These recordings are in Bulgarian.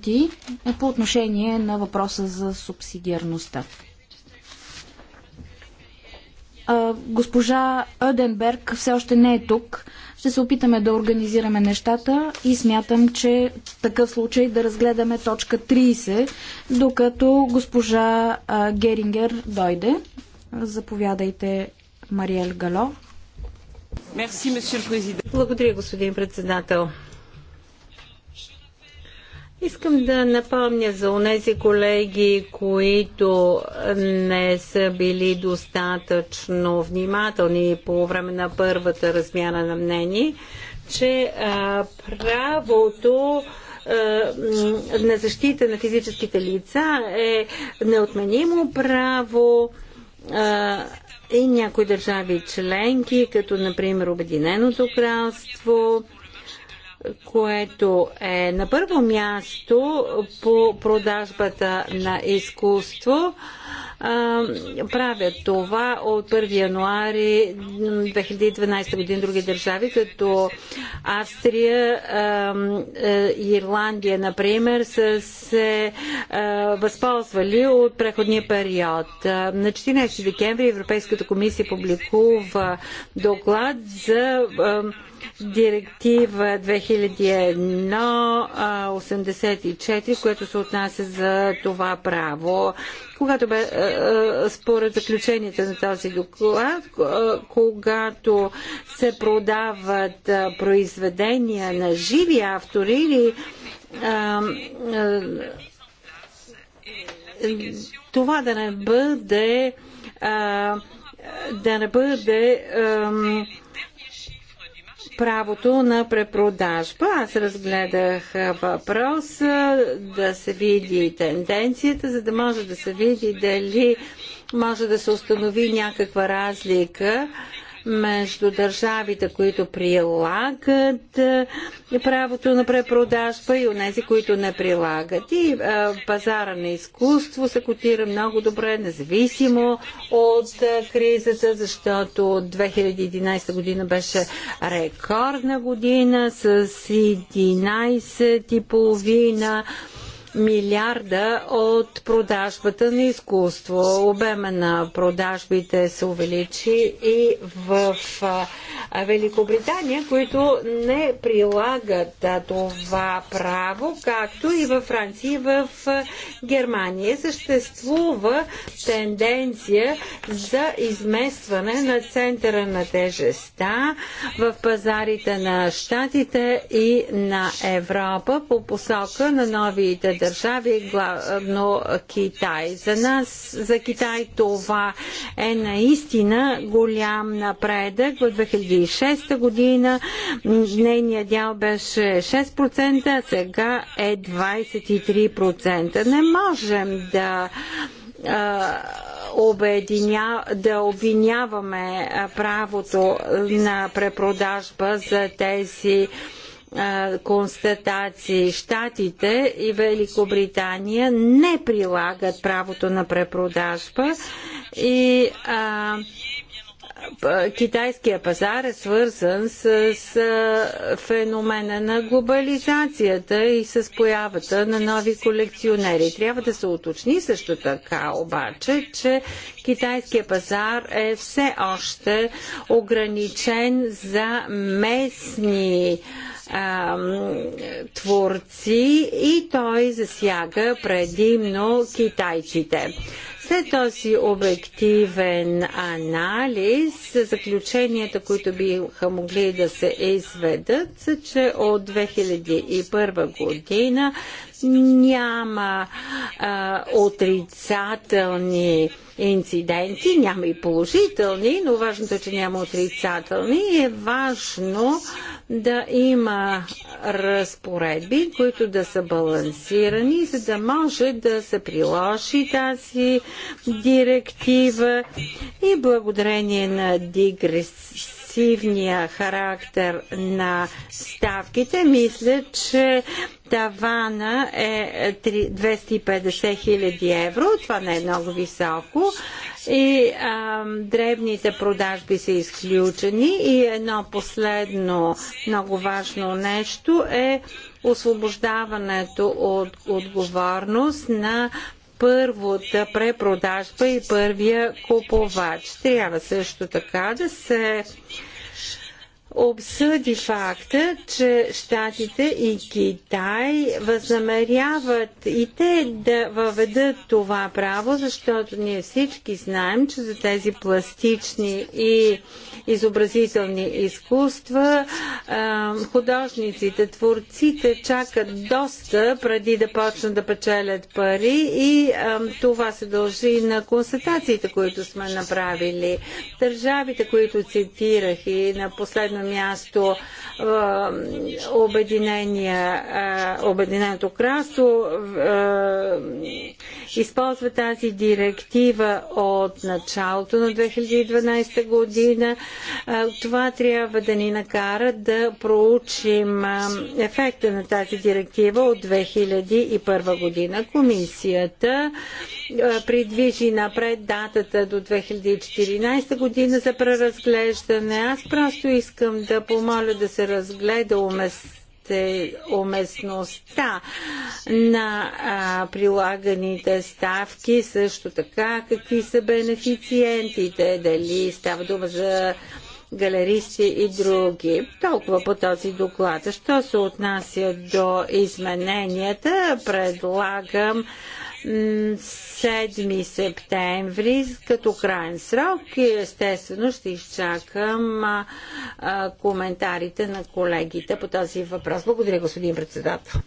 ти е по отношение на въпроса за субсидиарността. Госпожа Оденберг все още не е тук. Ще се опитаме да организираме нещата и смятам, че такъв случай да разгледаме точка 30, докато госпожа Герингер дойде. Заповядайте, Мариел Гало. Благодаря, господин председател. Искам да напомня за онези колеги, които не са били достатъчно внимателни по време на първата размяна на мнение, че а, правото на защита на физическите лица е неотменимо право а, и някои държави членки, като например Обединеното кралство, което е на първо място по продажбата на изкуство правят това от 1 януари 2012 година други държави, като Австрия и Ирландия, например, са се възползвали от преходния период. На 14 декември Европейската комисия публикува доклад за директива 2001-84, което се отнася за това право когато бе, е, е, според заключенията на този доклад, е, когато се продават произведения на живи автори или това да не бъде да не бъде правото на препродажба. Аз разгледах въпроса да се види тенденцията, за да може да се види дали може да се установи някаква разлика между държавите, които прилагат е, правото на препродажба и онези, които не прилагат. И е, пазара на изкуство се котира много добре, независимо от е, кризата, защото 2011 година беше рекордна година с 11,5 милиарда от продажбата на изкуство. Обема на продажбите се увеличи и в Великобритания, които не прилагат това право, както и във Франция и в Германия. Съществува тенденция за изместване на центъра на тежеста в пазарите на Штатите и на Европа по посока на новите държави, главно Китай. За нас, за Китай това е наистина голям напредък. В 2006 година нейният дял беше 6%, а сега е 23%. Не можем да обединя, да обвиняваме правото на препродажба за тези констатации. Штатите и Великобритания не прилагат правото на препродажба и а, китайския пазар е свързан с, с феномена на глобализацията и с появата на нови колекционери. Трябва да се уточни също така обаче, че китайския пазар е все още ограничен за местни а, творци и той засяга предимно китайците. След този обективен анализ, заключенията, които биха могли да се изведат, са, че от 2001 година няма а, отрицателни инциденти, няма и положителни, но важното е, че няма отрицателни и е важно да има разпоредби, които да са балансирани, за да може да се приложи тази директива и благодарение на дигресия агресивния характер на ставките, мисля, че тавана е 250 хиляди евро. Това не е много високо. И а, дребните продажби са изключени. И едно последно много важно нещо е освобождаването от отговорност на първата препродажба и първия купувач. Трябва също така да се обсъди факта, че Штатите и Китай възнамеряват и те да въведат това право, защото ние всички знаем, че за тези пластични и изобразителни изкуства художниците, творците чакат доста преди да почнат да печелят пари и това се дължи на констатациите, които сме направили. Държавите, които цитирах и на последно последно място Обединеното кралство използва тази директива от началото на 2012 година. Това трябва да ни накара да проучим ефекта на тази директива от 2001 година. Комисията придвижи напред датата до 2014 година за преразглеждане. Аз просто искам искам да помоля да се разгледа уместността на а, прилаганите ставки, също така какви са бенефициентите, дали става дума за галеристи и други. Толкова по този доклад. Що се отнася до измененията, предлагам 7 септември като крайен срок и естествено ще изчакам а, а, коментарите на колегите по този въпрос. Благодаря, господин председател.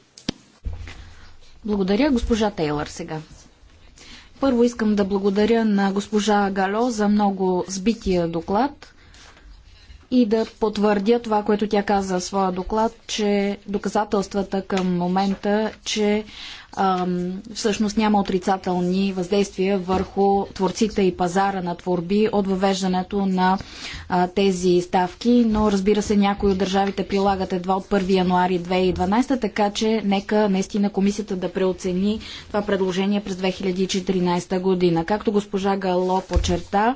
Благодаря, госпожа Тейлър сега. Първо искам да благодаря на госпожа Гало за много сбития доклад и да потвърдя това, което тя каза в своя доклад, че доказателствата към момента, че всъщност няма отрицателни въздействия върху творците и пазара на творби от въвеждането на тези ставки, но разбира се някои от държавите прилагат едва от 1 януари 2012, така че нека наистина комисията да преоцени това предложение през 2014 година. Както госпожа Гало почерта,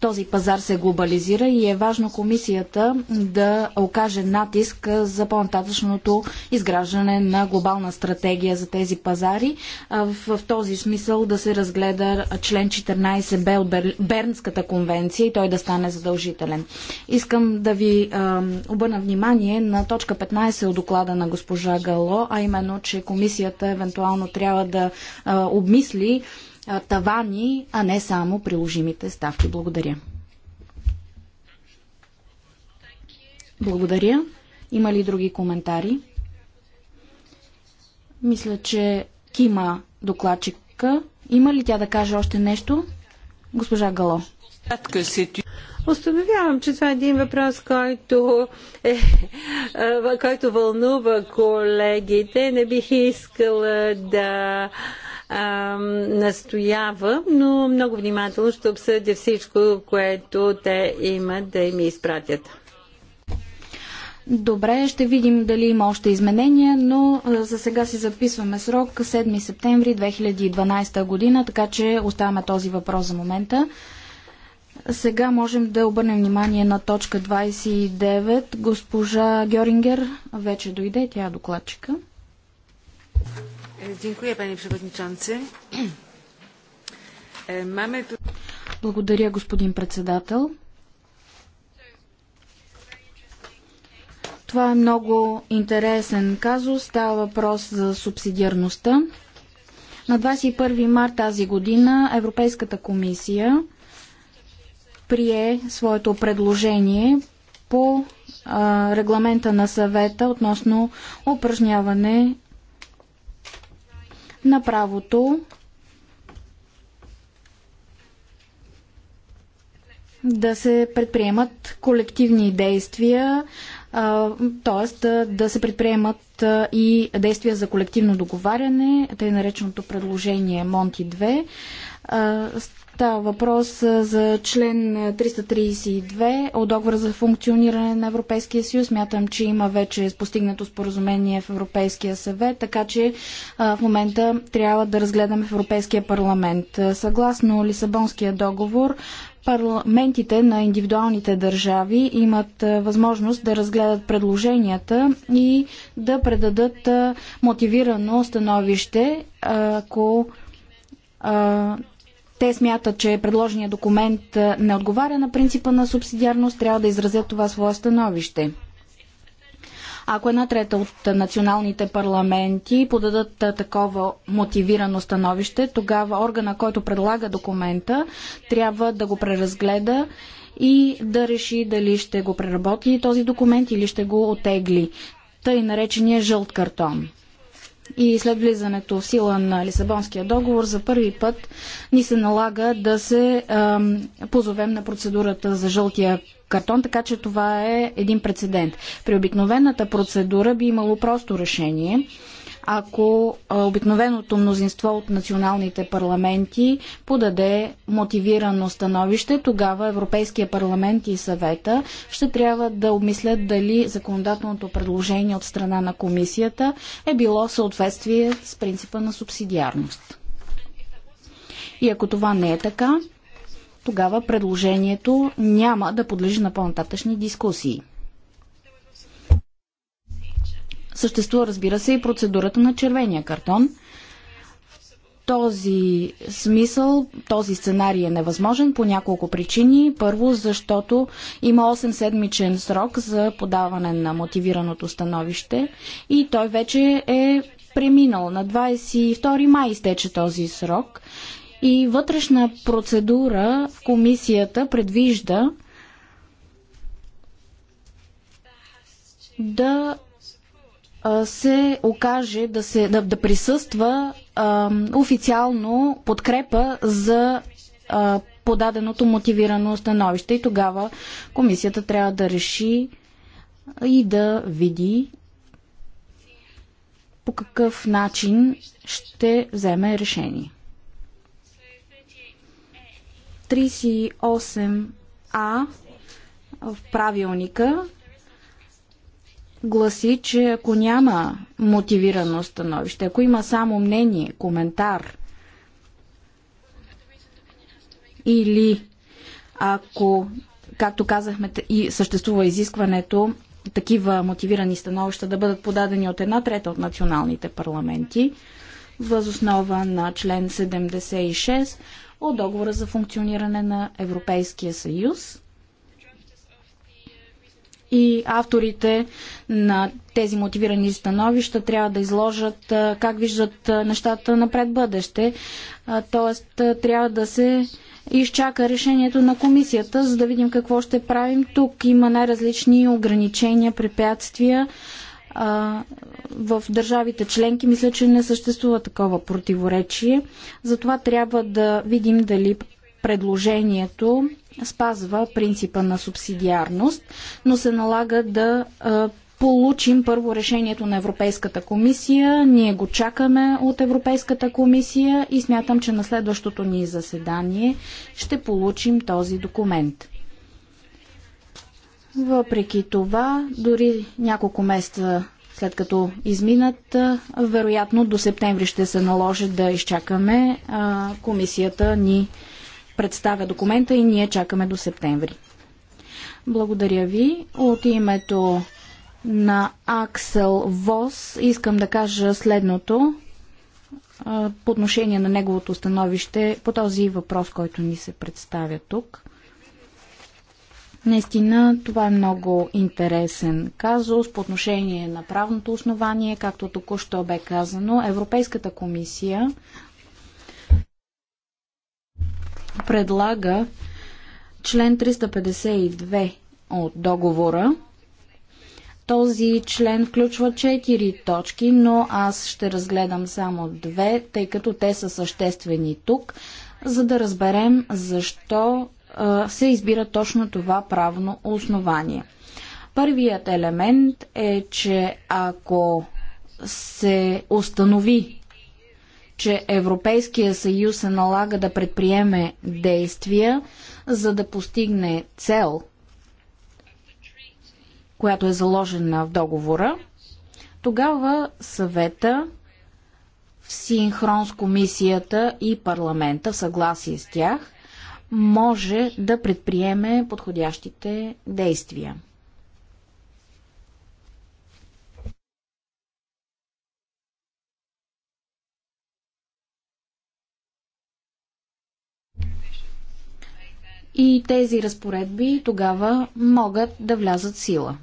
този пазар се глобализира и е важно комисията да окаже натиск за по-нататъчното изграждане на глобална стратегия за тези пазари пазари. В, в този смисъл да се разгледа член 14б от Бернската конвенция и той да стане задължителен. Искам да ви а, обърна внимание на точка 15 от доклада на госпожа Гало, а именно, че комисията евентуално трябва да а, обмисли а, тавани, а не само приложимите ставки. Благодаря. Благодаря. Има ли други коментари? Мисля, че кима докладчика. Има ли тя да каже още нещо? Госпожа Гало. Установявам, че това е един въпрос, който, е, е който вълнува колегите. Не бих искала да а, настоява, но много внимателно ще обсъдя всичко, което те имат да им изпратят. Добре, ще видим дали има още изменения, но за сега си записваме срок 7 септември 2012 година, така че оставяме този въпрос за момента. Сега можем да обърнем внимание на точка 29. Госпожа Гьорингер вече дойде, тя е докладчика. Е, е, Благодаря, господин председател. Това е много интересен казус. Става въпрос за субсидиарността. На 21 март тази година Европейската комисия прие своето предложение по а, регламента на съвета относно упражняване на правото да се предприемат колективни действия т.е. Да, да се предприемат и действия за колективно договаряне, тъй нареченото предложение Монти 2. Става въпрос за член 332 от договора за функциониране на Европейския съюз. Мятам, че има вече постигнато споразумение в Европейския съвет, така че в момента трябва да разгледаме в Европейския парламент. Съгласно Лисабонския договор, парламентите на индивидуалните държави имат възможност да разгледат предложенията и да предадат мотивирано становище, ако те смятат, че предложения документ не отговаря на принципа на субсидиарност, трябва да изразят това свое становище. Ако една трета от националните парламенти подадат такова мотивирано становище, тогава органа, който предлага документа, трябва да го преразгледа и да реши дали ще го преработи този документ или ще го отегли. Тъй наречения жълт картон и след влизането в сила на Лисабонския договор за първи път ни се налага да се позовем на процедурата за жълтия картон, така че това е един прецедент. При обикновената процедура би имало просто решение ако обикновеното мнозинство от националните парламенти подаде мотивирано становище, тогава Европейския парламент и съвета ще трябва да обмислят дали законодателното предложение от страна на комисията е било в съответствие с принципа на субсидиарност. И ако това не е така, тогава предложението няма да подлежи на по-нататъчни дискусии. Съществува, разбира се, и процедурата на червения картон. В този смисъл, този сценарий е невъзможен по няколко причини. Първо, защото има 8 седмичен срок за подаване на мотивираното становище и той вече е преминал. На 22 май изтече този срок и вътрешна процедура в комисията предвижда да се окаже да, се, да, да присъства а, официално подкрепа за а, подаденото мотивирано становище и тогава комисията трябва да реши и да види по какъв начин ще вземе решение. 38а в правилника гласи, че ако няма мотивирано становище, ако има само мнение, коментар или ако, както казахме, и съществува изискването такива мотивирани становища да бъдат подадени от една трета от националните парламенти, възоснова на член 76 от договора за функциониране на Европейския съюз – и авторите на тези мотивирани становища трябва да изложат как виждат нещата напред бъдеще. Тоест, трябва да се изчака решението на комисията, за да видим какво ще правим. Тук има най-различни ограничения, препятствия в държавите членки. Мисля, че не съществува такова противоречие. Затова трябва да видим дали предложението спазва принципа на субсидиарност, но се налага да получим първо решението на Европейската комисия. Ние го чакаме от Европейската комисия и смятам, че на следващото ни заседание ще получим този документ. Въпреки това, дори няколко месеца след като изминат, вероятно до септември ще се наложи да изчакаме комисията ни представя документа и ние чакаме до септември. Благодаря ви. От името на Аксел Вос искам да кажа следното по отношение на неговото становище по този въпрос, който ни се представя тук. Наистина, това е много интересен казус по отношение на правното основание, както току-що бе казано. Европейската комисия предлага член 352 от договора. Този член включва 4 точки, но аз ще разгледам само две, тъй като те са съществени тук, за да разберем защо се избира точно това правно основание. Първият елемент е, че ако се установи че Европейския съюз се налага да предприеме действия, за да постигне цел, която е заложена в договора, тогава съвета в синхрон с комисията и парламента, в съгласие с тях, може да предприеме подходящите действия. и тези разпоредби тогава могат да влязат сила.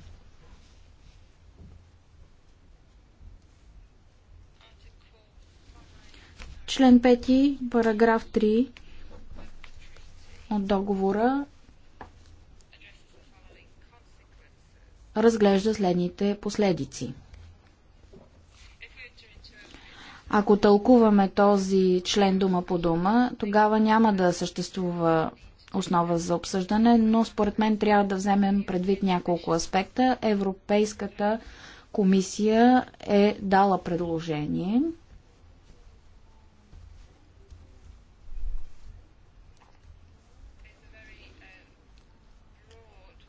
Член 5, параграф 3 от договора разглежда следните последици. Ако тълкуваме този член дума по дума, тогава няма да съществува основа за обсъждане, но според мен трябва да вземем предвид няколко аспекта. Европейската комисия е дала предложение.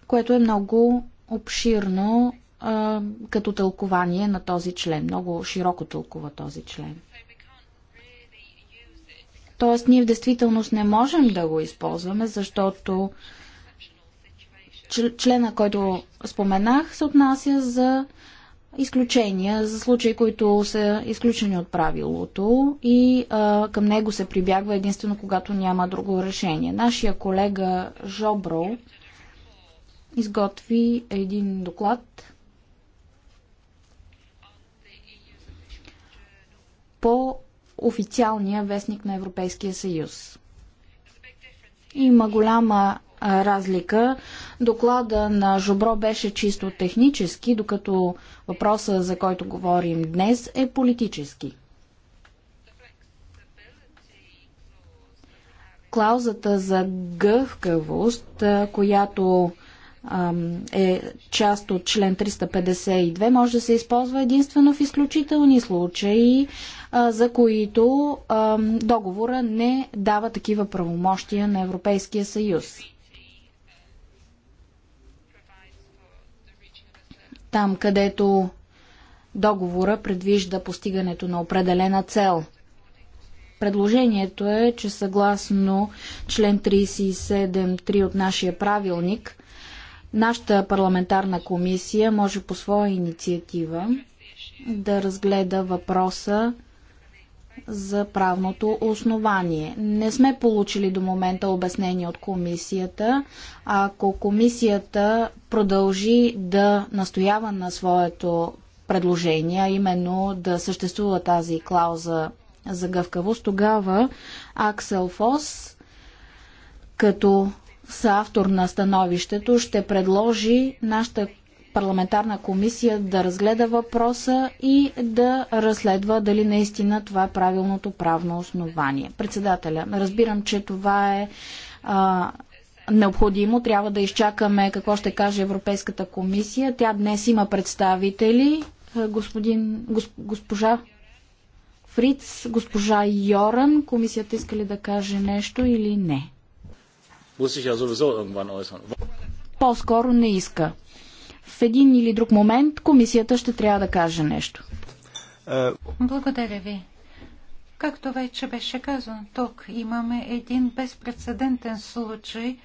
което е много обширно а, като тълкование на този член. Много широко тълкува този член. Тоест, ние в действителност не можем да го използваме, защото члена, който споменах, се отнася за изключения, за случаи, които са изключени от правилото и а, към него се прибягва единствено, когато няма друго решение. Нашия колега Жобро изготви един доклад по официалния вестник на Европейския съюз. Има голяма разлика. Доклада на Жобро беше чисто технически, докато въпроса, за който говорим днес, е политически. Клаузата за гъвкавост, която е част от член 352, може да се използва единствено в изключителни случаи, за които договора не дава такива правомощия на Европейския съюз. Там, където договора предвижда постигането на определена цел. Предложението е, че съгласно член 37.3 от нашия правилник – Нашата парламентарна комисия може по своя инициатива да разгледа въпроса за правното основание. Не сме получили до момента обяснение от комисията. Ако комисията продължи да настоява на своето предложение, именно да съществува тази клауза за гъвкавост, тогава Аксел Фос като съавтор на становището, ще предложи нашата парламентарна комисия да разгледа въпроса и да разследва дали наистина това е правилното правно основание. Председателя, разбирам, че това е а, необходимо. Трябва да изчакаме какво ще каже Европейската комисия. Тя днес има представители. Господин, госп, госпожа Фриц, госпожа Йоран, комисията иска ли да каже нещо или не? Muss ja sowieso irgendwann äußern. По-скоро не иска. В един или друг момент комисията ще трябва да каже нещо. Е, Благодаря ви. Както вече беше казано, тук имаме един безпредседентен случай,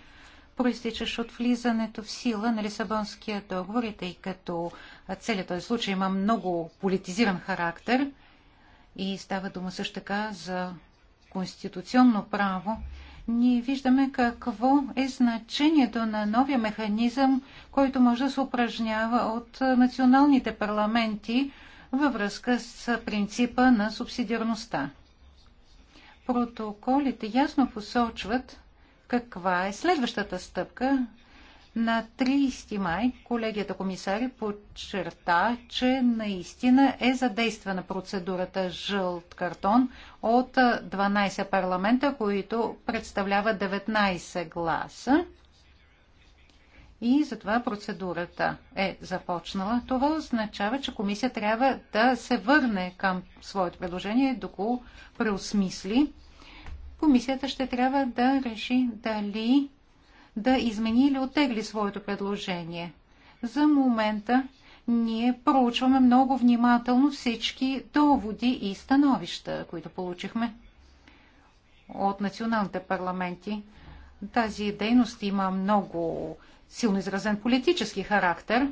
проистичаш от влизането в сила на Лисабонския договор, и тъй като целият този случай има много политизиран характер и става дума също така за конституционно право, ние виждаме какво е значението на новия механизъм, който може да се упражнява от националните парламенти във връзка с принципа на субсидиарността. Протоколите ясно посочват каква е следващата стъпка, на 30 май колегията комисари подчерта, че наистина е задействана процедурата жълт картон от 12 парламента, които представлява 19 гласа. И затова процедурата е започнала. Това означава, че комисия трябва да се върне към своето предложение, да преосмисли. Комисията ще трябва да реши дали да измени или оттегли своето предложение. За момента ние проучваме много внимателно всички доводи и становища, които получихме от националните парламенти. Тази дейност има много силно изразен политически характер.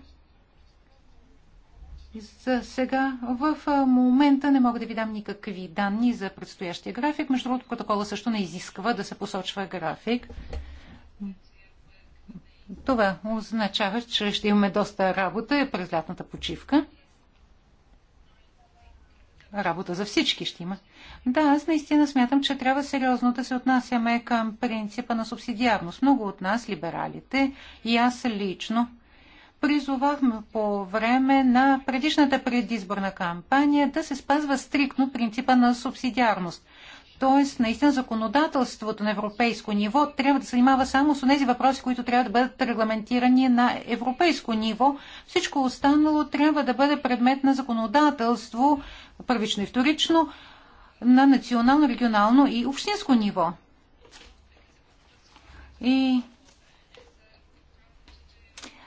За сега, в момента не мога да ви дам никакви данни за предстоящия график. Между другото, протокола също не изисква да се посочва график. Това означава, че ще имаме доста работа през лятната почивка. Работа за всички ще има. Да, аз наистина смятам, че трябва сериозно да се отнасяме към принципа на субсидиарност. Много от нас, либералите, и аз лично, призовахме по време на предишната предизборна кампания да се спазва стриктно принципа на субсидиарност – Тоест, наистина законодателството на европейско ниво трябва да се занимава само с тези въпроси, които трябва да бъдат регламентирани на европейско ниво. Всичко останало трябва да бъде предмет на законодателство, първично и вторично, на национално, регионално и общинско ниво. И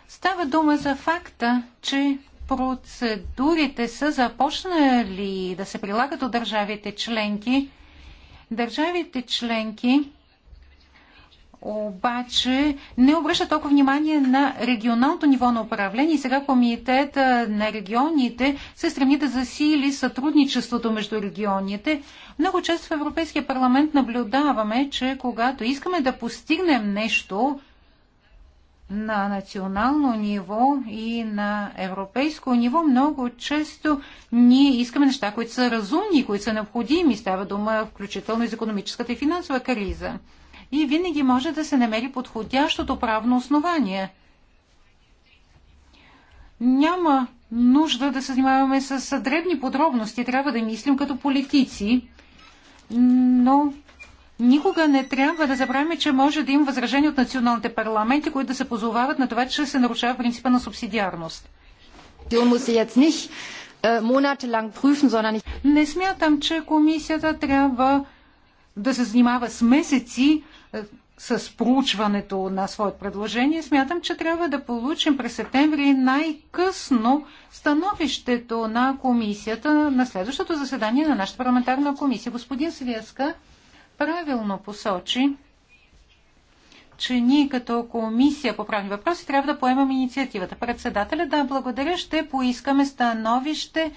става дума за факта, че процедурите са започнали да се прилагат от държавите членки Държавите членки обаче не обръща толкова внимание на регионалното ниво на управление. сега комитет на регионите се стреми да засили сътрудничеството между регионите. Много често в Европейския парламент наблюдаваме, че когато искаме да постигнем нещо, на национално ниво и на европейско ниво много често ние искаме неща, които са разумни, които са необходими. Става дума включително и за економическата и финансова криза. И винаги може да се намери подходящото правно основание. Няма нужда да се занимаваме с дребни подробности. Трябва да мислим като политици. Но Никога не трябва да забравяме, че може да има възражения от националните парламенти, които да се позовават на това, че се нарушава принципа на субсидиарност. Е, не смятам, че комисията трябва да се занимава с месеци е, с проучването на своето предложение. Смятам, че трябва да получим през септември най-късно становището на комисията на следващото заседание на нашата парламентарна комисия. Господин Свеска, правилно посочи, че ние като комисия по правни въпроси трябва да поемем инициативата. Председателя, да, благодаря, ще поискаме становище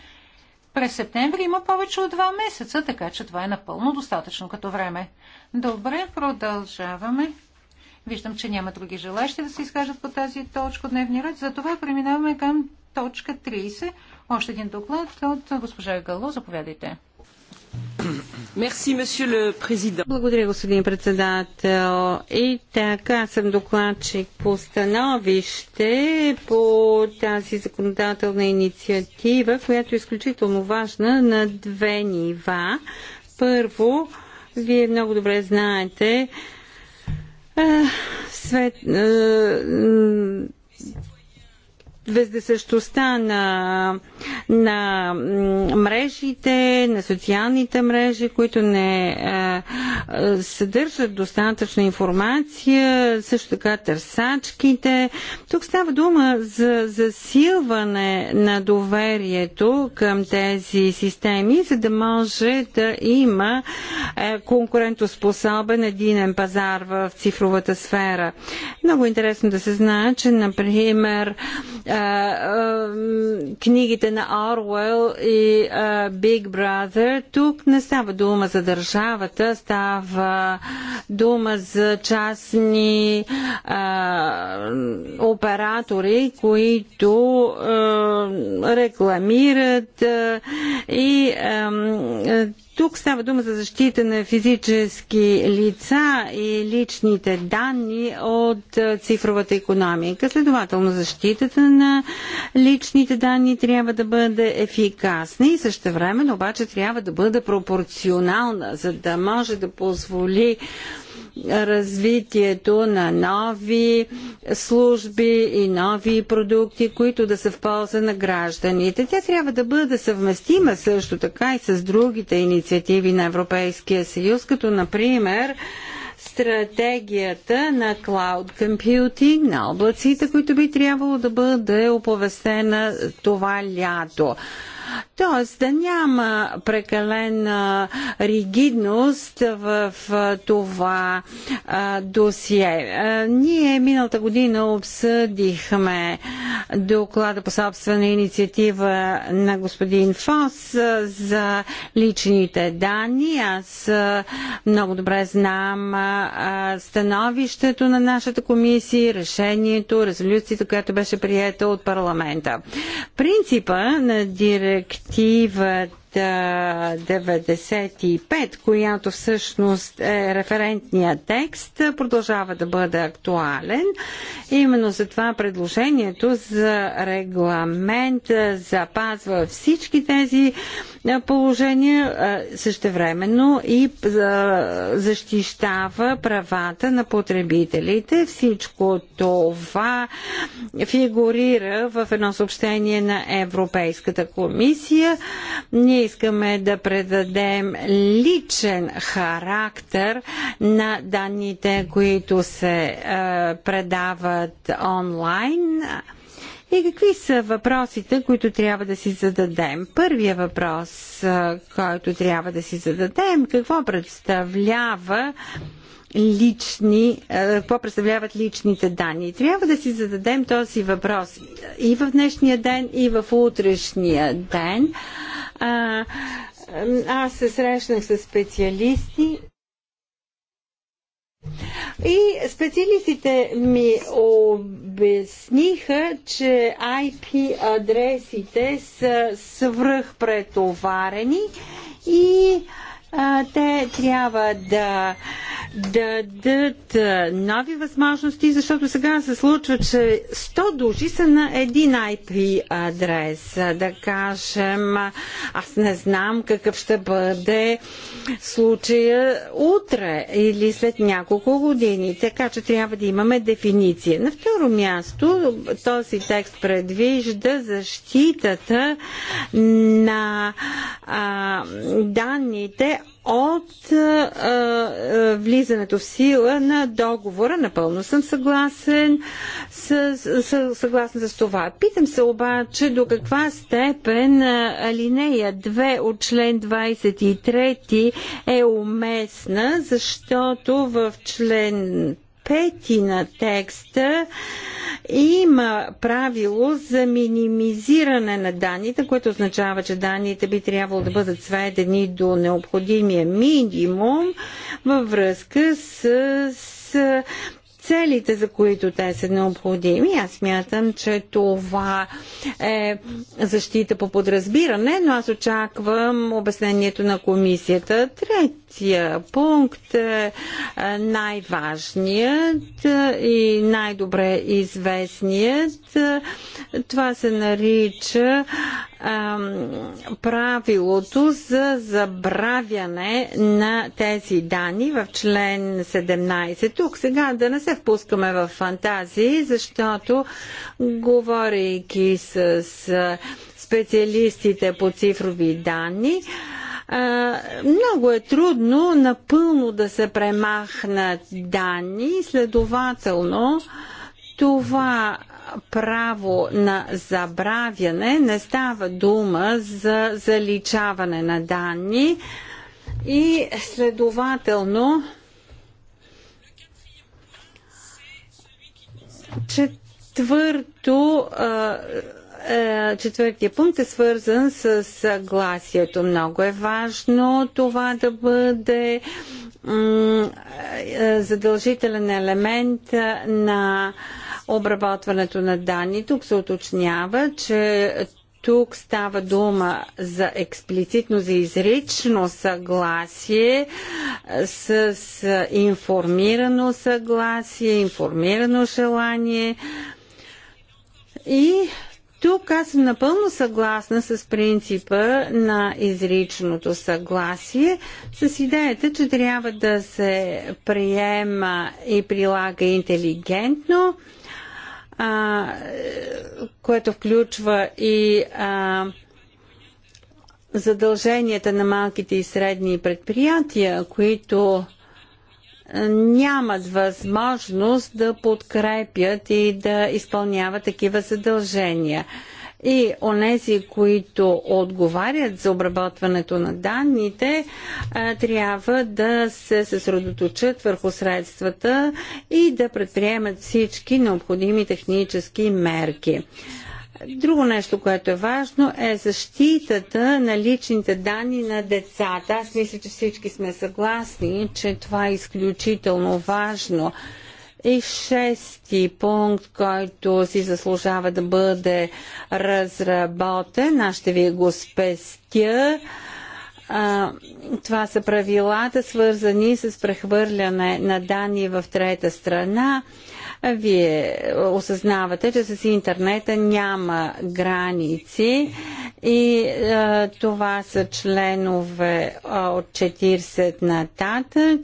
през септември има повече от два месеца, така че това е напълно достатъчно като време. Добре, продължаваме. Виждам, че няма други желащи да се изкажат по тази точка дневния ред. Затова преминаваме към точка 30. Още един доклад от госпожа Гало. Заповядайте. Благодаря, господин председател. И така съм докладчик по становище по тази законодателна инициатива, която е изключително важна на две нива. Първо, вие много добре знаете, е, свет, е, вездесъщността на, на мрежите, на социалните мрежи, които не а, а, съдържат достатъчна информация, също така търсачките. Тук става дума за засилване на доверието към тези системи, за да може да има а, е, конкурентоспособен единен пазар в цифровата сфера. Много интересно да се знае, че, например, книгите на Орвел и Биг Brother. Тук не става дума за държавата, става дума за частни оператори, които рекламират и тук става дума за защита на физически лица и личните данни от цифровата економика. Следователно, защитата на личните данни трябва да бъде ефикасна и също време, обаче трябва да бъде пропорционална, за да може да позволи развитието на нови служби и нови продукти, които да са в полза на гражданите. Тя трябва да бъде съвместима също така и с другите инициативи на Европейския съюз, като например стратегията на Cloud Computing, на облаците, които би трябвало да бъде оповестена това лято. Тоест да няма прекалена ригидност в това досие. ние миналата година обсъдихме доклада по собствена инициатива на господин Фос за личните данни. Аз много добре знам становището на нашата комисия, решението, резолюцията, която беше приета от парламента. Принципа на директивата директивата 95, която всъщност е референтния текст, продължава да бъде актуален. Именно за това предложението за регламент запазва всички тези положения същевременно и защищава правата на потребителите. Всичко това фигурира в едно съобщение на Европейската комисия. Ние искаме да предадем личен характер на данните, които се е, предават онлайн. И какви са въпросите, които трябва да си зададем? Първия въпрос, е, който трябва да си зададем, какво представлява лични, е, какво представляват личните данни. Трябва да си зададем този въпрос и в днешния ден, и в утрешния ден. А, аз се срещнах с специалисти и специалистите ми обясниха, че IP адресите са свръхпретоварени и а, а, те трябва да дадат нови възможности, защото сега се случва, че 100 души са на един IP адрес. Да кажем, аз не знам какъв ще бъде случая утре или след няколко години, така че трябва да имаме дефиниция. На второ място, този текст предвижда защитата на а, данните от а, а, влизането в сила на договора. Напълно съм съгласен с, с, съгласен с това. Питам се обаче до каква степен а, алинея 2 от член 23 е уместна, защото в член пети на текста има правило за минимизиране на данните, което означава, че данните би трябвало да бъдат сведени до необходимия минимум във връзка с целите, за които те са необходими. Аз мятам, че това е защита по подразбиране, но аз очаквам обяснението на комисията. Третия пункт е, е най-важният и най-добре известният. Това се нарича правилото за забравяне на тези данни в член 17. Тук сега да не се впускаме в фантазии, защото говорейки с специалистите по цифрови данни, много е трудно напълно да се премахнат данни, следователно това право на забравяне, не става дума за заличаване на данни и следователно четвърто е, четвъртия пункт е свързан с съгласието. Много е важно това да бъде е, задължителен елемент на обработването на данни. Тук се уточнява, че тук става дума за експлицитно, за изрично съгласие, с, информирано съгласие, информирано желание. И тук аз съм напълно съгласна с принципа на изричното съгласие, с идеята, че трябва да се приема и прилага интелигентно а, което включва и а, задълженията на малките и средни предприятия, които нямат възможност да подкрепят и да изпълняват такива задължения и онези, които отговарят за обработването на данните, е, трябва да се съсредоточат върху средствата и да предприемат всички необходими технически мерки. Друго нещо, което е важно, е защитата на личните данни на децата. Аз мисля, че всички сме съгласни, че това е изключително важно. И шести пункт, който си заслужава да бъде разработен, аз ще ви го спестя. А, това са правилата, свързани с прехвърляне на данни в трета страна. Вие осъзнавате, че с интернета няма граници и а, това са членове а, от 40 нататък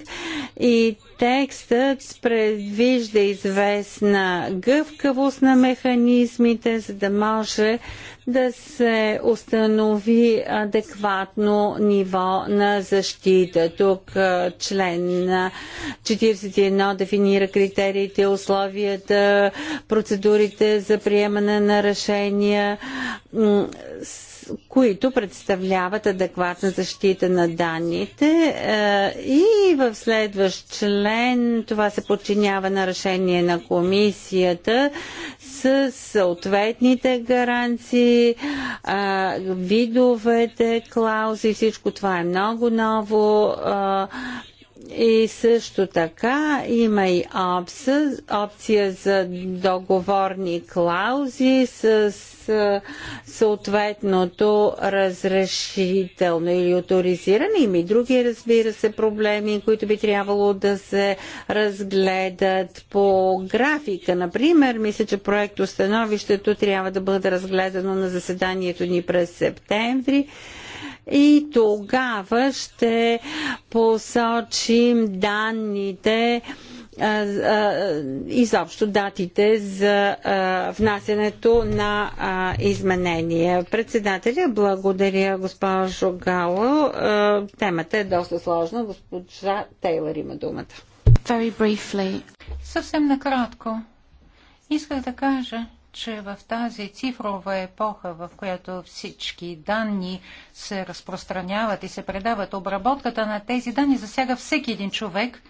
и Текстът предвижда известна гъвкавост на механизмите, за да може да се установи адекватно ниво на защита. Тук член 41 дефинира критериите, условията, процедурите за приемане на решения които представляват адекватна защита на данните е, и в следващ член това се подчинява на решение на комисията с съответните гаранции, е, видовете, клаузи, всичко това е много ново е, и също така има и опция, опция за договорни клаузи с съответното разрешително или авторизиране. Има и други, разбира се, проблеми, които би трябвало да се разгледат по графика. Например, мисля, че проект установището трябва да бъде разгледано на заседанието ни през септември и тогава ще посочим данните изобщо датите за внасянето на изменения. Председателя, благодаря госпожо Гало. Темата е доста сложна. Госпожа Тейлър има думата. Very briefly. Съвсем накратко. Исках да кажа, че в тази цифрова епоха, в която всички данни се разпространяват и се предават, обработката на тези данни засяга всеки един човек.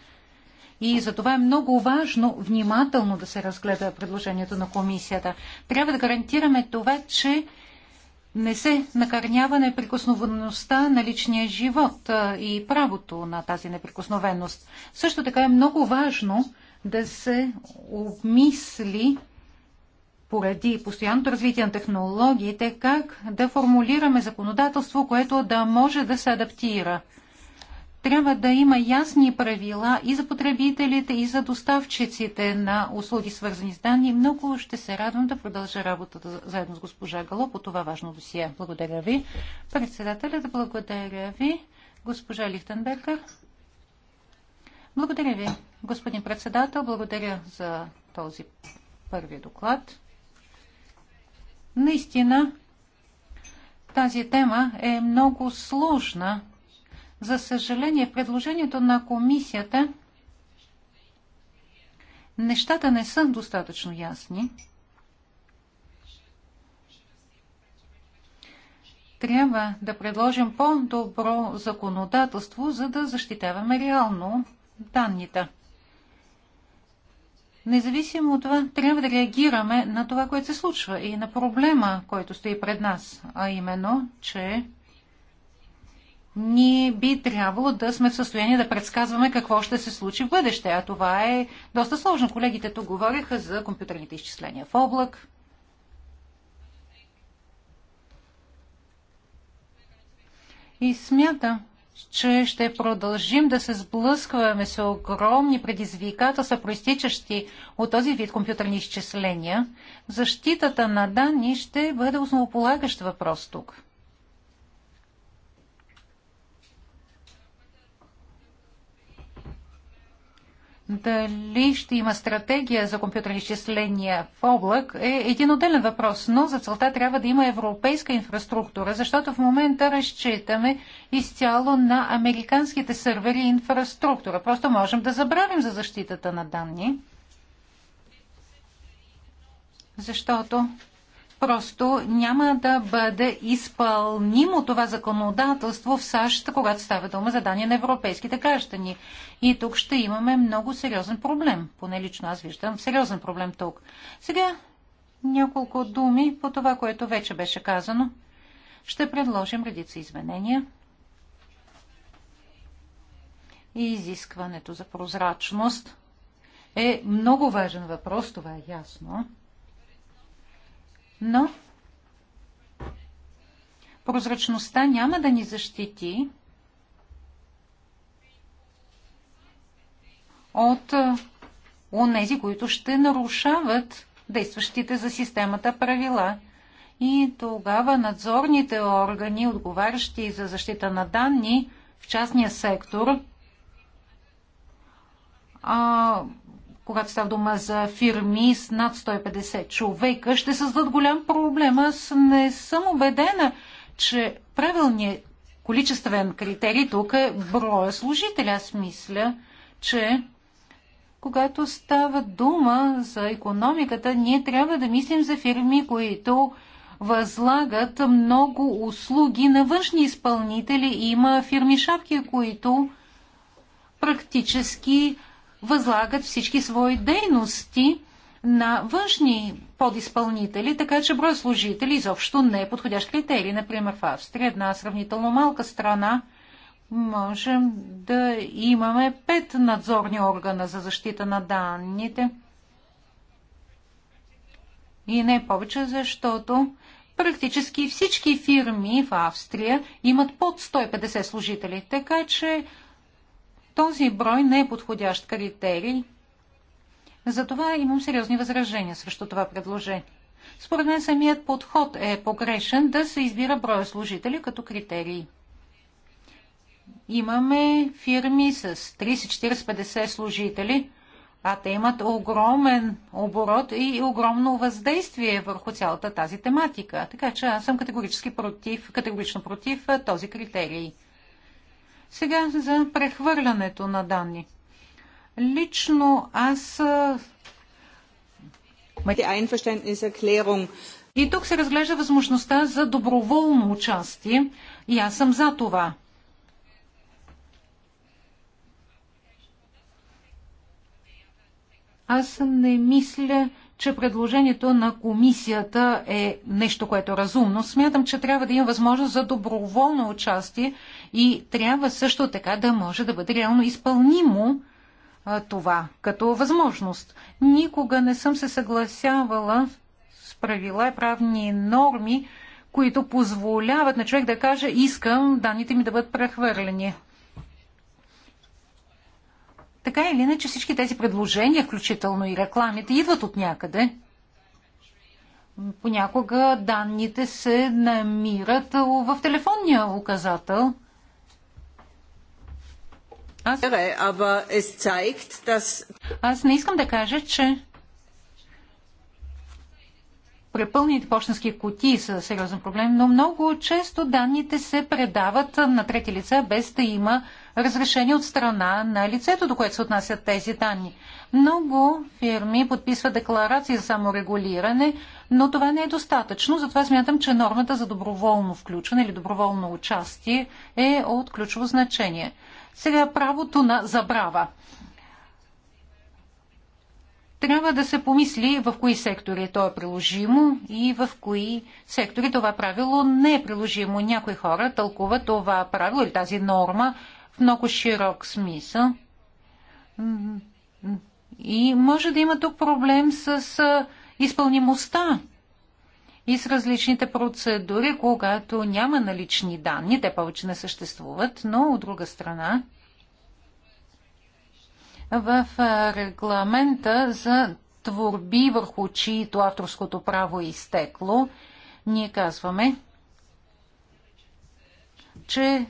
И затова е много важно внимателно да се разгледа предложението на комисията. Трябва да гарантираме това, че не се накърнява неприкосновеността на личния живот и правото на тази неприкосновеност. Също така е много важно да се обмисли поради постоянното развитие на технологиите, как да формулираме законодателство, което да може да се адаптира. Трябва да има ясни правила и за потребителите, и за доставчиците на услуги, свързани с данни. Много ще се радвам да продължа работата заедно с госпожа Гало по това важно досие. Благодаря ви. Председателят, благодаря ви. Госпожа Лихтенбергер. Благодаря ви, господин председател. Благодаря за този първи доклад. Наистина, тази тема е много сложна. За съжаление, предложението на комисията нещата не са достатъчно ясни. Трябва да предложим по-добро законодателство, за да защитаваме реално данните. Независимо от това, трябва да реагираме на това, което се случва и на проблема, който стои пред нас, а именно, че ние би трябвало да сме в състояние да предсказваме какво ще се случи в бъдеще, а това е доста сложно. Колегите тук говориха за компютърните изчисления в облак. И смята, че ще продължим да се сблъскваме с огромни предизвикателства, проистичащи от този вид компютърни изчисления, защитата на данни ще бъде основополагащ въпрос тук. Дали ще има стратегия за компютърни изчисления в облак е един отделен въпрос, но за целта трябва да има европейска инфраструктура, защото в момента разчитаме изцяло на американските сървъри инфраструктура. Просто можем да забравим за защитата на данни, защото просто няма да бъде изпълнимо това законодателство в САЩ, когато става дума за дания на европейските граждани. И тук ще имаме много сериозен проблем. Поне лично аз виждам сериозен проблем тук. Сега няколко думи по това, което вече беше казано. Ще предложим редица изменения. И изискването за прозрачност е много важен въпрос, това е ясно но прозрачността няма да ни защити от онези, които ще нарушават действащите за системата правила. И тогава надзорните органи, отговарящи за защита на данни в частния сектор, а, когато става дума за фирми с над 150 човека, ще създадат голям проблем. Аз не съм убедена, че правилният количествен критерий тук е броя служители. Аз мисля, че когато става дума за економиката, ние трябва да мислим за фирми, които възлагат много услуги на външни изпълнители. Има фирми шапки, които практически възлагат всички свои дейности на външни подизпълнители, така че брой служители изобщо не е подходящ критерий. Например, в Австрия, една сравнително малка страна, можем да имаме пет надзорни органа за защита на данните. И не повече, защото практически всички фирми в Австрия имат под 150 служители, така че този брой не е подходящ критерий. Затова имам сериозни възражения срещу това предложение. Според мен самият подход е погрешен да се избира броя служители като критерий. Имаме фирми с 30, 40, 50 служители, а те имат огромен оборот и огромно въздействие върху цялата тази тематика. Така че аз съм категорически против, категорично против този критерий. Сега за прехвърлянето на данни. Лично аз и тук се разглежда възможността за доброволно участие и аз съм за това. Аз не мисля, че предложението на комисията е нещо, което е разумно. Смятам, че трябва да има възможност за доброволно участие и трябва също така да може да бъде реално изпълнимо а, това като възможност. Никога не съм се съгласявала с правила и правни норми, които позволяват на човек да каже искам данните ми да бъдат прехвърлени така или иначе всички тези предложения, включително и рекламите, идват от някъде. Понякога данните се намират в телефонния указател. Аз... Е, е Аз не искам да кажа, че препълните почтенски кутии са сериозен проблем, но много често данните се предават на трети лица без да има разрешение от страна на лицето, до което се отнасят тези данни. Много фирми подписват декларации за саморегулиране, но това не е достатъчно. Затова смятам, че нормата за доброволно включване или доброволно участие е от ключово значение. Сега правото на забрава. Трябва да се помисли в кои сектори то е приложимо и в кои сектори това правило не е приложимо. Някои хора тълкуват това правило или тази норма много широк смисъл. И може да има тук проблем с изпълнимостта и с различните процедури, когато няма налични данни, те повече не съществуват, но от друга страна в регламента за творби, върху чието авторското право е изтекло, ние казваме, че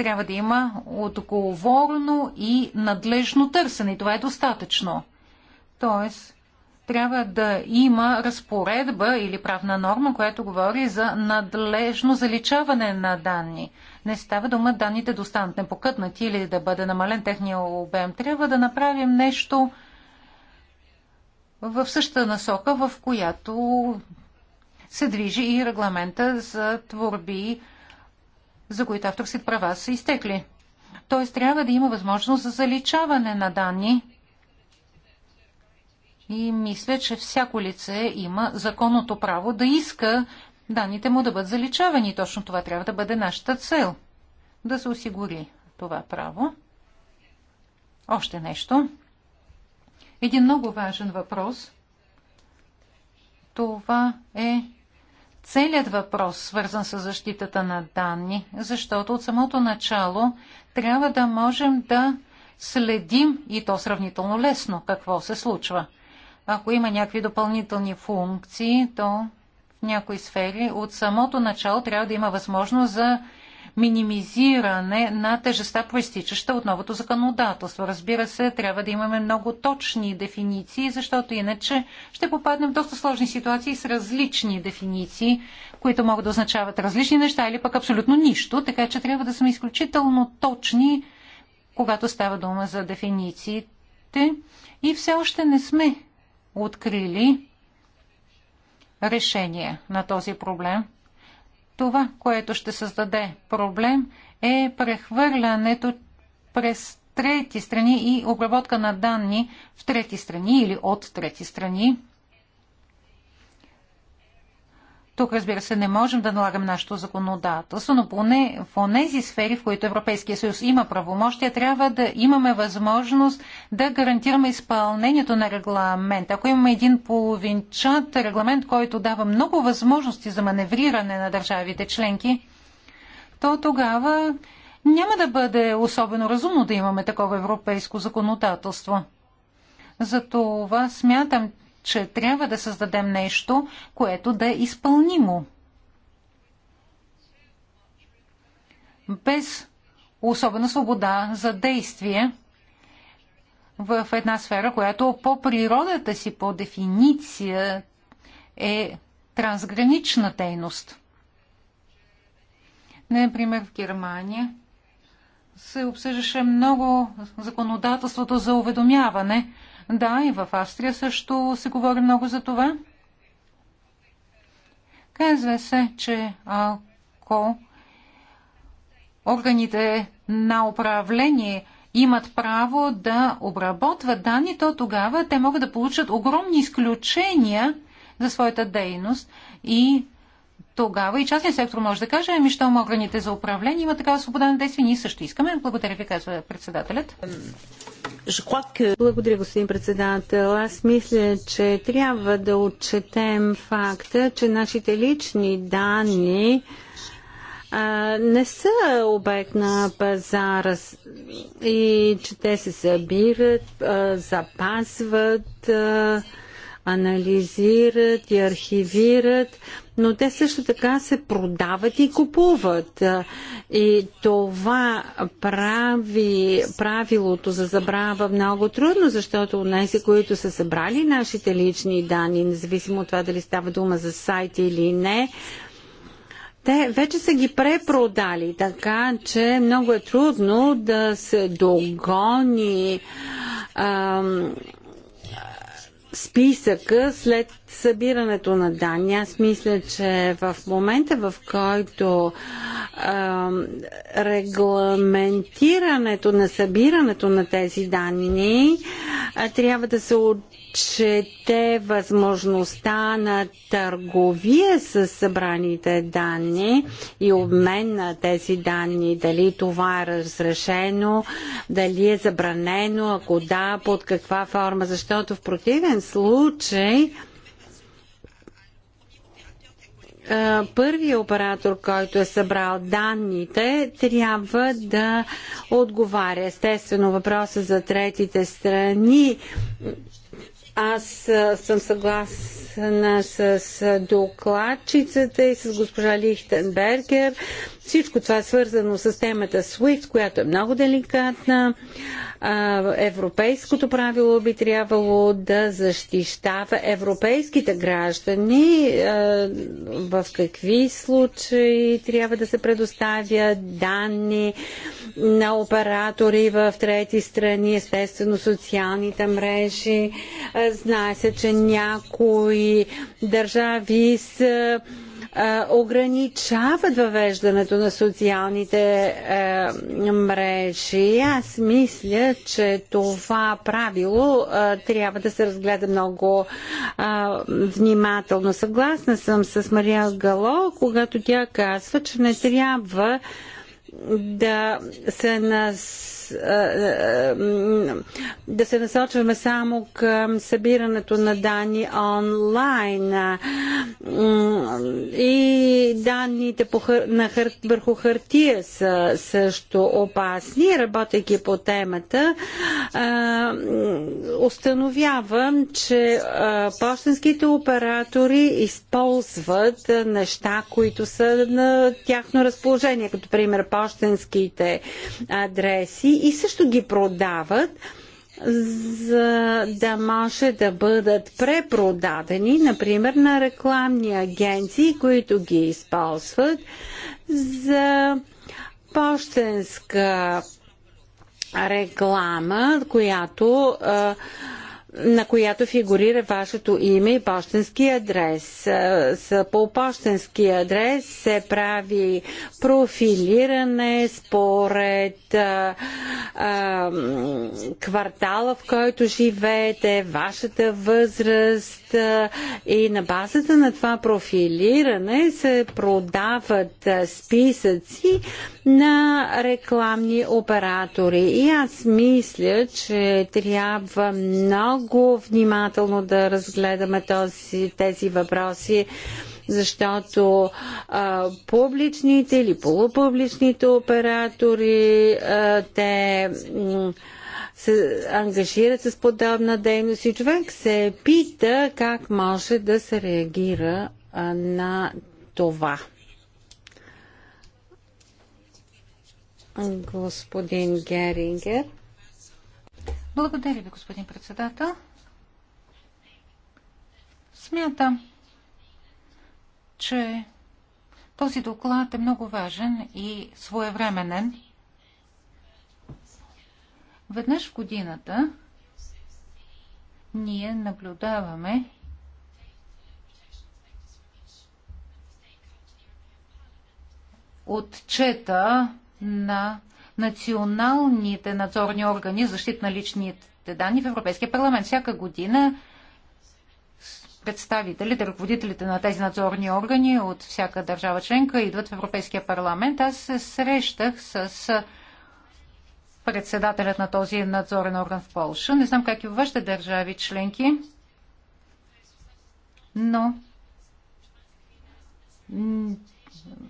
трябва да има отговорно и надлежно търсене. Това е достатъчно. Тоест, трябва да има разпоредба или правна норма, която говори за надлежно заличаване на данни. Не става дума данните да останат непокътнати или да бъде намален техния обем. Трябва да направим нещо в същата насока, в която се движи и регламента за творби за които авторските права са изтекли. Т.е. трябва да има възможност за заличаване на данни. И мисля, че всяко лице има законното право да иска данните му да бъдат заличавани. Точно това трябва да бъде нашата цел. Да се осигури това право. Още нещо. Един много важен въпрос. Това е целият въпрос, свързан с защитата на данни, защото от самото начало трябва да можем да следим и то сравнително лесно какво се случва. Ако има някакви допълнителни функции, то в някои сфери от самото начало трябва да има възможност за минимизиране на тежеста, проистичаща от новото законодателство. Разбира се, трябва да имаме много точни дефиниции, защото иначе ще попаднем в доста сложни ситуации с различни дефиниции, които могат да означават различни неща или пък абсолютно нищо, така че трябва да сме изключително точни, когато става дума за дефинициите. И все още не сме открили решение на този проблем. Това, което ще създаде проблем, е прехвърлянето през трети страни и обработка на данни в трети страни или от трети страни. Тук, разбира се, не можем да налагаме нашето законодателство, но поне в тези сфери, в които Европейския съюз има правомощия, трябва да имаме възможност да гарантираме изпълнението на регламент. Ако имаме един половинчат регламент, който дава много възможности за маневриране на държавите членки, то тогава няма да бъде особено разумно да имаме такова европейско законодателство. Затова смятам, че трябва да създадем нещо, което да е изпълнимо. Без особена свобода за действие в една сфера, която по природата си, по дефиниция е трансгранична дейност. Например, в Германия се обсъждаше много законодателството за уведомяване, да, и в Австрия също се говори много за това. Казва се, че ако органите на управление имат право да обработват данни, то тогава те могат да получат огромни изключения за своята дейност и тогава и частният сектор може да каже, ами щом органите за управление има такава свобода на действие, ние също искаме. Благодаря ви, казва председателят. Благодаря, господин председател. Аз мисля, че трябва да отчетем факта, че нашите лични данни а, не са обект на пазара и че те се събират, а, запазват. А, анализират и архивират, но те също така се продават и купуват. И това прави правилото за забрава много трудно, защото тези, които са събрали нашите лични данни, независимо от това дали става дума за сайт или не, те вече са ги препродали, така че много е трудно да се догони ам, списъка след събирането на данни. Аз мисля, че в момента, в който а, регламентирането на събирането на тези данни а, трябва да се от те възможността на търговия с събраните данни и обмен на тези данни, дали това е разрешено, дали е забранено, ако да, под каква форма, защото в противен случай първият оператор, който е събрал данните, трябва да отговаря. Естествено, въпросът за третите страни аз съм съгласна с докладчицата и с госпожа Лихтенбергер. Всичко това е свързано с темата SWIFT, която е много деликатна. Европейското правило би трябвало да защищава европейските граждани в какви случаи трябва да се предоставят данни на оператори в трети страни, естествено социалните мрежи. Знае се, че някои държави са ограничават въвеждането на социалните е, мрежи. Аз мисля, че това правило е, трябва да се разгледа много е, внимателно. Съгласна съм с Мария Гало, когато тя казва, че не трябва да се нас да се насочваме само към събирането на данни онлайн и данните върху хартия са също опасни. Работейки по темата, установявам, че почтенските оператори използват неща, които са на тяхно разположение, като пример почтенските адреси и също ги продават, за да може да бъдат препродадени, например, на рекламни агенции, които ги използват за почтенска реклама, която а, на която фигурира вашето име и почтенски адрес. Е, по почтенски адрес се прави профилиране според а, е, а, е, квартала, в който живеете, вашата възраст а, и на базата на това профилиране се продават списъци на рекламни оператори. И аз мисля, че трябва много много внимателно да разгледаме този, тези въпроси, защото а, публичните или полупубличните оператори, а, те се ангажират с подобна дейност и човек се пита как може да се реагира а, на това. Господин Герингер. Благодаря ви, господин председател. Смятам, че този доклад е много важен и своевременен. Веднъж в годината ние наблюдаваме отчета на националните надзорни органи защита на личните данни в Европейския парламент. Всяка година представителите, ръководителите на тези надзорни органи от всяка държава членка идват в Европейския парламент. Аз се срещах с председателят на този надзорен орган в Полша. Не знам как и във вашите държави членки, но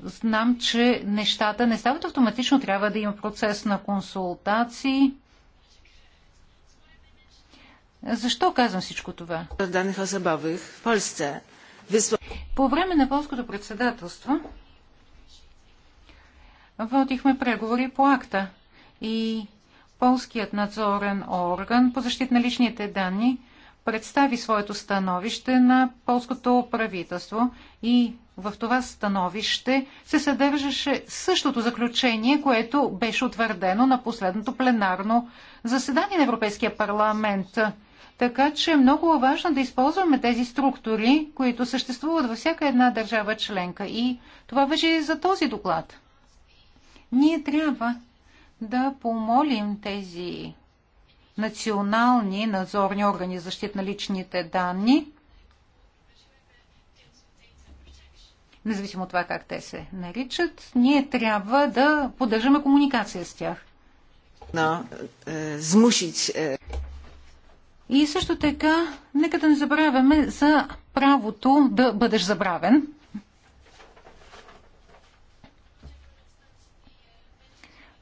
знам, че нещата не стават автоматично. Трябва да има процес на консултации. Защо казвам всичко това? Польсце. По време на полското председателство водихме преговори по акта и полският надзорен орган по защита на личните данни представи своето становище на полското правителство и в това становище се съдържаше същото заключение, което беше утвърдено на последното пленарно заседание на Европейския парламент. Така че е много важно да използваме тези структури, които съществуват във всяка една държава членка. И това въжи и за този доклад. Ние трябва да помолим тези национални надзорни органи за защита на личните данни – независимо от това как те се наричат, ние трябва да поддържаме комуникация с тях. Но, е, змушич, е... И също така, нека да не забравяме за правото да бъдеш забравен.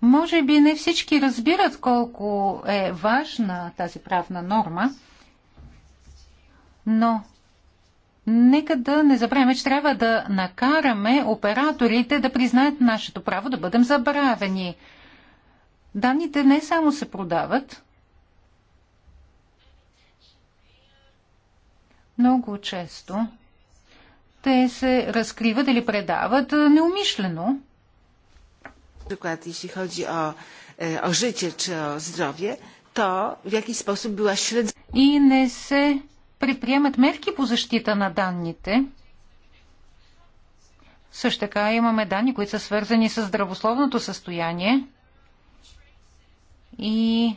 Може би не всички разбират колко е важна тази правна норма, но нека да не забравяме, че трябва да накараме операторите да признаят нашето право да бъдем забравени. Данните не само се продават, много често те се разкриват или предават неумишлено. Е, И не се предприемат мерки по защита на данните. Също така имаме данни, които са свързани с здравословното състояние и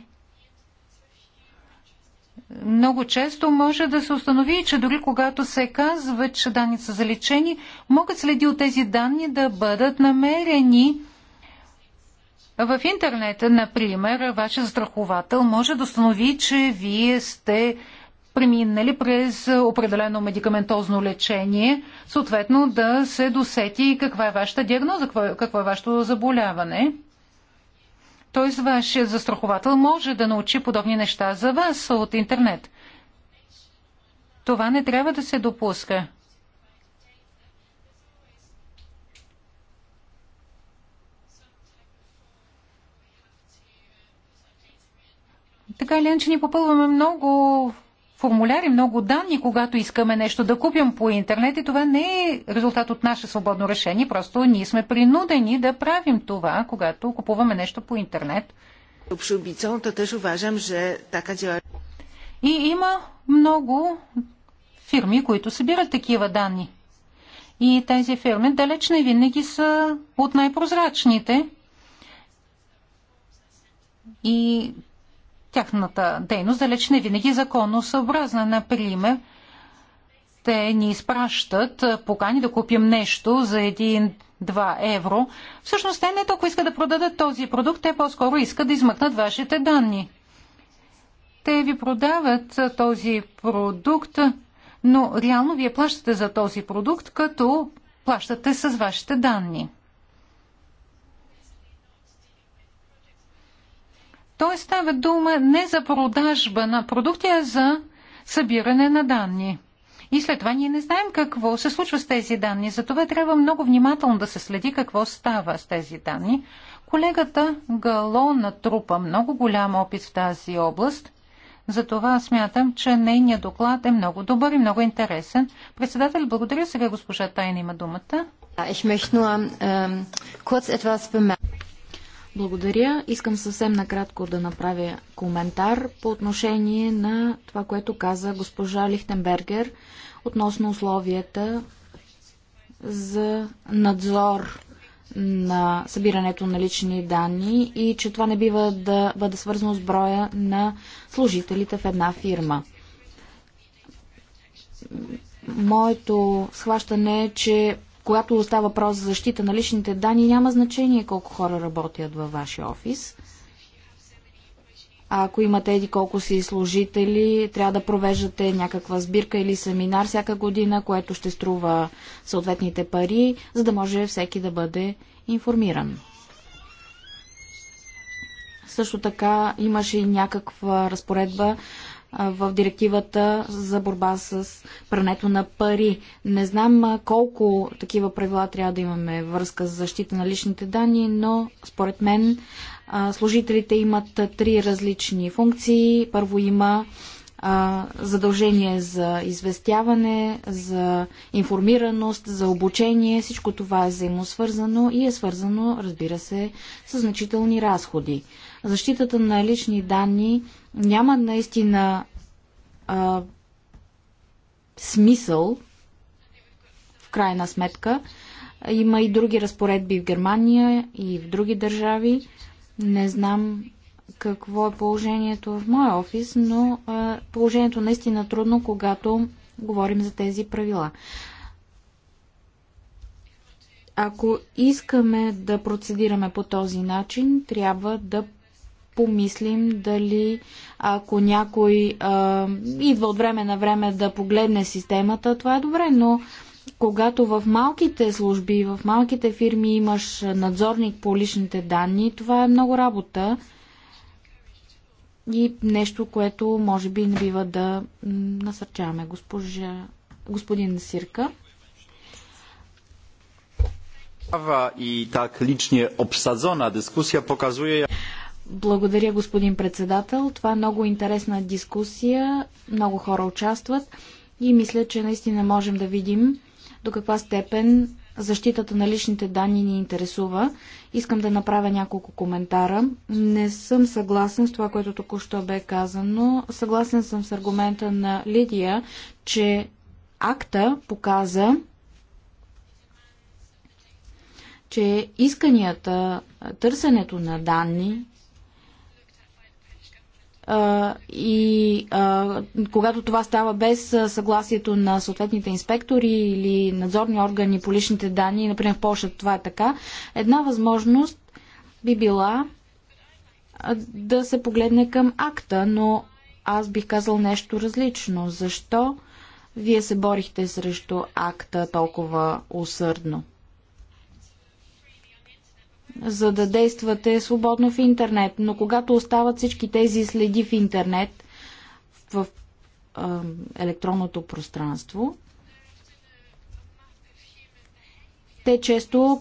много често може да се установи, че дори когато се казва, че данни са заличени, могат следи от тези данни да бъдат намерени в интернет. Например, ваш застраховател може да установи, че вие сте преминали през определено медикаментозно лечение, съответно да се досети каква е вашата диагноза, какво е, е вашето заболяване. Тоест, вашият застраховател може да научи подобни неща за вас от интернет. Това не трябва да се допуска. Така или иначе ни попълваме много формуляри, много данни, когато искаме нещо да купим по интернет и това не е резултат от наше свободно решение, просто ние сме принудени да правим това, когато купуваме нещо по интернет. И има много фирми, които събират такива данни. И тези фирми далеч не винаги са от най-прозрачните. И тяхната дейност далеч не винаги законно е законосъобразна. Например, те ни изпращат покани да купим нещо за 1-2 евро. Всъщност те не толкова искат да продадат този продукт, те по-скоро искат да измъкнат вашите данни. Те ви продават този продукт, но реално вие плащате за този продукт, като плащате с вашите данни. Той става дума не за продажба на продукти, а за събиране на данни. И след това ние не знаем какво се случва с тези данни. Затова трябва много внимателно да се следи какво става с тези данни. Колегата Гало натрупа много голям опит в тази област. Затова смятам, че нейният доклад е много добър и много интересен. Председател, благодаря. Сега госпожа Тайна има думата. Благодаря. Искам съвсем накратко да направя коментар по отношение на това, което каза госпожа Лихтенбергер относно условията за надзор на събирането на лични данни и че това не бива да бъде свързано с броя на служителите в една фирма. Моето схващане е, че когато става въпрос за защита на личните данни, няма значение колко хора работят във вашия офис. А ако имате еди колко си служители, трябва да провеждате някаква сбирка или семинар всяка година, което ще струва съответните пари, за да може всеки да бъде информиран. Също така имаше и някаква разпоредба в директивата за борба с прането на пари. Не знам колко такива правила трябва да имаме връзка за защита на личните данни, но според мен служителите имат три различни функции. Първо има а, задължение за известяване, за информираност, за обучение. Всичко това е взаимосвързано и е свързано, разбира се, с значителни разходи. Защитата на лични данни няма наистина а, смисъл, в крайна сметка. Има и други разпоредби в Германия и в други държави. Не знам какво е положението в моя офис, но а, положението е наистина трудно, когато говорим за тези правила. Ако искаме да процедираме по този начин, трябва да помислим дали ако някой а, идва от време на време да погледне системата, това е добре, но когато в малките служби, в малките фирми имаш надзорник по личните данни, това е много работа и нещо, което може би не бива да насърчаваме. Госпожа, господин Сирка. И так лично обсадзона дискусия показва... Благодаря, господин председател. Това е много интересна дискусия. Много хора участват и мисля, че наистина можем да видим до каква степен защитата на личните данни ни интересува. Искам да направя няколко коментара. Не съм съгласен с това, което току-що бе казано. Съгласен съм с аргумента на Лидия, че акта показа, че исканията, търсенето на данни и а, когато това става без съгласието на съответните инспектори или надзорни органи по личните данни, например в Польша това е така, една възможност би била да се погледне към акта, но аз бих казал нещо различно. Защо вие се борихте срещу акта толкова усърдно? за да действате свободно в интернет. Но когато остават всички тези следи в интернет, в а, електронното пространство, те често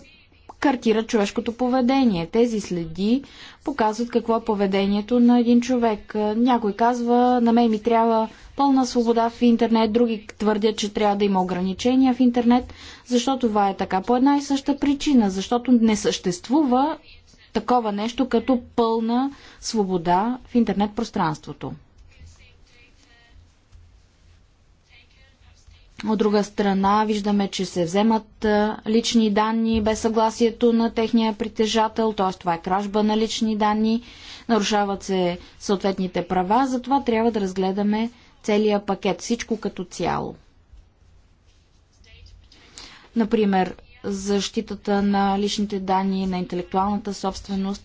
картират човешкото поведение. Тези следи показват какво е поведението на един човек. Някой казва, на мен ми трябва пълна свобода в интернет, други твърдят, че трябва да има ограничения в интернет. Защото това е така? По една и съща причина, защото не съществува такова нещо като пълна свобода в интернет пространството. От друга страна, виждаме, че се вземат лични данни без съгласието на техния притежател, т.е. това е кражба на лични данни, нарушават се съответните права, затова трябва да разгледаме целия пакет, всичко като цяло. Например, защитата на личните данни, на интелектуалната собственост.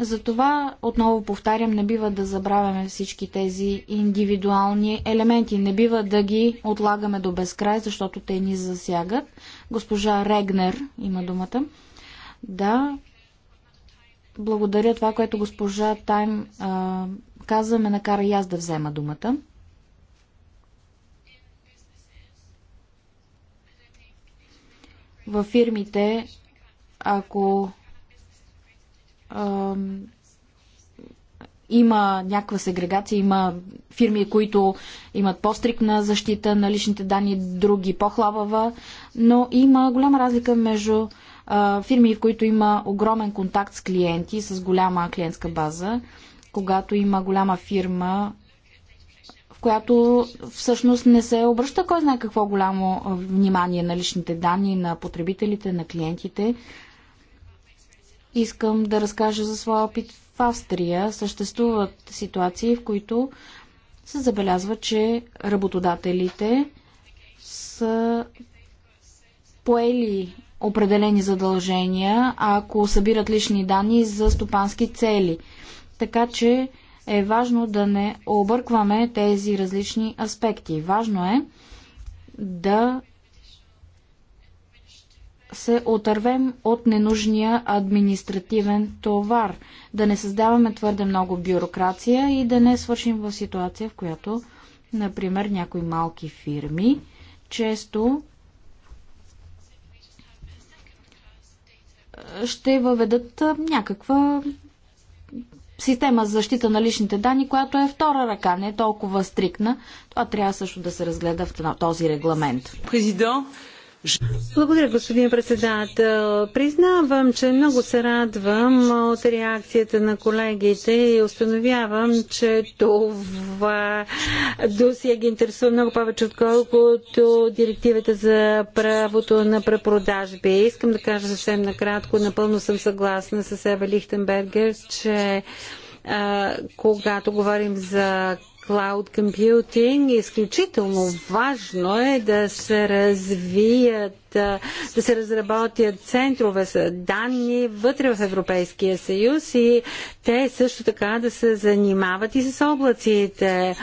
Затова, отново повтарям, не бива да забравяме всички тези индивидуални елементи. Не бива да ги отлагаме до безкрай, защото те ни засягат. Госпожа Регнер има думата. Да, благодаря това, което госпожа Тайм а, каза, ме накара и аз да взема думата. във фирмите, ако има някаква сегрегация, има фирми, които имат по-стрикна защита на личните данни, други по-хлабава, но има голяма разлика между а, фирми, в които има огромен контакт с клиенти, с голяма клиентска база. Когато има голяма фирма, която всъщност не се обръща кой знае какво голямо внимание на личните данни на потребителите, на клиентите. Искам да разкажа за своя опит в Австрия. Съществуват ситуации, в които се забелязва, че работодателите са поели определени задължения, ако събират лични данни за стопански цели. Така че е важно да не объркваме тези различни аспекти. Важно е да се отървем от ненужния административен товар, да не създаваме твърде много бюрокрация и да не свършим в ситуация, в която, например, някои малки фирми често ще въведат някаква система за защита на личните данни, която е втора ръка, не е толкова стрикна. Това трябва също да се разгледа в този регламент. Президент, благодаря, господин председател. Признавам, че много се радвам от реакцията на колегите и установявам, че това досия ги интересува много повече, отколкото директивата за правото на препродажби. Искам да кажа съвсем накратко, напълно съм съгласна с Ева Лихтенбергер, че когато говорим за Cloud Computing. Изключително важно е да се развият, да се разработят центрове за данни вътре в Европейския съюз и те също така да се занимават и с облаците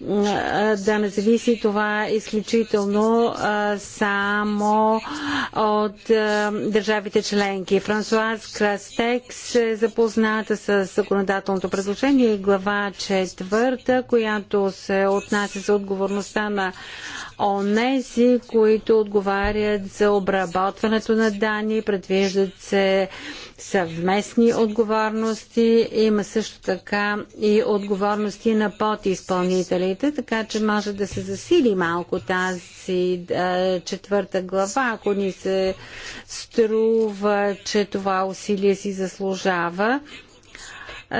да не зависи това изключително само от държавите членки. Франсуаз Крастекс е запозната с законодателното предложение и глава четвърта, която се отнася за отговорността на онези, които отговарят за обработването на данни, предвиждат се съвместни отговорности, има също така и отговорности на подизпълнителите, така че може да се засили малко тази а, четвърта глава, ако ни се струва, че това усилие си заслужава. Е,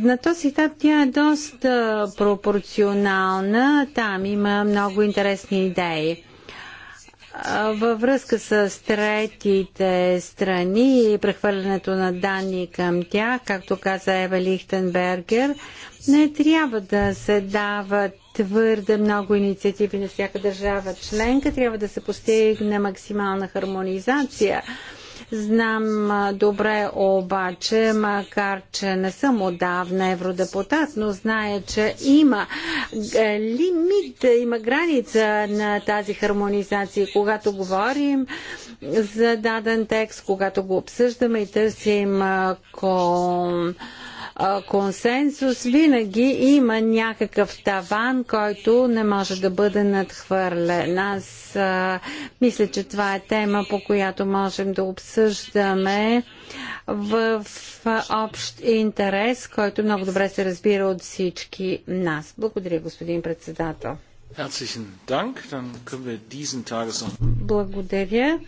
на този етап тя е доста пропорционална. Там има много интересни идеи. Е, във връзка с третите страни и прехвърлянето на данни към тях, както каза Ева Лихтенбергер, не трябва да се дават твърде много инициативи на всяка държава членка, трябва да се постигне максимална хармонизация Знам добре обаче, макар че не съм отдавна евродепутат, но зная, че има е, лимит, има граница на тази хармонизация. Когато говорим за даден текст, когато го обсъждаме и търсим кон консенсус, винаги има някакъв таван, който не може да бъде надхвърлен. Аз а, мисля, че това е тема, по която можем да обсъждаме в общ интерес, който много добре се разбира от всички нас. Благодаря, господин председател. Благодаря.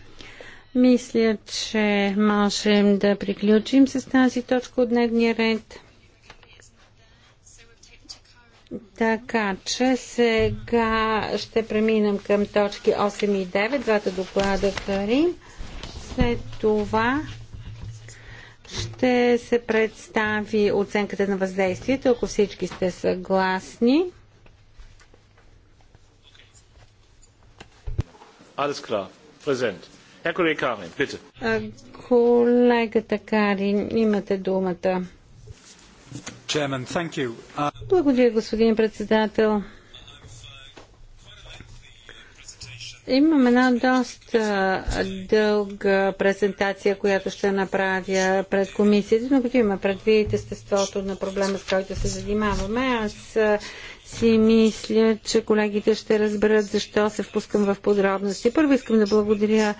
Мисля, че можем да приключим с тази точка от дневния ред. Така че сега ще преминем към точки 8 и 9, двата доклада Карим. След това ще се представи оценката на въздействието, ако всички сте съгласни. Alles klar. Präsent. Herr Kollege Karin, bitte. Колегата Карин, имате думата. Uh, благодаря, господин председател. Имам една доста дълга презентация, която ще направя пред комисията, но като има предвид естеството на проблема, с който се занимаваме, аз си мисля, че колегите ще разберат защо се впускам в подробности. Първо искам да благодаря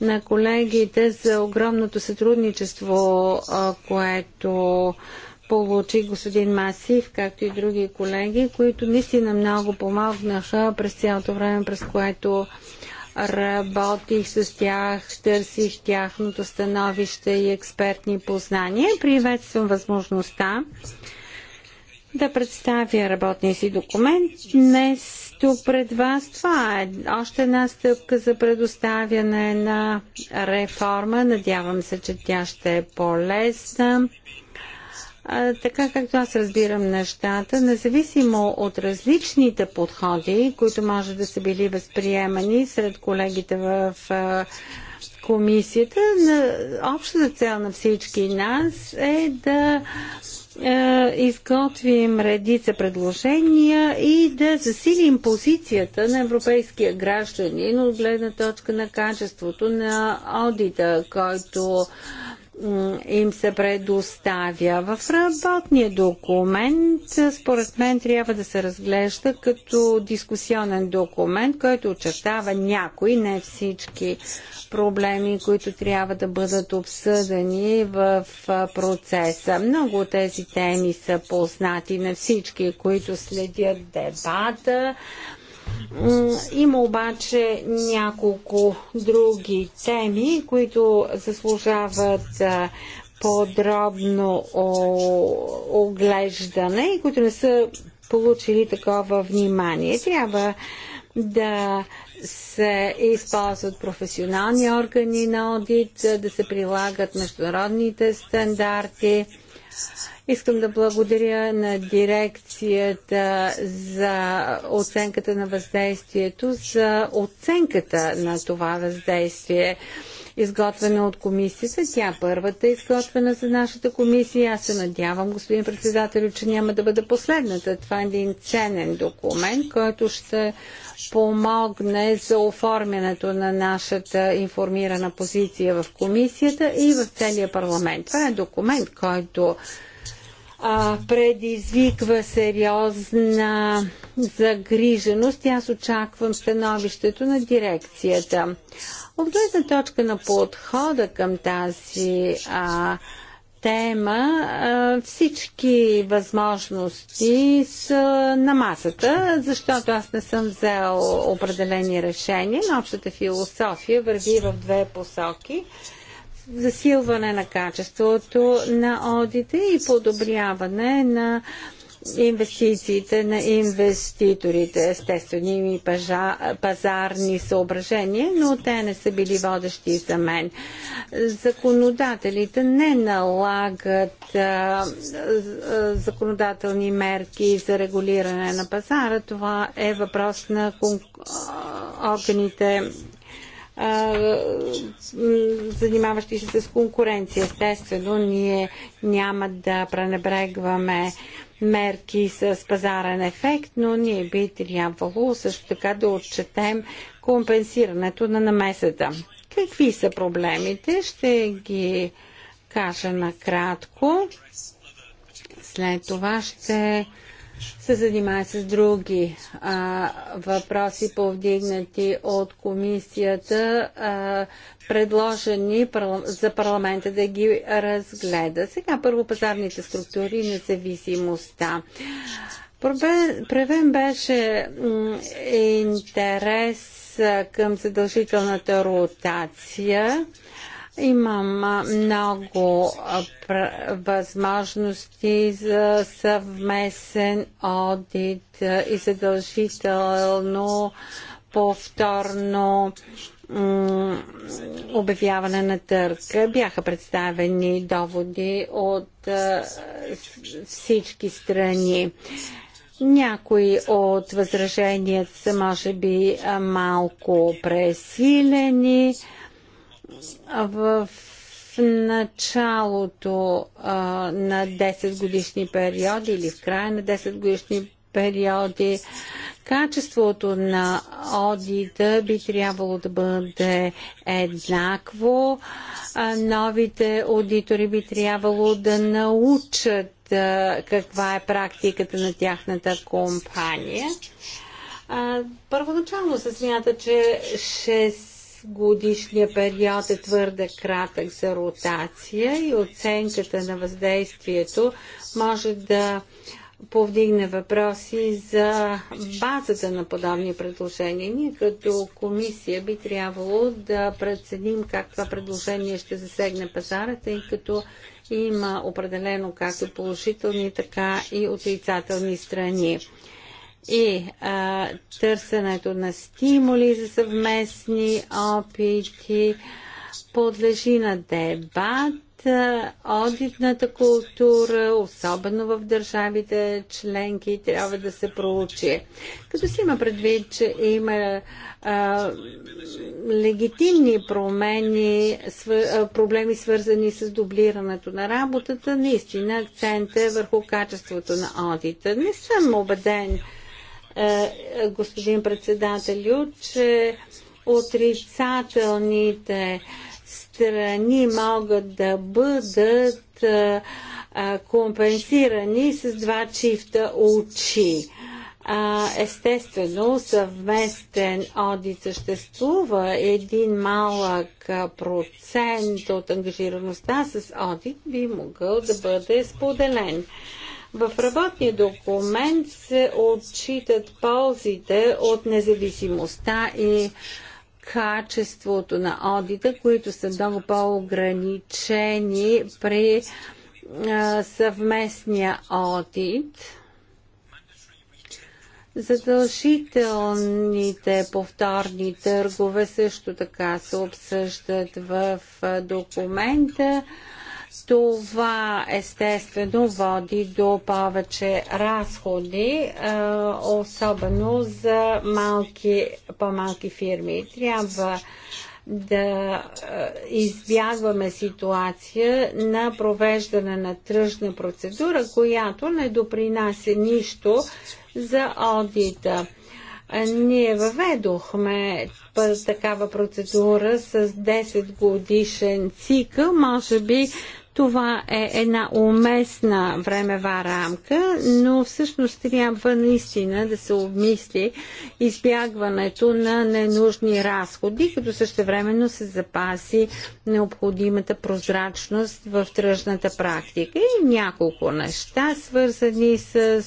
на колегите за огромното сътрудничество, което получи господин Масив, както и други колеги, които наистина много помогнаха през цялото време, през което работих с тях, търсих тяхното становище и експертни познания. Приветствам възможността да представя работния си документ. Днес тук пред вас това е още една стъпка за предоставяне на реформа. Надявам се, че тя ще е по-лесна а, така както аз разбирам нещата, независимо от различните подходи, които може да са били възприемани сред колегите в а, комисията, на, общата цел на всички нас е да изготвим редица предложения и да засилим позицията на европейския гражданин от гледна точка на качеството на одита, който им се предоставя. В работния документ, според мен, трябва да се разглежда като дискусионен документ, който очертава някои, не всички проблеми, които трябва да бъдат обсъдени в процеса. Много от тези теми са познати на всички, които следят дебата има обаче няколко други теми, които заслужават подробно оглеждане и които не са получили такова внимание. Трябва да се използват професионални органи на одит, да се прилагат международните стандарти Искам да благодаря на дирекцията за оценката на въздействието, за оценката на това въздействие изготвена от комисията. Тя първата е изготвена за нашата комисия. Аз се надявам, господин председател, че няма да бъде последната. Това е един ценен документ, който ще помогне за оформянето на нашата информирана позиция в комисията и в целия парламент. Това е документ, който предизвиква сериозна загриженост. Аз очаквам становището на дирекцията. От гледна точка на подхода към тази а, тема всички възможности са на масата, защото аз не съм взел определени решения, но общата философия върви в две посоки. Засилване на качеството на одите и подобряване на инвестициите на инвеститорите, естествени и пазарни съображения, но те не са били водещи за мен. Законодателите не налагат а, законодателни мерки за регулиране на пазара. Това е въпрос на органите занимаващи се с конкуренция. Естествено, ние няма да пренебрегваме мерки с пазарен ефект, но ние би трябвало също така да отчетем компенсирането на намесата. Какви са проблемите? Ще ги кажа накратко. След това ще се занимае с други а, въпроси, повдигнати от комисията, а, предложени за парламента да ги разгледа. Сега първо пазарните структури и независимостта. Превен беше интерес към задължителната ротация Имам много възможности за съвместен одит и задължително повторно обявяване на търг. Бяха представени доводи от всички страни. Някои от възраженията са може би малко пресилени в началото а, на 10 годишни периоди или в края на 10 годишни периоди. Качеството на одита би трябвало да бъде еднакво. А новите аудитори би трябвало да научат а, каква е практиката на тяхната компания. А, първоначално се смята, че 6 годишния период е твърде кратък за ротация и оценката на въздействието може да повдигне въпроси за базата на подобни предложения. Ние като комисия би трябвало да преценим как това предложение ще засегне пазара, тъй като има определено както положителни, така и отрицателни страни и а, търсенето на стимули за съвместни опити подлежи на дебат. Одитната култура, особено в държавите членки, трябва да се проучи. Като си има предвид, че има а, легитимни промени, свър, проблеми свързани с дублирането на работата, наистина акцент е върху качеството на одита. Не съм убеден, е, господин председателю, че отрицателните страни могат да бъдат е, е, компенсирани с два чифта очи. Естествено, съвместен одит съществува. Един малък процент от ангажираността с одит би могъл да бъде споделен. В работния документ се отчитат ползите от независимостта и качеството на одита, които са много по-ограничени при съвместния одит. Задължителните повторни търгове също така се обсъждат в документа. Това естествено води до повече разходи, е, особено за малки, по-малки фирми. Трябва да е, избягваме ситуация на провеждане на тръжна процедура, която не допринася нищо за одита. Е, ние въведохме такава процедура с 10 годишен цикъл. Може би това е една уместна времева рамка, но всъщност трябва наистина да се обмисли избягването на ненужни разходи, като същевременно се запаси необходимата прозрачност в тръжната практика. И няколко неща, свързани с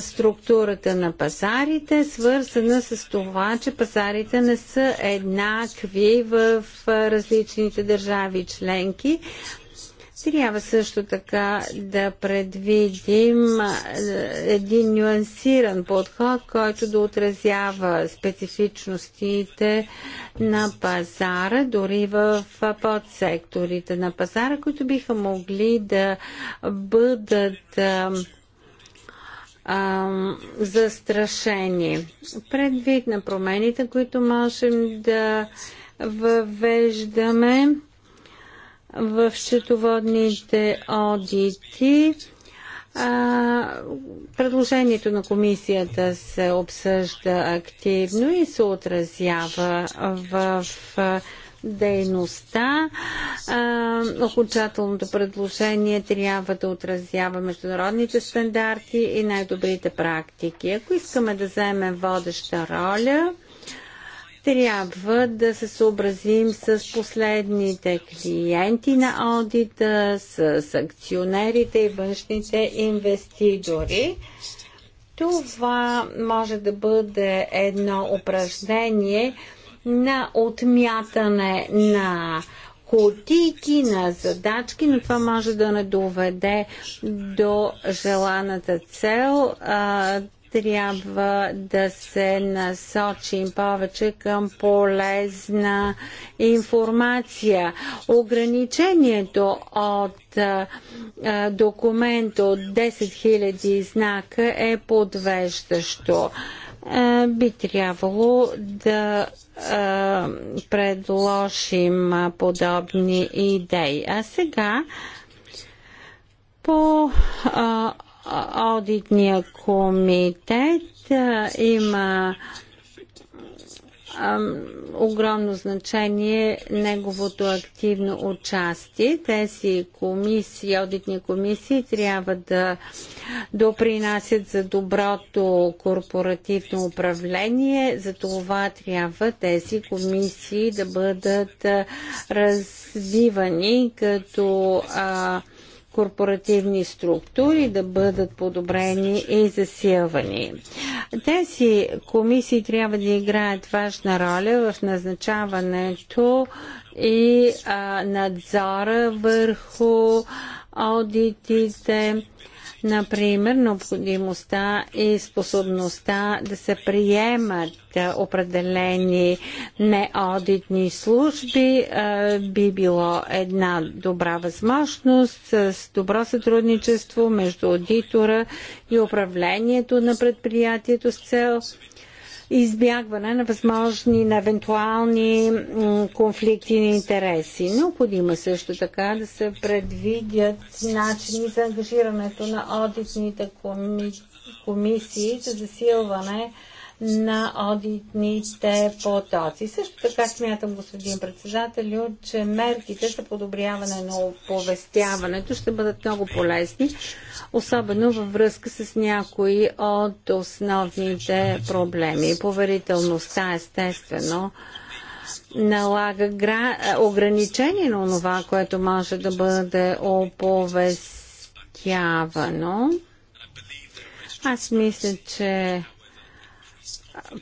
структурата на пазарите, свързана с това, че пазарите не са еднакви в различните държави членки. Трябва също така да предвидим един нюансиран подход, който да отразява специфичностите на пазара, дори в подсекторите на пазара, които биха могли да бъдат а, застрашени. Предвид на промените, които можем да въвеждаме в счетоводните одити, а, предложението на комисията се обсъжда активно и се отразява в, в дейността. окончателното предложение трябва да отразява международните стандарти и най-добрите практики. Ако искаме да вземем водеща роля, трябва да се съобразим с последните клиенти на аудита, с, с акционерите и външните инвеститори. Това може да бъде едно упражнение, на отмятане на кутики, на задачки, но това може да не доведе до желаната цел. А, трябва да се насочим повече към полезна информация. Ограничението от а, документ от 10 000 знака е подвеждащо. Е, би трябвало да е, предложим подобни идеи. А сега по а, е, аудитния комитет а, има огромно значение неговото активно участие. Тези комисии, одитни комисии трябва да допринасят за доброто корпоративно управление. За това трябва тези комисии да бъдат развивани като а, корпоративни структури да бъдат подобрени и засилвани. Тези комисии трябва да играят важна роля в назначаването и а, надзора върху аудитите, Например, необходимостта и способността да се приемат определени неодитни служби би било една добра възможност с добро сътрудничество между аудитора и управлението на предприятието с цел избягване на възможни, на евентуални конфликти на интереси. Необходимо е също така да се предвидят начини за ангажирането на одитните коми... комисии за засилване на одитните потоци. Също така смятам, господин председателю, че мерките за подобряване на оповестяването ще бъдат много полезни особено във връзка с някои от основните проблеми. Поверителността, естествено, налага гра... ограничение на това, което може да бъде оповестявано. Аз мисля, че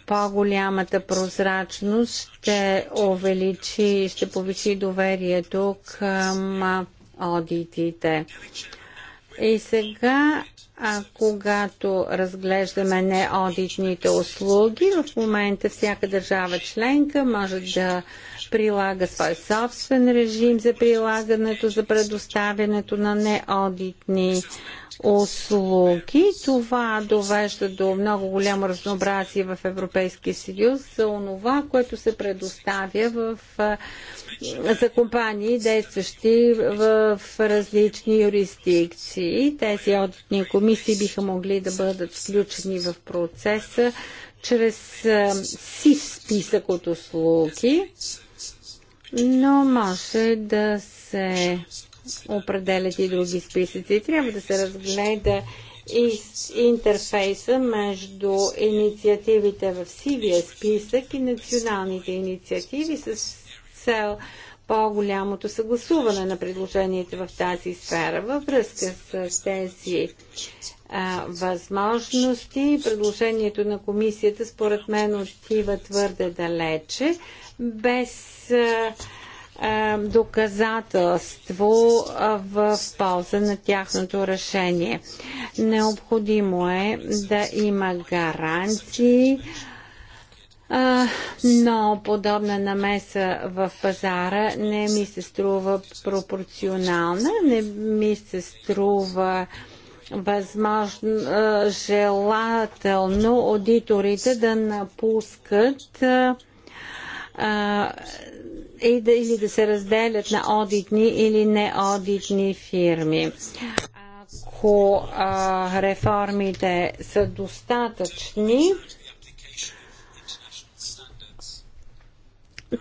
по-голямата прозрачност ще увеличи, ще повиши доверието към одитите. И сега, а когато разглеждаме неодитните услуги, в момента всяка държава членка може да прилага свой собствен режим за прилагането, за предоставянето на неодитни услуги. Това довежда до много голямо разнообразие в Европейския съюз за онова, което се предоставя в за компании, действащи в различни юрисдикции. Тези одитни комисии биха могли да бъдат включени в процеса чрез си списък от услуги, но може да се определят и други списъци. Трябва да се разгледа и интерфейса между инициативите в сивия списък и националните инициативи с цел по-голямото съгласуване на предложението в тази сфера. Във връзка с тези а, възможности, предложението на комисията според мен отива твърде далече, без а, а, доказателство в полза на тяхното решение. Необходимо е да има гарантии но подобна намеса в пазара не ми се струва пропорционална, не ми се струва възможно, желателно аудиторите да напускат а, и да, или да се разделят на одитни или неодитни фирми. Ако а, реформите са достатъчни,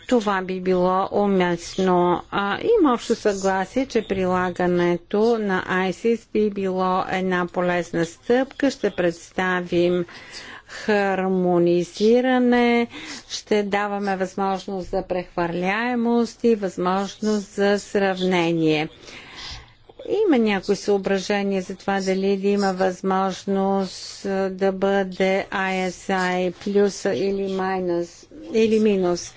това би било уместно. А, има общо съгласие, че прилагането на ISIS би било една полезна стъпка. Ще представим хармонизиране, ще даваме възможност за прехвърляемост и възможност за сравнение. Има някои съображения за това дали да има възможност да бъде ISI плюс или, или минус.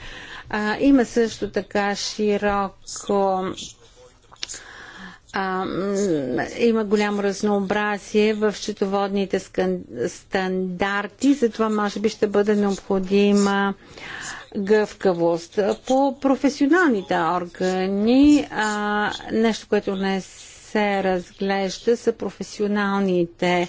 А, има също така широко а, има голямо разнообразие в счетоводните стандарти, затова може би ще бъде необходима гъвкавост. По професионалните органи, а, нещо, което не се разглежда, са професионалните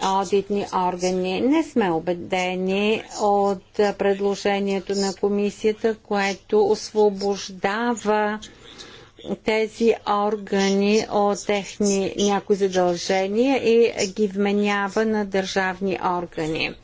одитни органи. Не сме убедени от предложението на комисията, което освобождава тези органи от техни някои задължения и ги вменява на държавни органи.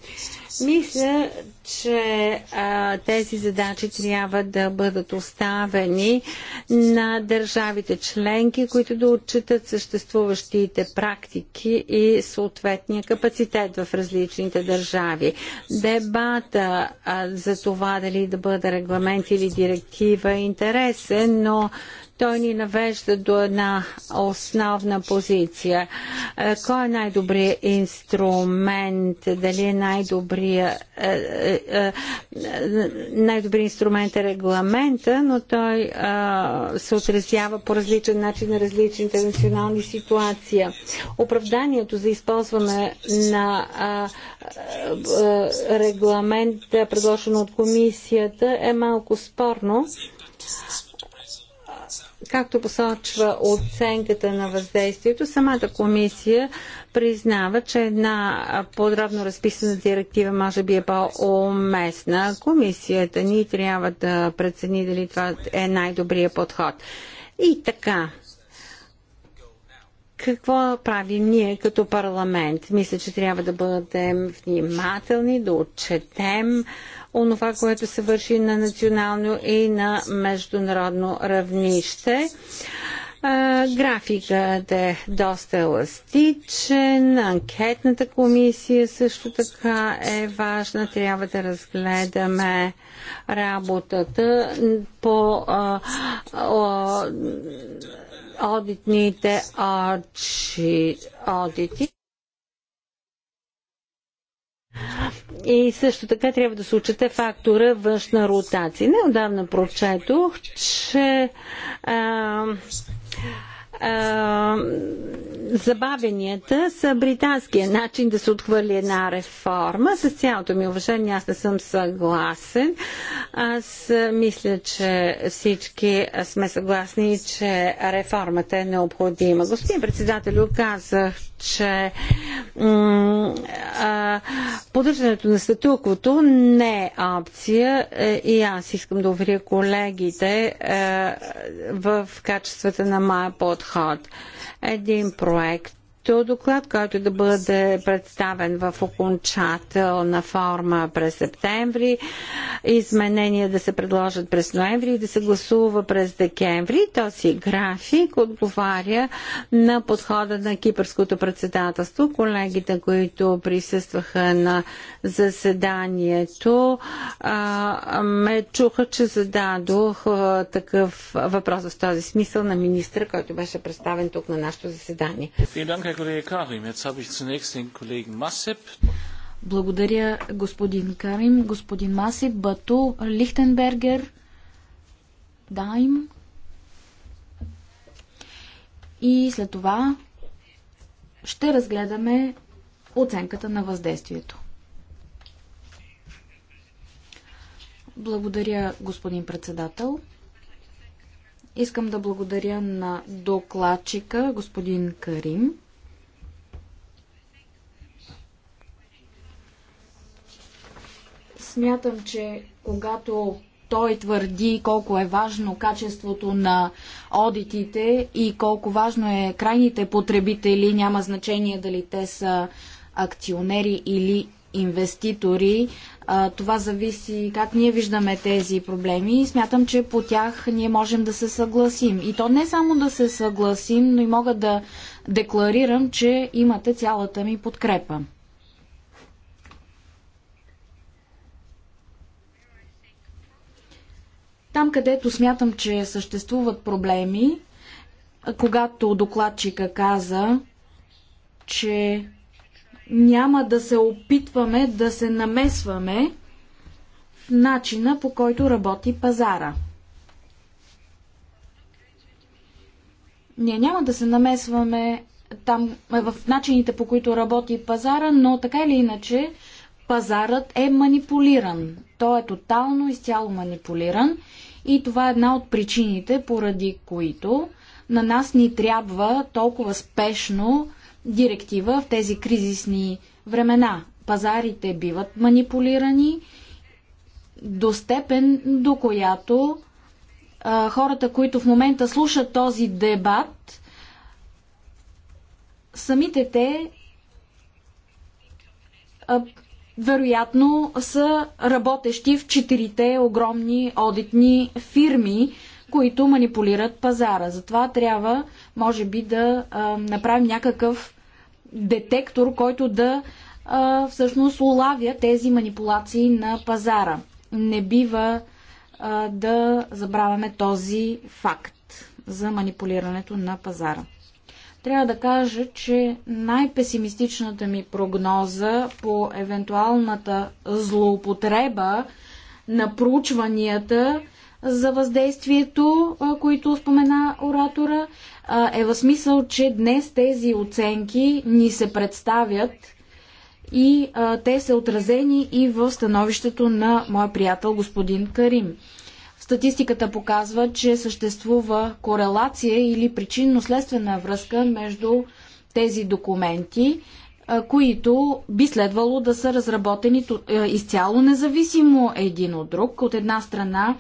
Мисля, че а, тези задачи трябва да бъдат оставени на държавите членки, които да отчитат съществуващите практики и съответния капацитет в различните държави. Дебата а, за това дали да бъде регламент или директива е интересен, но той ни навежда до една основна позиция. Е, кой е най-добрият инструмент? Дали е най-добрият е, е, най-добрият инструмент е регламента, но той се отразява по различен начин на различните национални ситуации. Оправданието за използване на регламент, предложено от комисията, е малко спорно както посочва оценката на въздействието, самата комисия признава, че една подробно разписана директива може би е по-уместна. Комисията ни трябва да прецени дали това е най-добрият подход. И така, какво правим ние като парламент? Мисля, че трябва да бъдем внимателни, да отчетем онова, което се върши на национално и на международно равнище. Графикът е доста еластичен, анкетната комисия също така е важна. Трябва да разгледаме работата по а, а, одитните очи, одити. И също така трябва да се учете фактора външна ротация. Неодавна прочетох, че а, а, забавенията са британския начин да се отхвърли една реформа. С цялото ми уважение аз не съм съгласен. Аз мисля, че всички сме съгласни, че реформата е необходима. Господин председател, казах, че поддържането на статуквото не е опция е, и аз искам да уверя колегите е, в качествата на моя подход подход. Един проект доклад, който да бъде представен в окончателна форма през септември, изменения да се предложат през ноември и да се гласува през декември. Този график отговаря на подхода на кипърското председателство. Колегите, които присъстваха на заседанието, ме чуха, че зададох такъв въпрос в този смисъл на министра, който беше представен тук на нашето заседание. Благодаря. Благодаря, господин Карим, господин Масип, Бату, Лихтенбергер, Дайм. И след това ще разгледаме оценката на въздействието. Благодаря, господин председател. Искам да благодаря на докладчика, господин Карим. Смятам, че когато той твърди колко е важно качеството на одитите и колко важно е крайните потребители, няма значение дали те са акционери или инвеститори. Това зависи как ние виждаме тези проблеми и смятам, че по тях ние можем да се съгласим. И то не само да се съгласим, но и мога да декларирам, че имате цялата ми подкрепа. Там, където смятам, че съществуват проблеми, когато докладчика каза, че няма да се опитваме да се намесваме в начина по който работи пазара. Ние няма да се намесваме там в начините по които работи пазара, но така или иначе пазарът е манипулиран. Той е тотално изцяло манипулиран и това е една от причините, поради които на нас ни трябва толкова спешно директива в тези кризисни времена. Пазарите биват манипулирани до степен, до която а, хората, които в момента слушат този дебат, самите те а, вероятно са работещи в четирите огромни одитни фирми, които манипулират пазара. Затова трябва, може би, да а, направим някакъв детектор, който да а, всъщност улавя тези манипулации на пазара. Не бива а, да забравяме този факт за манипулирането на пазара. Трябва да кажа, че най-песимистичната ми прогноза по евентуалната злоупотреба на проучванията за въздействието, които спомена оратора, е в смисъл, че днес тези оценки ни се представят и те са отразени и в становището на моя приятел господин Карим. Статистиката показва, че съществува корелация или причинно-следствена връзка между тези документи, които би следвало да са разработени е, изцяло независимо един от друг. От една страна,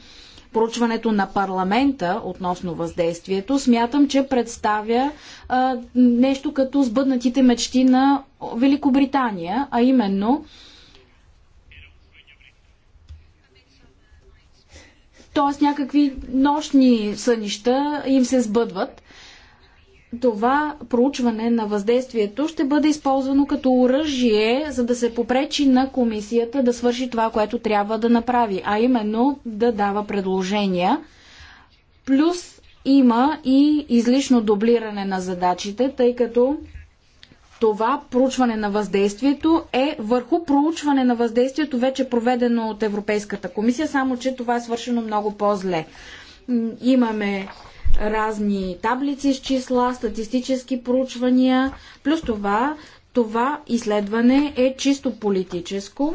проучването на парламента относно въздействието, смятам, че представя а, нещо като сбъднатите мечти на Великобритания, а именно Тоест някакви нощни сънища им се сбъдват. Това проучване на въздействието ще бъде използвано като оръжие, за да се попречи на комисията да свърши това, което трябва да направи, а именно да дава предложения. Плюс има и излишно дублиране на задачите, тъй като това проучване на въздействието е върху проучване на въздействието, вече проведено от Европейската комисия, само че това е свършено много по-зле. Имаме разни таблици с числа, статистически проучвания. Плюс това, това изследване е чисто политическо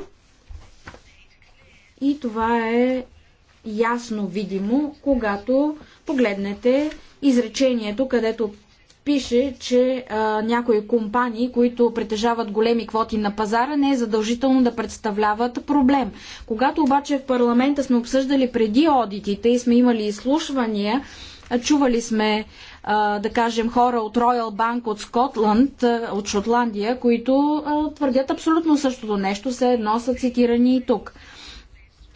и това е ясно видимо, когато погледнете изречението, където пише, че а, някои компании, които притежават големи квоти на пазара, не е задължително да представляват проблем. Когато обаче в парламента сме обсъждали преди одитите и сме имали изслушвания, чували сме да кажем, хора от Royal Bank от Скотланд, от Шотландия, които твърдят абсолютно същото нещо, се едно са цитирани и тук.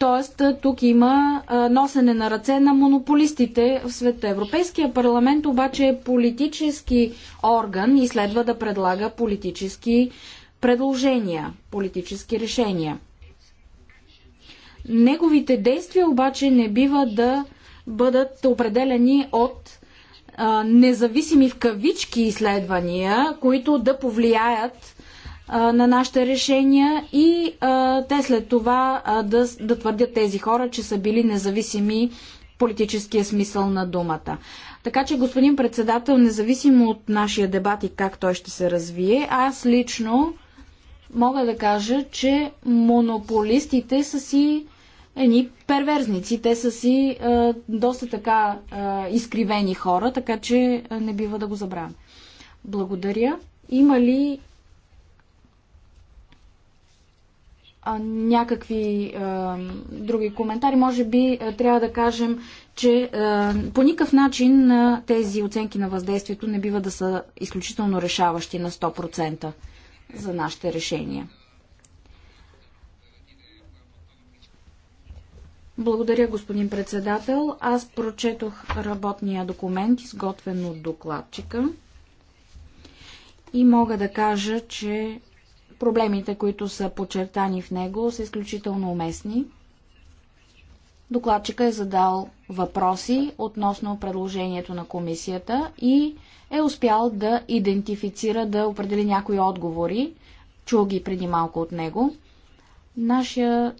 Тоест, тук има носене на ръце на монополистите в света. Европейския парламент обаче е политически орган и следва да предлага политически предложения, политически решения. Неговите действия обаче не бива да бъдат определени от а, независими в кавички изследвания, които да повлияят на нашите решения и те след това да, да твърдят тези хора, че са били независими в политическия смисъл на думата. Така че, господин председател, независимо от нашия дебат и как той ще се развие, аз лично мога да кажа, че монополистите са си едни перверзници. Те са си доста така изкривени хора, така че не бива да го забравяме. Благодаря. Има ли някакви а, други коментари. Може би а, трябва да кажем, че а, по никакъв начин а, тези оценки на въздействието не бива да са изключително решаващи на 100% за нашите решения. Благодаря, господин председател. Аз прочетох работния документ, изготвен от докладчика. И мога да кажа, че Проблемите, които са подчертани в него, са изключително уместни. Докладчика е задал въпроси относно предложението на комисията и е успял да идентифицира, да определи някои отговори. Чул ги преди малко от него. Нашия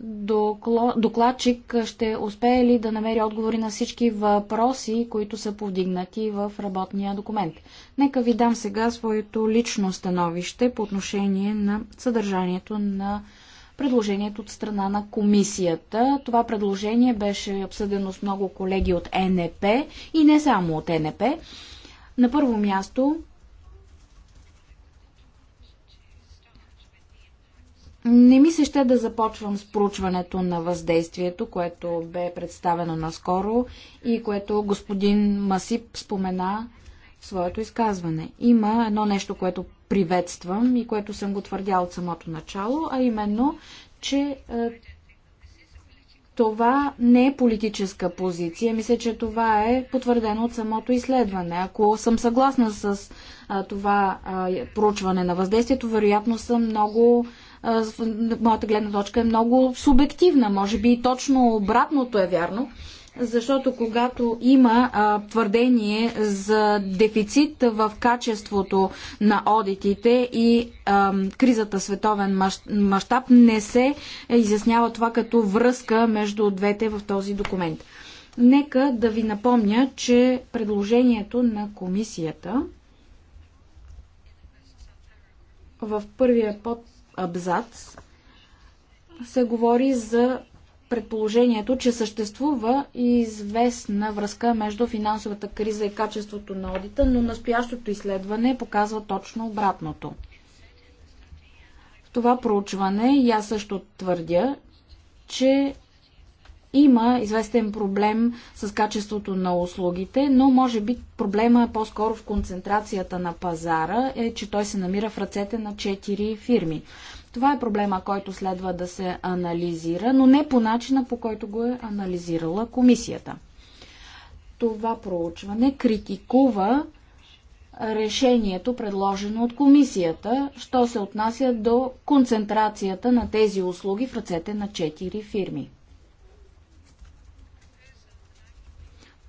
докладчик ще успее ли да намери отговори на всички въпроси, които са повдигнати в работния документ? Нека ви дам сега своето лично становище по отношение на съдържанието на предложението от страна на комисията. Това предложение беше обсъдено с много колеги от НП и не само от НП. На първо място Не ми се ще да започвам с проучването на въздействието, което бе представено наскоро и което господин Масип спомена в своето изказване. Има едно нещо, което приветствам и което съм го твърдял от самото начало, а именно, че е, това не е политическа позиция. Мисля, че това е потвърдено от самото изследване. Ако съм съгласна с е, това е, проучване на въздействието, вероятно съм много моята гледна точка е много субективна. Може би точно обратното е вярно. Защото когато има а, твърдение за дефицит в качеството на одитите и а, кризата световен мащаб, не се изяснява това като връзка между двете в този документ. Нека да ви напомня, че предложението на комисията в първия под абзац се говори за предположението, че съществува известна връзка между финансовата криза и качеството на одита, но настоящото изследване показва точно обратното. В това проучване я също твърдя, че има известен проблем с качеството на услугите, но може би проблема е по-скоро в концентрацията на пазара, е, че той се намира в ръцете на 4 фирми. Това е проблема, който следва да се анализира, но не по начина, по който го е анализирала комисията. Това проучване критикува решението, предложено от комисията, що се отнася до концентрацията на тези услуги в ръцете на 4 фирми.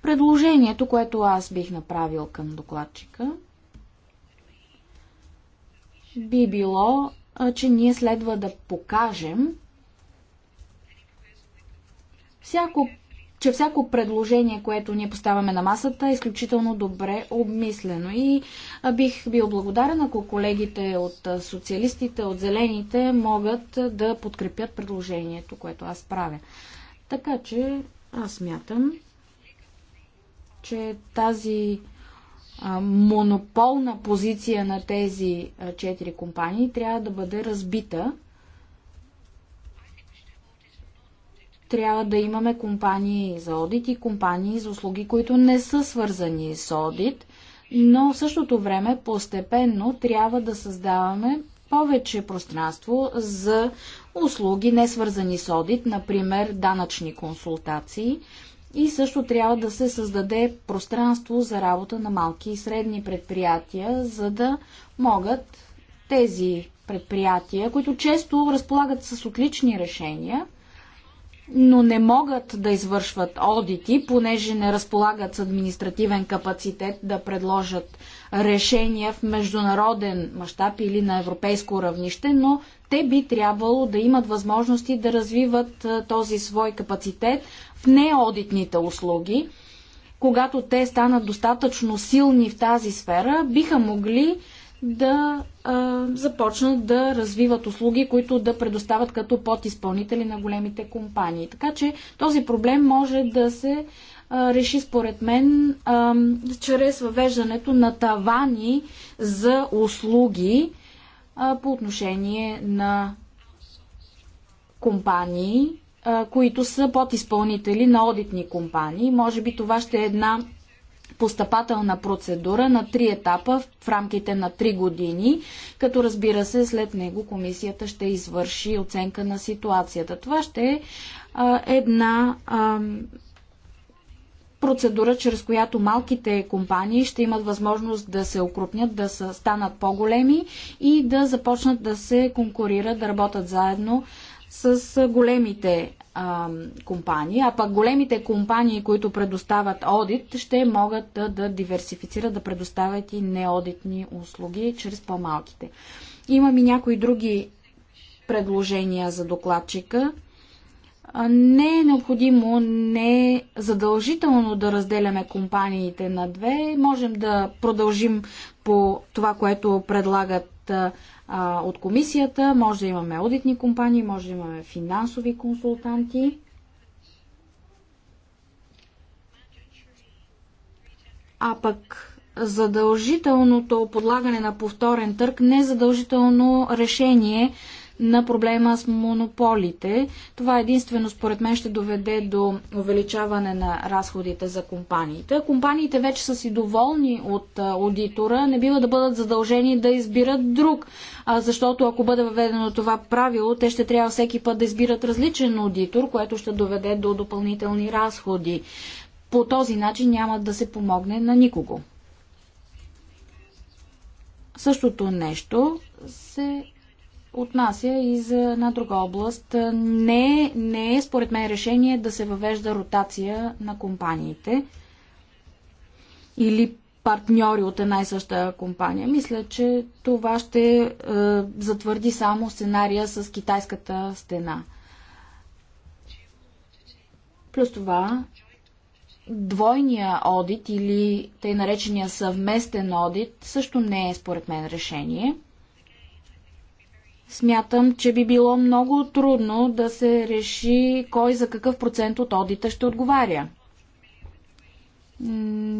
Предложението, което аз бих направил към докладчика, би било, че ние следва да покажем всяко, че всяко предложение, което ние поставяме на масата, е изключително добре обмислено. И бих бил благодарен, ако колегите от социалистите, от зелените, могат да подкрепят предложението, което аз правя. Така че аз мятам, че тази монополна позиция на тези четири компании трябва да бъде разбита. Трябва да имаме компании за одит и компании за услуги, които не са свързани с одит, но в същото време постепенно трябва да създаваме повече пространство за услуги, не свързани с одит, например данъчни консултации и също трябва да се създаде пространство за работа на малки и средни предприятия, за да могат тези предприятия, които често разполагат с отлични решения, но не могат да извършват одити, понеже не разполагат с административен капацитет да предложат решения в международен мащаб или на европейско равнище, но те би трябвало да имат възможности да развиват този свой капацитет в неодитните услуги. Когато те станат достатъчно силни в тази сфера, биха могли да а, започнат да развиват услуги, които да предоставят като подизпълнители на големите компании. Така че този проблем може да се реши според мен чрез въвеждането на тавани за услуги по отношение на компании, които са подизпълнители на одитни компании. Може би това ще е една постъпателна процедура на три етапа в рамките на три години, като разбира се след него комисията ще извърши оценка на ситуацията. Това ще е една процедура, чрез която малките компании ще имат възможност да се окрупнят, да са, станат по-големи и да започнат да се конкурират, да работят заедно с големите а, компании, а пък големите компании, които предоставят одит, ще могат да, да диверсифицират, да предоставят и неодитни услуги чрез по-малките. Имам и някои други предложения за докладчика. Не е необходимо, не е задължително да разделяме компаниите на две. Можем да продължим по това, което предлагат а, от комисията. Може да имаме аудитни компании, може да имаме финансови консултанти. А пък задължителното подлагане на повторен търг не е задължително решение на проблема с монополите. Това единствено според мен ще доведе до увеличаване на разходите за компаниите. Компаниите вече са си доволни от аудитора, не бива да бъдат задължени да избират друг, защото ако бъде въведено това правило, те ще трябва всеки път да избират различен аудитор, което ще доведе до допълнителни разходи. По този начин няма да се помогне на никого. Същото нещо се отнася и за една друга област. Не, не е, според мен, решение да се въвежда ротация на компаниите или партньори от една и съща компания. Мисля, че това ще е, затвърди само сценария с китайската стена. Плюс това, двойния одит или тъй наречения съвместен одит също не е според мен решение. Смятам, че би било много трудно да се реши кой за какъв процент от одита ще отговаря.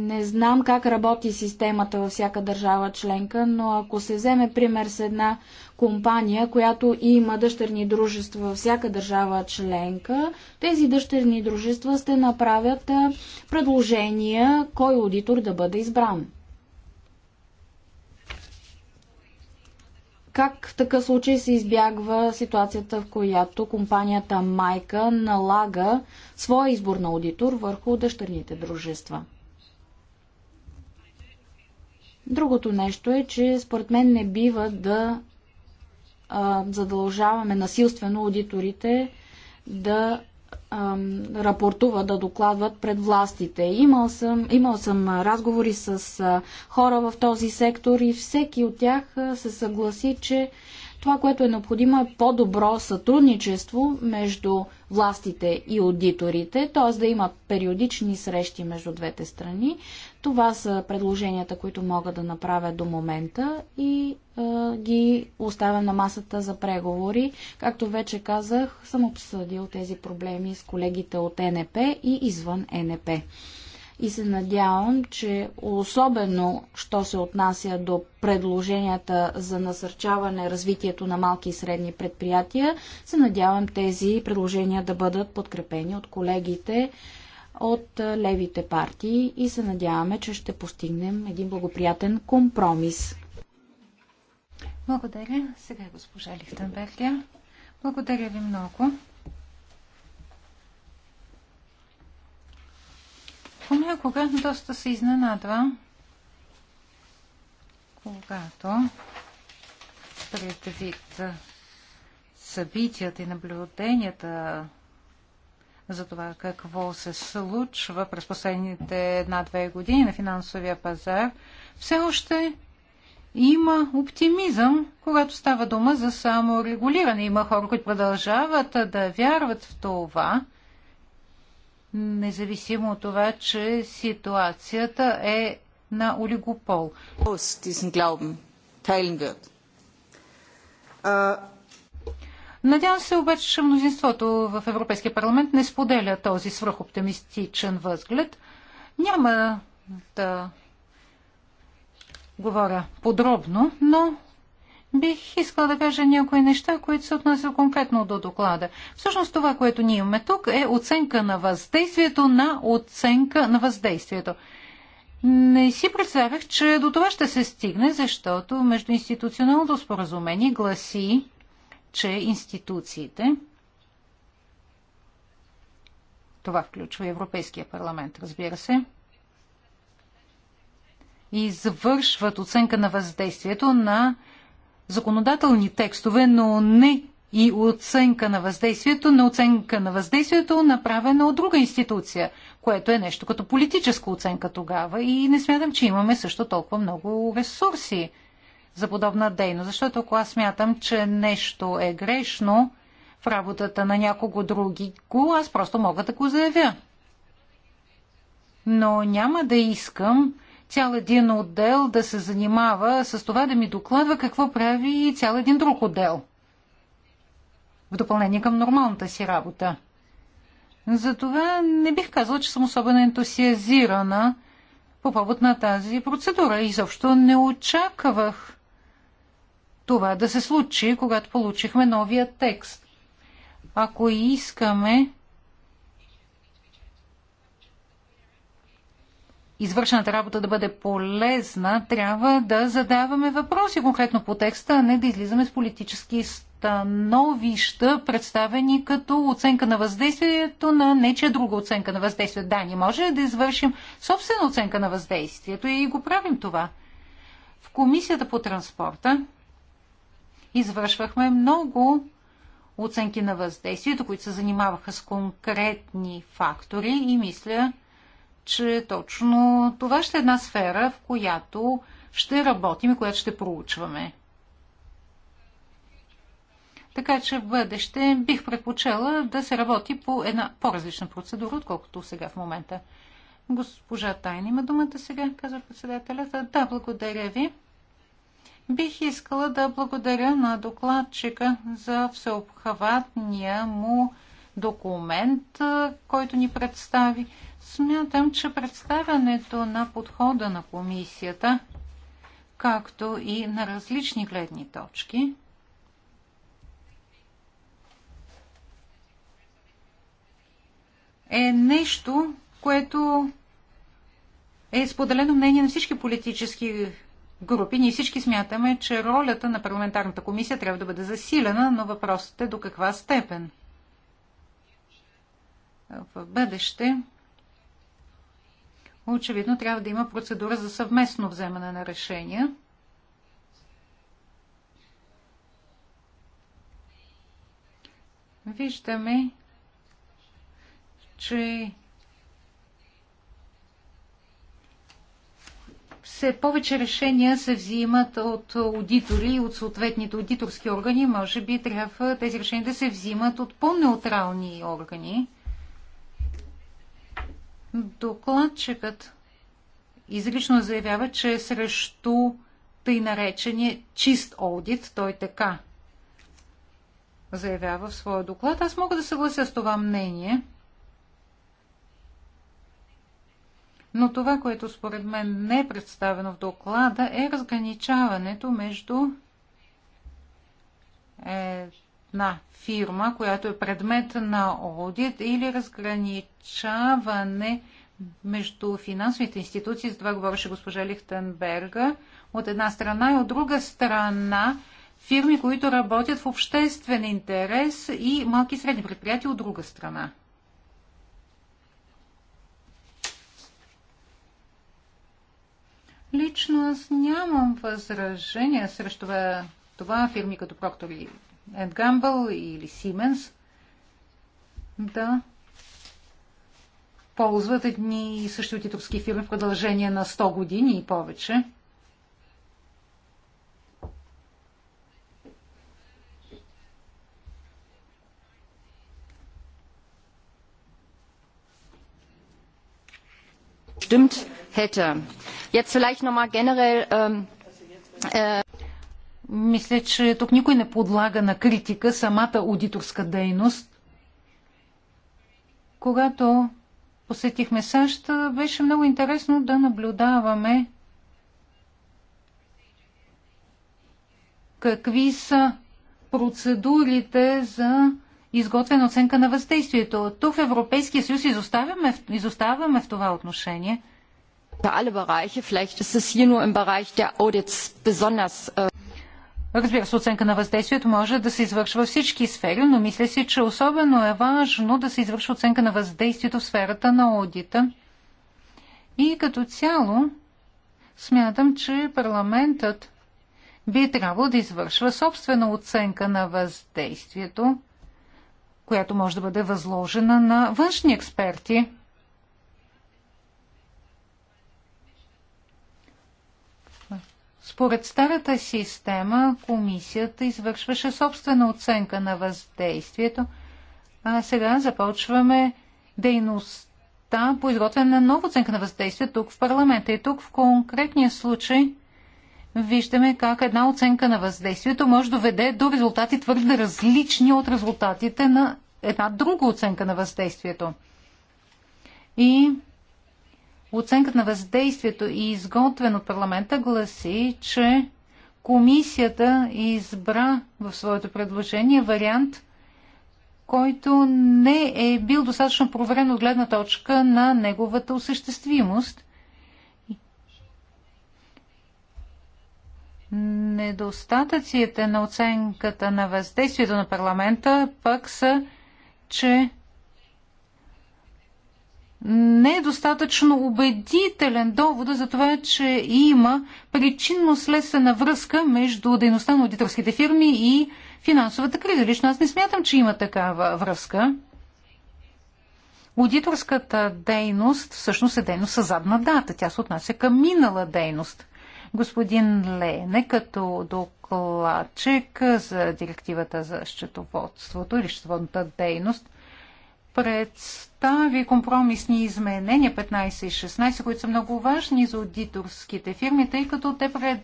Не знам как работи системата във всяка държава членка, но ако се вземе пример с една компания, която има дъщерни дружества във всяка държава членка, тези дъщерни дружества ще направят предложения кой аудитор да бъде избран. Как в такъв случай се избягва ситуацията, в която компанията майка налага своя избор на аудитор върху дъщерните дружества? Другото нещо е, че според мен не бива да а, задължаваме насилствено аудиторите да рапортува, да докладват пред властите. Имал съм, имал съм разговори с хора в този сектор и всеки от тях се съгласи, че това, което е необходимо е по-добро сътрудничество между властите и аудиторите, т.е. да има периодични срещи между двете страни, това са предложенията, които мога да направя до момента и а, ги оставям на масата за преговори. Както вече казах, съм обсъдил тези проблеми с колегите от НП и извън НП. И се надявам, че особено, що се отнася до предложенията за насърчаване развитието на малки и средни предприятия, се надявам тези предложения да бъдат подкрепени от колегите от левите партии и се надяваме, че ще постигнем един благоприятен компромис. Благодаря. Сега госпожа Лихтенбергия. Благодаря ви много. Понякога доста се изненадва, когато предвид събитията и наблюденията за това какво се случва през последните една-две години на финансовия пазар, все още има оптимизъм, когато става дума за саморегулиране. Има хора, които продължават да вярват в това, независимо от това, че ситуацията е на олигопол. Aus Надявам се обаче, че мнозинството в Европейския парламент не споделя този свръхоптимистичен възглед. Няма да говоря подробно, но бих искала да кажа някои неща, които се отнасят конкретно до доклада. Всъщност това, което ние имаме тук е оценка на въздействието на оценка на въздействието. Не си представях, че до това ще се стигне, защото междуинституционалното споразумение гласи, че институциите, това включва Европейския парламент, разбира се, извършват оценка на въздействието на законодателни текстове, но не и оценка на въздействието на оценка на въздействието, направена от друга институция, което е нещо като политическа оценка тогава и не смятам, че имаме също толкова много ресурси за подобна дейност. Защото ако аз смятам, че нещо е грешно в работата на някого други, аз просто мога да го заявя. Но няма да искам цял един отдел да се занимава с това да ми докладва какво прави цял един друг отдел. В допълнение към нормалната си работа. Затова не бих казала, че съм особено ентусиазирана по повод на тази процедура. Изобщо не очаквах това да се случи, когато получихме новия текст. Ако искаме извършената работа да бъде полезна, трябва да задаваме въпроси конкретно по текста, а не да излизаме с политически становища, представени като оценка на въздействието на нечия друга оценка на въздействието. Да, ние може да извършим собствена оценка на въздействието и го правим това. В Комисията по транспорта извършвахме много оценки на въздействието, които се занимаваха с конкретни фактори и мисля, че точно това ще е една сфера, в която ще работим и която ще проучваме. Така че в бъдеще бих предпочела да се работи по една по-различна процедура, отколкото сега в момента. Госпожа Тайна има думата сега, казва председателят. Да, благодаря ви. Бих искала да благодаря на докладчика за всеобхватния му документ, който ни представи. Смятам, че представянето на подхода на комисията, както и на различни гледни точки, е нещо, което е споделено мнение на всички политически групи, ние всички смятаме, че ролята на парламентарната комисия трябва да бъде засилена, но въпросът е до каква степен. В бъдеще очевидно трябва да има процедура за съвместно вземане на решения. Виждаме, че все повече решения се взимат от аудитори, от съответните аудиторски органи. Може би трябва тези решения да се взимат от по-неутрални органи. Докладчикът изрично заявява, че е срещу тъй наречения чист аудит, той така заявява в своя доклад. Аз мога да съглася с това мнение – Но това, което според мен не е представено в доклада, е разграничаването между една фирма, която е предмет на аудит или разграничаване между финансовите институции, за това говореше госпожа Лихтенберга, от една страна и от друга страна фирми, които работят в обществен интерес и малки и средни предприятия от друга страна. Лично аз нямам възражения срещу това, това фирми като Procter Gamble или Siemens да ползват едни и същи отитурски фирми в продължение на 100 години и повече. Stimmt, hätte. Jetzt vielleicht nochmal generell. Ähm, äh... Мисля, че тук никой не подлага на критика самата аудиторска дейност. Когато посетихме САЩ, беше много интересно да наблюдаваме какви са процедурите за изготвена оценка на въздействието. Тук в Европейския съюз изоставяме, изоставяме в това отношение – für alle Bereiche. Vielleicht ist es hier nur im Bereich der Audits besonders. Äh, Разбира се, оценка на въздействието може да се извършва във всички сфери, но мисля си, че особено е важно да се извършва оценка на въздействието в сферата на аудита. И като цяло смятам, че парламентът би трябвало да извършва собствена оценка на въздействието, която може да бъде възложена на външни експерти. Според старата система комисията извършваше собствена оценка на въздействието, а сега започваме дейността по изготвяне на нова оценка на въздействие тук в парламента. И тук в конкретния случай виждаме как една оценка на въздействието може да доведе до резултати твърде различни от резултатите на една друга оценка на въздействието. И Оценката на въздействието и изготвен от парламента гласи, че комисията избра в своето предложение вариант, който не е бил достатъчно проверен от гледна точка на неговата осъществимост. Недостатъците на оценката на въздействието на парламента пък са, че не е достатъчно убедителен довод за това, че има причинно-следствена връзка между дейността на аудиторските фирми и финансовата криза. Лично аз не смятам, че има такава връзка. Аудиторската дейност всъщност е дейност с задна дата. Тя се отнася към минала дейност. Господин Лене, като докладчик за директивата за счетоводството или счетоводната дейност, пред представи компромисни изменения 15 и 16, които са много важни за аудиторските фирми, тъй като те пред,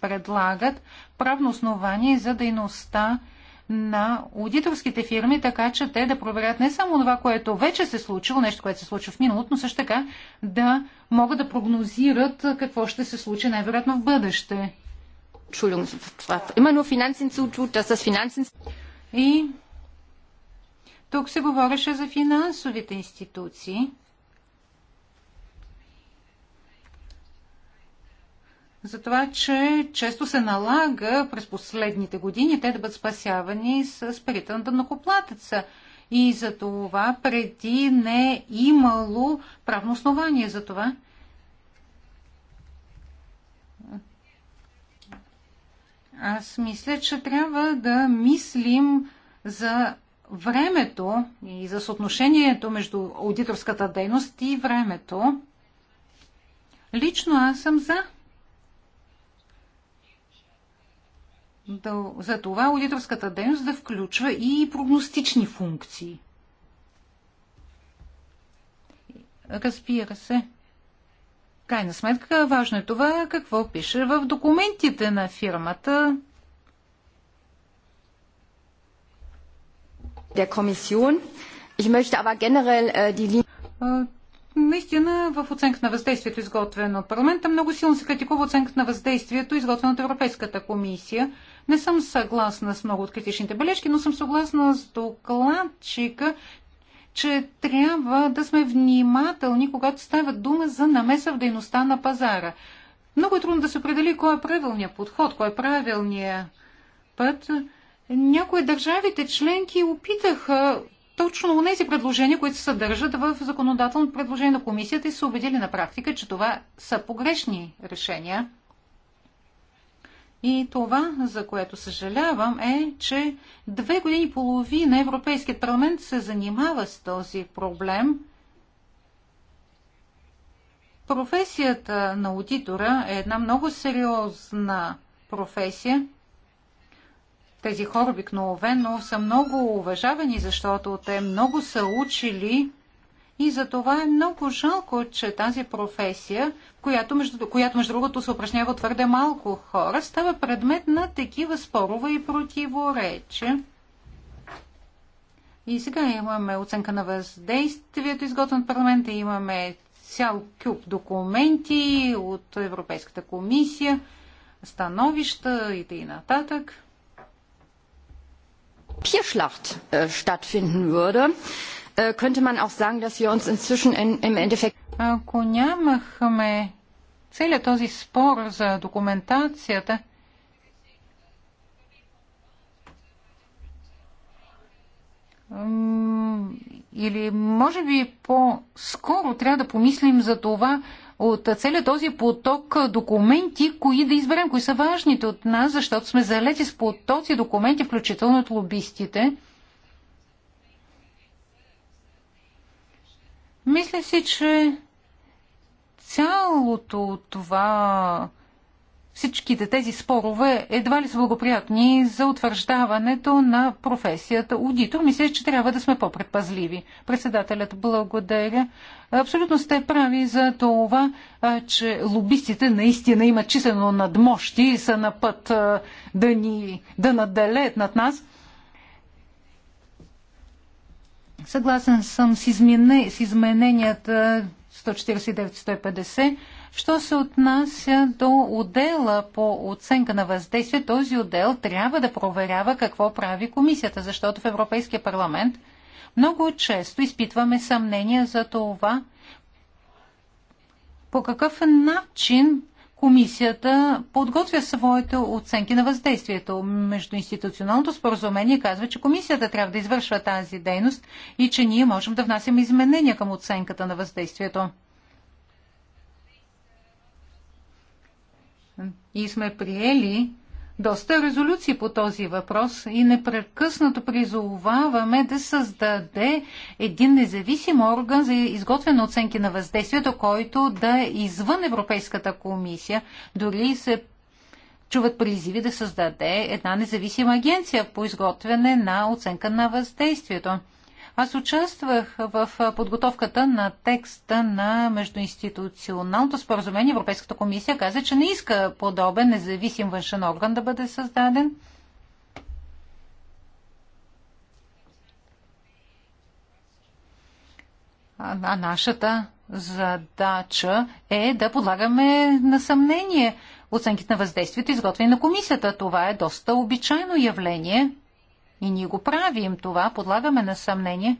предлагат правно основание за дейността на аудиторските фирми, така че те да проверят не само това, което вече се случило, нещо, което се случва в миналото, но също така да могат да прогнозират какво ще се случи най-вероятно в бъдеще. Entschuldigung, Именно nur Finanzinstitut, dass с Finanzinstitut... И тук се говореше за финансовите институции. За това, че често се налага през последните години те да бъдат спасявани с парите на дънокоплатеца. И за това преди не е имало правно основание за това. Аз мисля, че трябва да мислим за времето и за съотношението между аудиторската дейност и времето, лично аз съм за. Да, за това аудиторската дейност да включва и прогностични функции. Разбира се. Крайна сметка, важно е това какво пише в документите на фирмата, Наистина в оценка на въздействието, изготвено от парламента, много силно се критикува оценката на въздействието, изготвено от Европейската комисия. Не съм съгласна с много от критичните бележки, но съм съгласна с докладчика, че трябва да сме внимателни, когато става дума за намеса в дейността на пазара. Много е трудно да се определи кой е правилният подход, кой е правилният път някои държавите членки опитаха точно тези предложения, които се съдържат в законодателно предложение на комисията и са убедили на практика, че това са погрешни решения. И това, за което съжалявам, е, че две години и половина Европейският парламент се занимава с този проблем. Професията на аудитора е една много сериозна професия. Тези хора обикновено са много уважавани, защото те много са учили и за това е много жалко, че тази професия, която между, която между другото се упражнява твърде малко хора, става предмет на такива спорове и противоречия. И сега имаме оценка на въздействието, изготвен от парламента, имаме цял кюб документи от Европейската комисия, становища и т.н. нататък. Papierschlacht stattfinden würde, könnte man auch sagen, dass wir uns inzwischen im Endeffekt. Ако нямахме целият този спор за документацията, или може би по-скоро трябва да помислим за това, от целият този поток документи, кои да изберем, кои са важните от нас, защото сме залети с потоци документи, включително от лобистите. Мисля си, че цялото това всичките тези спорове едва ли са благоприятни за утвърждаването на професията аудитор. Мисля, че трябва да сме по-предпазливи. Председателят благодаря. Абсолютно сте прави за това, че лобистите наистина имат числено надмощи и са на път да, ни, да наделеят над нас. Съгласен съм с, измене, с измененията 149-150 Що се отнася до отдела по оценка на въздействие, този отдел трябва да проверява какво прави комисията, защото в Европейския парламент много често изпитваме съмнения за това, по какъв начин комисията подготвя своите оценки на въздействието. Междуинституционалното споразумение казва, че комисията трябва да извършва тази дейност и че ние можем да внасяме изменения към оценката на въздействието. и сме приели доста резолюции по този въпрос и непрекъснато призоваваме да създаде един независим орган за изготвяне оценки на въздействието, който да е извън Европейската комисия. Дори се чуват призиви да създаде една независима агенция по изготвяне на оценка на въздействието. Аз участвах в подготовката на текста на междуинституционалното споразумение. Европейската комисия каза, че не иска подобен независим външен орган да бъде създаден. А нашата задача е да подлагаме на съмнение оценките на въздействието, изготвени на комисията. Това е доста обичайно явление – и ние го правим това, подлагаме на съмнение.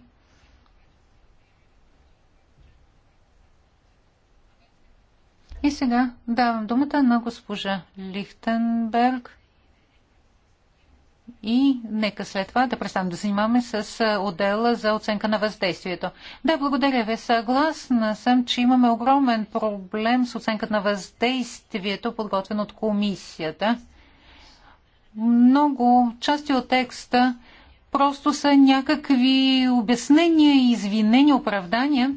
И сега давам думата на госпожа Лихтенберг. И нека след това да престанем да занимаваме с отдела за оценка на въздействието. Да, благодаря ви. Съгласна съм, че имаме огромен проблем с оценката на въздействието, подготвен от комисията много части от текста просто са някакви обяснения, извинения, оправдания.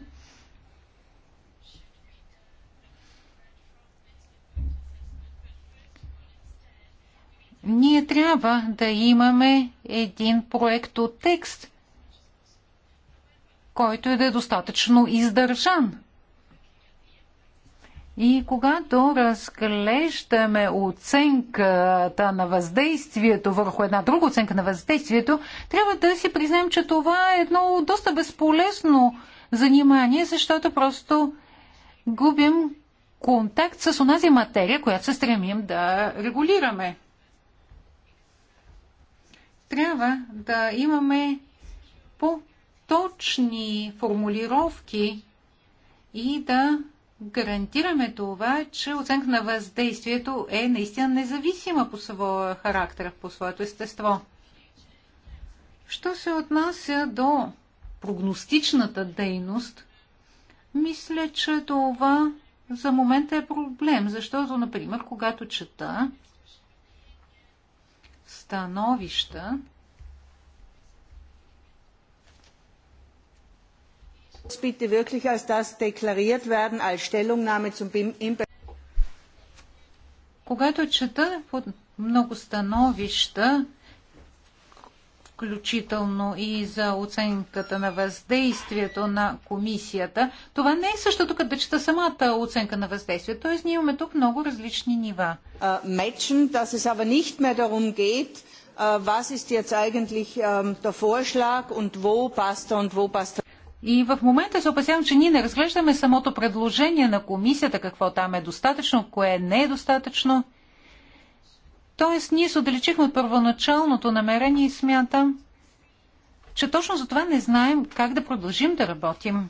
Ние трябва да имаме един проект от текст, който е да е достатъчно издържан. И когато разглеждаме оценката на въздействието върху една друга оценка на въздействието, трябва да си признаем, че това е едно доста безполезно занимание, защото просто губим контакт с онази материя, която се стремим да регулираме. Трябва да имаме по-точни формулировки и да гарантираме това, че оценка на въздействието е наистина независима по своя характер, по своето естество. Що се отнася до прогностичната дейност, мисля, че това за момента е проблем, защото, например, когато чета становища muss bitte wirklich als das deklariert werden, als Stellungnahme zum BIM. Когато чета под много становища, включително и за оценката на въздействието на комисията, това не е същото като да чета самата оценка на въздействие. Т.е. ние имаме тук много различни нива. Мечен, да се сава нихт ме darum geht, äh, was ist jetzt eigentlich ähm, der Vorschlag und wo passt er und wo passt er и в момента се опасявам, че ние не разглеждаме самото предложение на комисията, какво там е достатъчно, кое не е достатъчно. Тоест, ние се отдалечихме от първоначалното намерение и смятам, че точно за това не знаем как да продължим да работим.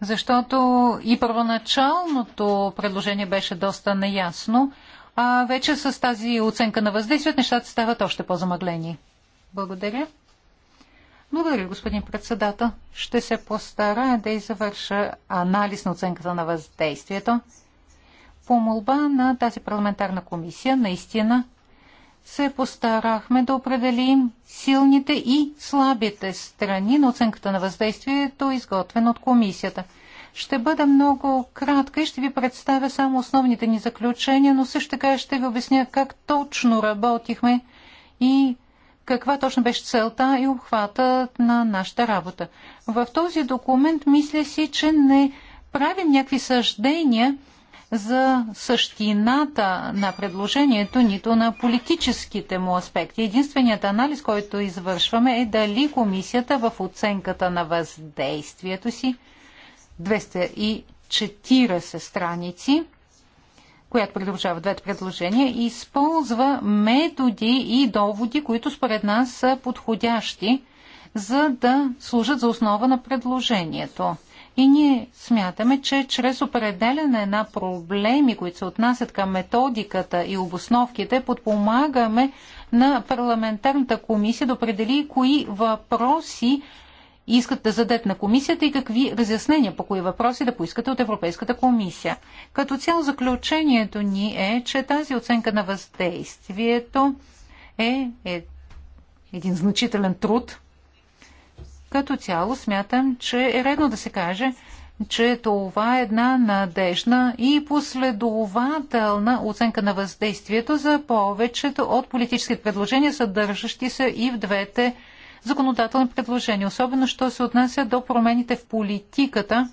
Защото и първоначалното предложение беше доста неясно. А вече с тази оценка на въздействие нещата стават още по-замъглени. Благодаря. Благодаря, господин председател. Ще се постарая да извърша анализ на оценката на въздействието. По молба на тази парламентарна комисия, наистина, се постарахме да определим силните и слабите страни на оценката на въздействието, изготвена от комисията – ще бъда много кратка и ще ви представя само основните ни заключения, но също така ще ви обясня как точно работихме и каква точно беше целта и обхвата на нашата работа. В този документ мисля си, че не правим някакви съждения за същината на предложението, нито на политическите му аспекти. Единственият анализ, който извършваме е дали комисията в оценката на въздействието си 240 страници, която продължава двете предложения, и използва методи и доводи, които според нас са подходящи, за да служат за основа на предложението. И ние смятаме, че чрез определяне на проблеми, които се отнасят към методиката и обосновките, подпомагаме на парламентарната комисия да определи кои въпроси искат да задат на комисията и какви разяснения по кои въпроси да поискате от Европейската комисия. Като цяло заключението ни е, че тази оценка на въздействието е, е един значителен труд. Като цяло смятам, че е редно да се каже, че това е една надежна и последователна оценка на въздействието за повечето от политически предложения, съдържащи се и в двете законодателни предложения, особено що се отнася до промените в политиката,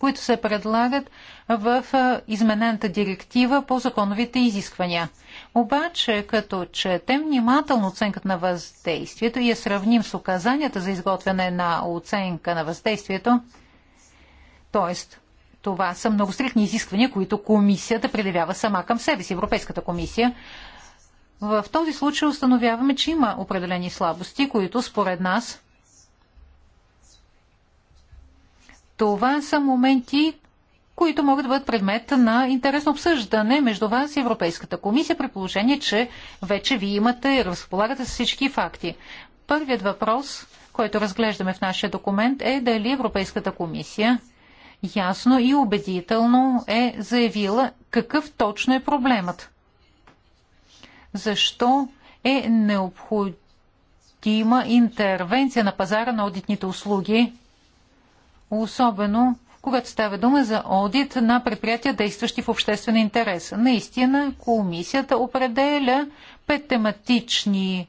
които се предлагат в изменената директива по законовите изисквания. Обаче, като четем внимателно оценката на въздействието и я сравним с указанията за изготвяне на оценка на въздействието, т.е. това са много стрихни изисквания, които комисията предявява сама към себе си, Европейската комисия, в този случай установяваме, че има определени слабости, които според нас това са моменти, които могат да бъдат предмет на интересно обсъждане между вас и Европейската комисия, при положение, че вече ви имате и разполагате с всички факти. Първият въпрос, който разглеждаме в нашия документ е дали Европейската комисия ясно и убедително е заявила какъв точно е проблемът защо е необходима интервенция на пазара на одитните услуги, особено когато става дума за одит на предприятия, действащи в обществен интерес. Наистина, комисията определя пет тематични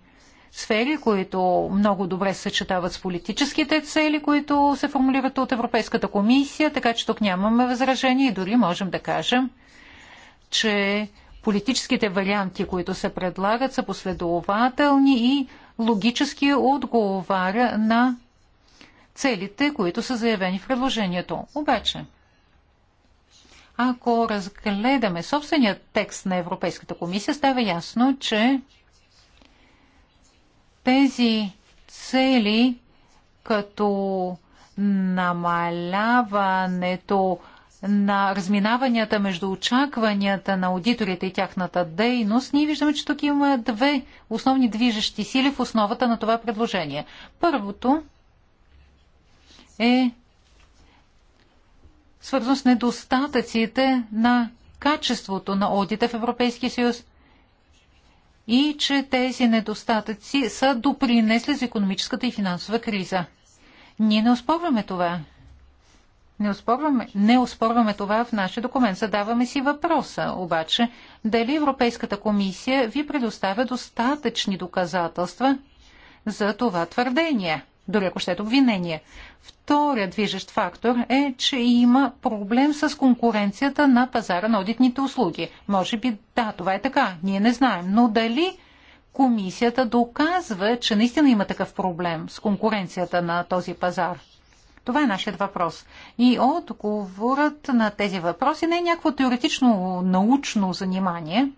сфери, които много добре съчетават с политическите цели, които се формулират от Европейската комисия, така че тук нямаме възражение и дори можем да кажем, че политическите варианти, които се предлагат, са последователни и логически отговаря на целите, които са заявени в предложението. Обаче, ако разгледаме собствения текст на Европейската комисия, става ясно, че тези цели като намаляването на разминаванията между очакванията на аудиторите и тяхната дейност, ние виждаме, че тук има две основни движещи сили в основата на това предложение. Първото е свързано с недостатъците на качеството на аудита в Европейския съюз и че тези недостатъци са допринесли за економическата и финансова криза. Ние не оспорваме това. Не оспорваме не оспорваме това в нашия документ. Задаваме си въпроса, обаче, дали Европейската комисия ви предоставя достатъчни доказателства за това твърдение, дори ако ще е обвинение. Вторият движещ фактор е, че има проблем с конкуренцията на пазара на одитните услуги. Може би да, това е така, ние не знаем, но дали комисията доказва, че наистина има такъв проблем с конкуренцията на този пазар? Това е нашият въпрос. И отговорът на тези въпроси не е някакво теоретично научно занимание.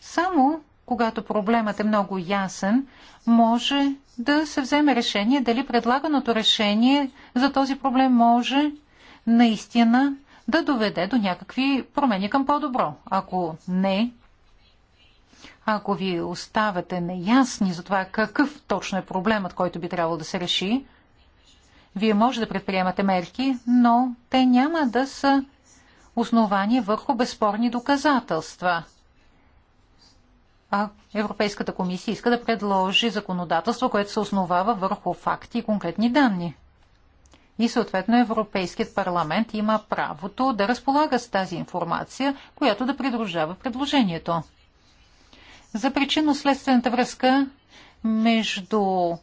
Само когато проблемът е много ясен, може да се вземе решение дали предлаганото решение за този проблем може наистина да доведе до някакви промени към по-добро. Ако не, ако ви оставате неясни за това какъв точно е проблемът, който би трябвало да се реши, вие може да предприемате мерки, но те няма да са основани върху безспорни доказателства. А Европейската комисия иска да предложи законодателство, което се основава върху факти и конкретни данни. И съответно Европейският парламент има правото да разполага с тази информация, която да придружава предложението. За причинно-следствената връзка между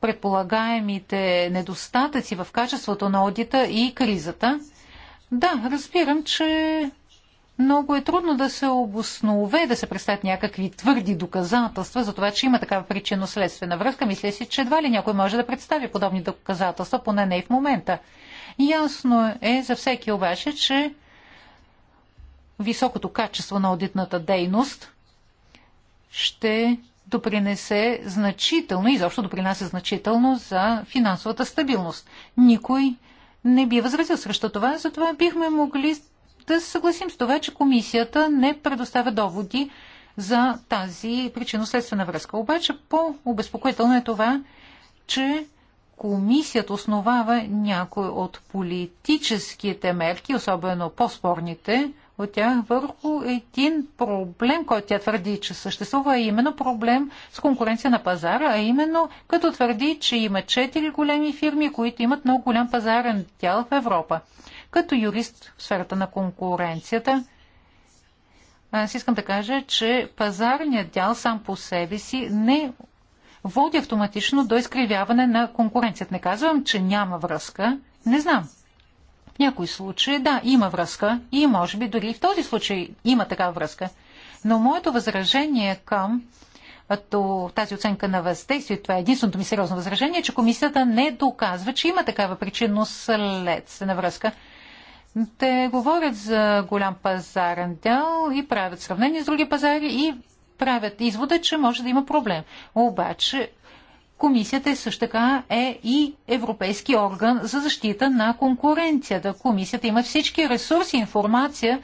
предполагаемите недостатъци в качеството на одита и кризата. Да, разбирам, че много е трудно да се обоснове, да се представят някакви твърди доказателства за това, че има такава причинно-следствена връзка. Мисля си, че едва ли някой може да представи подобни доказателства, поне не и в момента. Ясно е за всеки обаче, че високото качество на аудитната дейност ще допринесе значително, изобщо допринася значително за финансовата стабилност. Никой не би възразил срещу това, затова бихме могли да се съгласим с това, че комисията не предоставя доводи за тази причинно-следствена връзка. Обаче по-обезпокоително е това, че комисията основава някои от политическите мерки, особено по-спорните от тях върху един проблем, който тя твърди, че съществува, а именно проблем с конкуренция на пазара, а именно като твърди, че има четири големи фирми, които имат много голям пазарен дял в Европа. Като юрист в сферата на конкуренцията, аз искам да кажа, че пазарният дял сам по себе си не води автоматично до изкривяване на конкуренцията. Не казвам, че няма връзка. Не знам някои случаи, да, има връзка и може би дори в този случай има такава връзка. Но моето възражение към то, тази оценка на въздействие, това е единственото ми сериозно възражение, е, че комисията не доказва, че има такава причинно-следствена връзка. Те говорят за голям пазарен дял и правят сравнение с други пазари и правят извода, че може да има проблем. Обаче Комисията е също така е и Европейски орган за защита на конкуренцията. Комисията има всички ресурси, информация,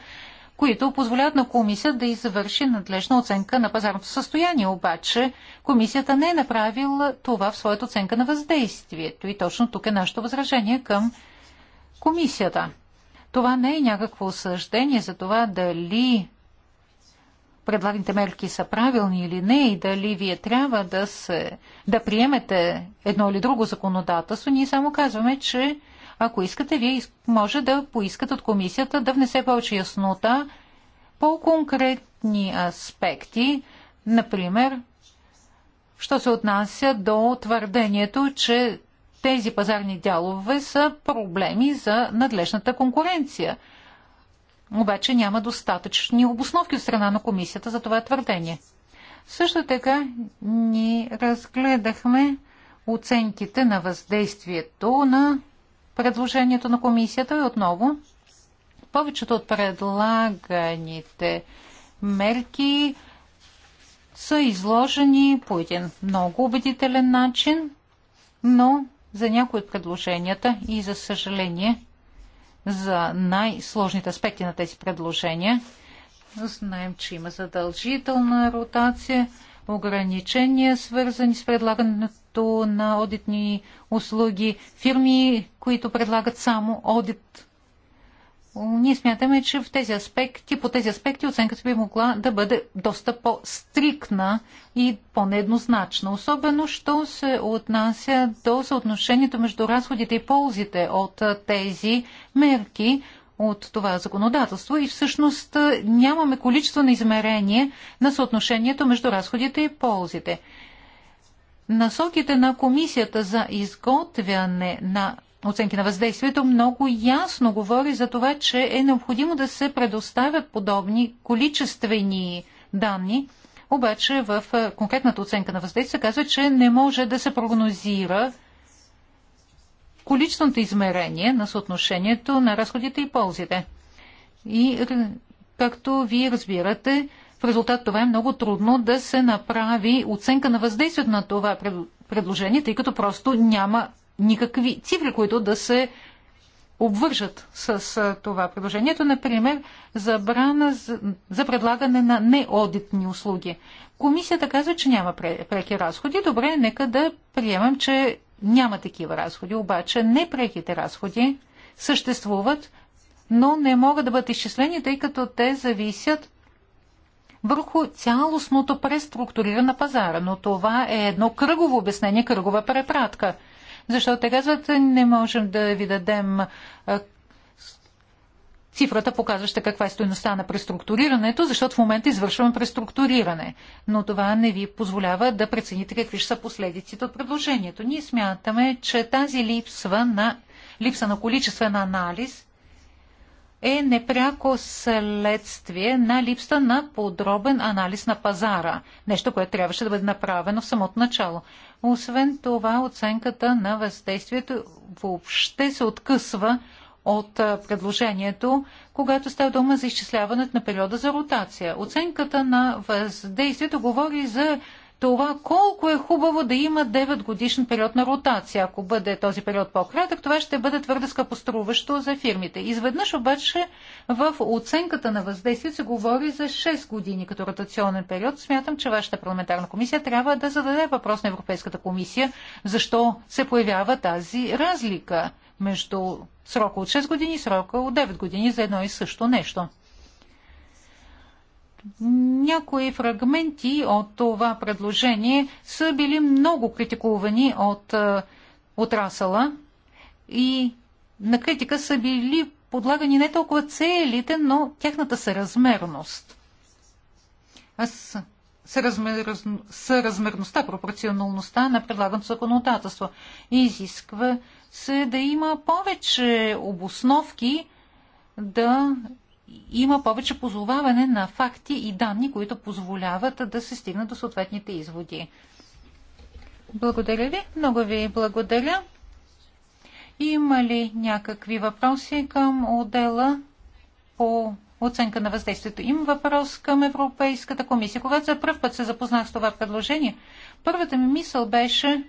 които позволяват на комисията да извърши надлежна оценка на пазарното състояние. Обаче комисията не е направила това в своята оценка на въздействието. И точно тук е нашето възражение към комисията. Това не е някакво осъждение за това дали предлаганите мерки са правилни или не и дали вие трябва да, се, да приемете едно или друго законодателство, ние само казваме, че ако искате, вие може да поискате от комисията да внесе повече яснота по конкретни аспекти, например, що се отнася до твърдението, че тези пазарни дялове са проблеми за надлежната конкуренция – обаче няма достатъчни обосновки от страна на комисията за това твърдение. Също така ни разгледахме оценките на въздействието на предложението на комисията и отново повечето от предлаганите мерки са изложени по един много убедителен начин, но за някои от предложенията и за съжаление за най-сложните аспекти на тези предложения. Знаем, че има задължителна ротация, ограничения, свързани с предлагането на одитни услуги, фирми, които предлагат само одит ние смятаме, че в тези аспекти, по тези аспекти оценката би могла да бъде доста по-стрикна и по-нееднозначна. Особено, що се отнася до съотношението между разходите и ползите от тези мерки от това законодателство и всъщност нямаме количество на измерение на съотношението между разходите и ползите. Насоките на комисията за изготвяне на оценки на въздействието много ясно говори за това, че е необходимо да се предоставят подобни количествени данни, обаче в е, конкретната оценка на въздействие казва, че не може да се прогнозира количественото измерение на съотношението на разходите и ползите. И както вие разбирате, в резултат това е много трудно да се направи оценка на въздействието на това предложение, тъй като просто няма никакви цифри, които да се обвържат с това предложението. Например, забрана за предлагане на неодитни услуги. Комисията казва, че няма преки разходи. Добре, нека да приемам, че няма такива разходи. Обаче непреките разходи съществуват, но не могат да бъдат изчислени, тъй като те зависят върху цялостното преструктуриране на пазара. Но това е едно кръгово обяснение, кръгова препратка – защото те казват, не можем да ви дадем цифрата, показваща каква е стоеността на преструктурирането, защото в момента извършваме преструктуриране. Но това не ви позволява да прецените какви ще са последиците от предложението. Ние смятаме, че тази липса на, липса на количествен анализ е непряко следствие на липса на подробен анализ на пазара. Нещо, което трябваше да бъде направено в самото начало. Освен това, оценката на въздействието въобще се откъсва от предложението, когато става дума за изчисляването на периода за ротация. Оценката на въздействието говори за това колко е хубаво да има 9 годишен период на ротация. Ако бъде този период по-кратък, това ще бъде твърде скъпоструващо за фирмите. Изведнъж обаче в оценката на въздействие се говори за 6 години като ротационен период. Смятам, че вашата парламентарна комисия трябва да зададе въпрос на Европейската комисия, защо се появява тази разлика между срока от 6 години и срока от 9 години за едно и също нещо някои фрагменти от това предложение са били много критикувани от е, отрасъла и на критика са били подлагани не толкова целите, но тяхната съразмерност. Аз съразмер... съразмерността, пропорционалността на предлаганото законодателство изисква се да има повече обосновки да има повече позоваване на факти и данни, които позволяват да се стигнат до съответните изводи. Благодаря ви. Много ви благодаря. Има ли някакви въпроси към отдела по оценка на въздействието? има въпрос към Европейската комисия. Когато за първ път се запознах с това предложение, първата ми мисъл беше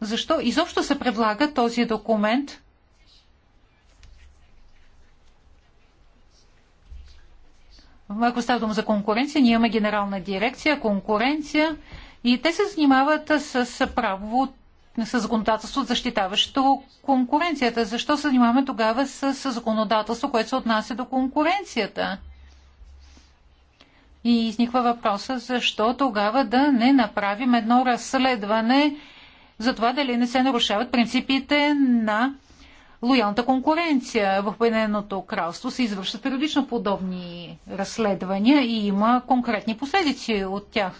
защо изобщо се предлага този документ Ако става дума за конкуренция, ние имаме генерална дирекция, конкуренция и те се занимават с право, с законодателство, защитаващо конкуренцията. Защо се занимаваме тогава с законодателство, което се отнася до конкуренцията? И изниква въпроса, защо тогава да не направим едно разследване за това дали не се нарушават принципите на лоялната конкуренция в Обединеното кралство се извършват периодично подобни разследвания и има конкретни последици от тях.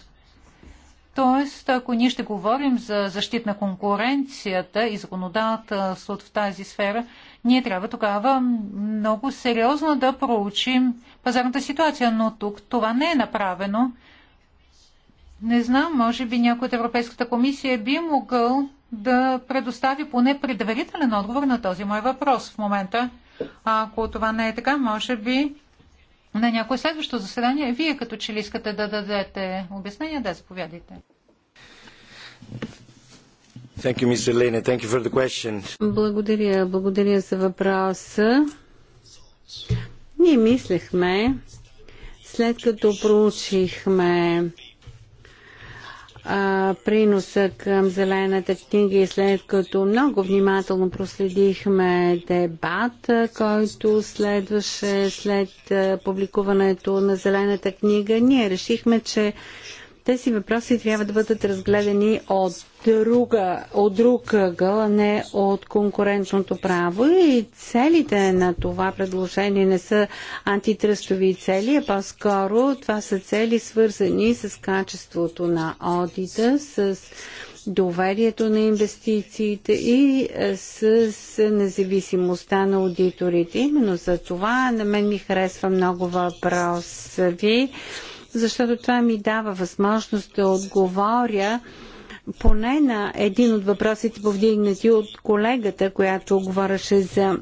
Тоест, ако ние ще говорим за защита на конкуренцията и законодателството в тази сфера, ние трябва тогава много сериозно да проучим пазарната ситуация, но тук това не е направено. Не знам, може би някой от Европейската комисия би могъл да предостави поне предварителен отговор на този мой въпрос в момента. Ако това не е така, може би на някое следващо заседание вие като че ли искате да дадете обяснение, да заповядайте. Благодаря, благодаря за въпроса. Ние мислехме, след като проучихме приноса към зелената книга и след като много внимателно проследихме дебат, който следваше след публикуването на зелената книга, ние решихме, че тези въпроси трябва да бъдат разгледани от, друга, от друг ъгъл, а не от конкурентното право и целите на това предложение не са антитръстови цели, а по-скоро това са цели свързани с качеството на одита, с доверието на инвестициите и е, с независимостта на аудиторите. Именно за това на мен ми харесва много въпрос ви защото това ми дава възможност да отговоря поне на един от въпросите повдигнати от колегата, която говореше за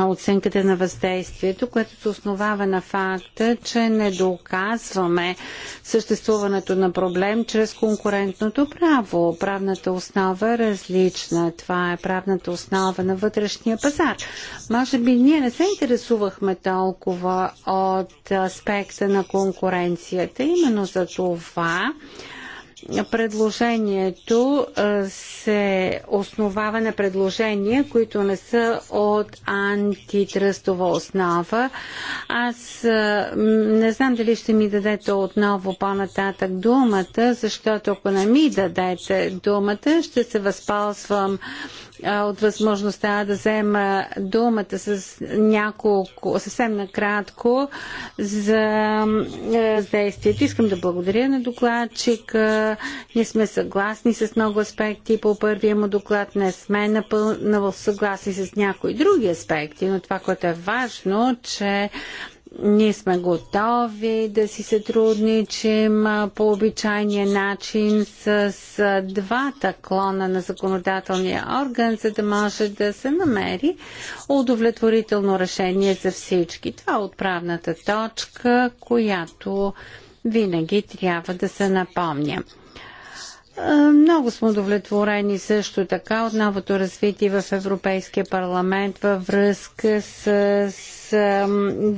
оценката на въздействието, което се основава на факта, че не доказваме съществуването на проблем чрез конкурентното право. Правната основа е различна. Това е правната основа на вътрешния пазар. Може би ние не се интересувахме толкова от аспекта на конкуренцията. Именно за това предложението се основава на предложения, които не са от антитръстова основа. Аз не знам дали ще ми дадете отново по-нататък думата, защото ако не ми дадете думата, ще се възползвам от възможността да взема думата с няколко, съвсем накратко за е, действието. Искам да благодаря на докладчика. Ние сме съгласни с много аспекти по първия му доклад. Не сме напълно съгласни с някои други аспекти, но това, което е важно, че ние сме готови да си сътрудничим по обичайния начин с двата клона на законодателния орган, за да може да се намери удовлетворително решение за всички. Това е отправната точка, която винаги трябва да се напомня. Е, много сме удовлетворени също така от новото развитие в Европейския парламент във връзка с, с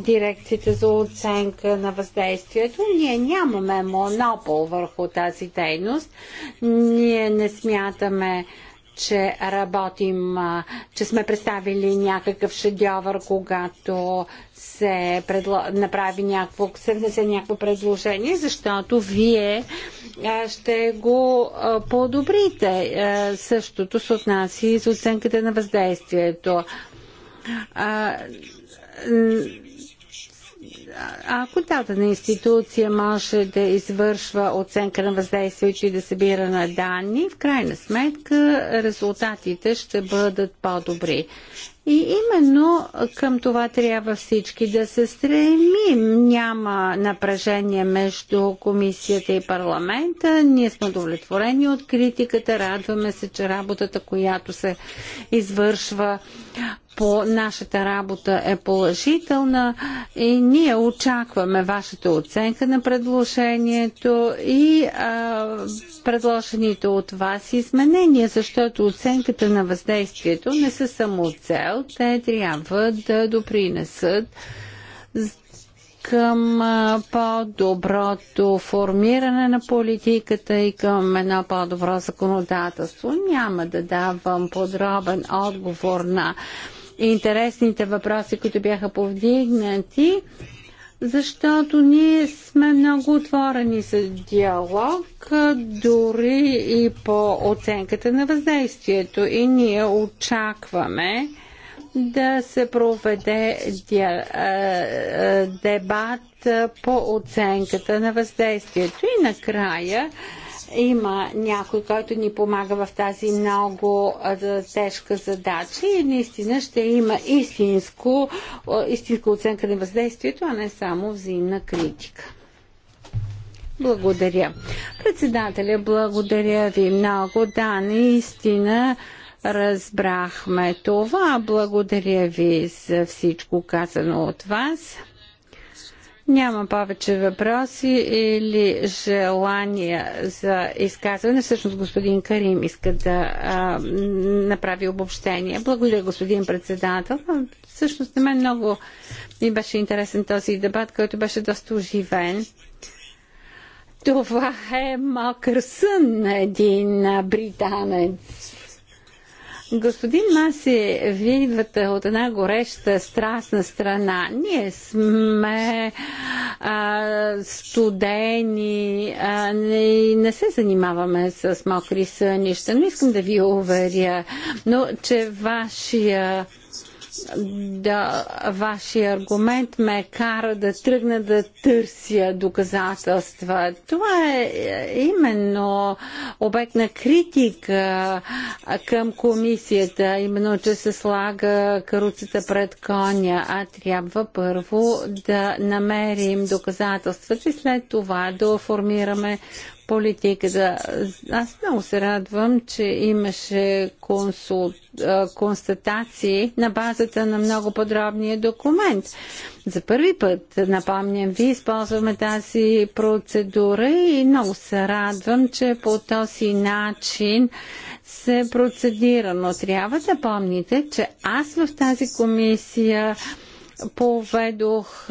дирекцията за оценка на въздействието. Ние нямаме монопол върху тази дейност. Ние не смятаме че работим, че сме представили някакъв шедьовър, когато се предло... направи някакво, се внесе някакво предложение, защото вие ще го подобрите. Същото се отнася и за оценката на въздействието ако дадена институция може да извършва оценка на въздействието и да събира на данни, в крайна сметка резултатите ще бъдат по-добри. И именно към това трябва всички да се стремим. Няма напрежение между комисията и парламента. Ние сме удовлетворени от критиката. Радваме се, че работата, която се извършва по нашата работа е положителна и ние очакваме вашата оценка на предложението и а, предложените от вас изменения, защото оценката на въздействието не са само цел, те трябва да допринесат към по-доброто формиране на политиката и към едно по-добро законодателство. Няма да давам подробен отговор на интересните въпроси, които бяха повдигнати, защото ние сме много отворени за диалог, дори и по оценката на въздействието. И ние очакваме да се проведе дебат по оценката на въздействието. И накрая има някой, който ни помага в тази много тежка задача и наистина ще има истинско, истинска оценка на въздействието, а не само взаимна критика. Благодаря. Председателя, благодаря ви много. Да, наистина разбрахме това. Благодаря ви за всичко казано от вас. Няма повече въпроси или желания за изказване. Всъщност господин Карим иска да а, направи обобщение. Благодаря, господин председател. Всъщност на мен много ми беше интересен този дебат, който беше доста оживен. Това е макър сън на един британец Господин Маси, вие идвате от една гореща, страстна страна. Ние сме а, студени, а, не, не се занимаваме с мокри сънища, но искам да ви уверя, но че вашия да, вашия аргумент ме кара да тръгна да търся доказателства. Това е, е именно обект на критика към комисията, именно, че се слага каруцата пред коня, а трябва първо да намерим доказателствата и след това да оформираме политиката. Аз много се радвам, че имаше консулт, констатации на базата на много подробния документ. За първи път, напомням ви, използваме тази процедура и много се радвам, че по този начин се процедира. Но трябва да помните, че аз в тази комисия поведох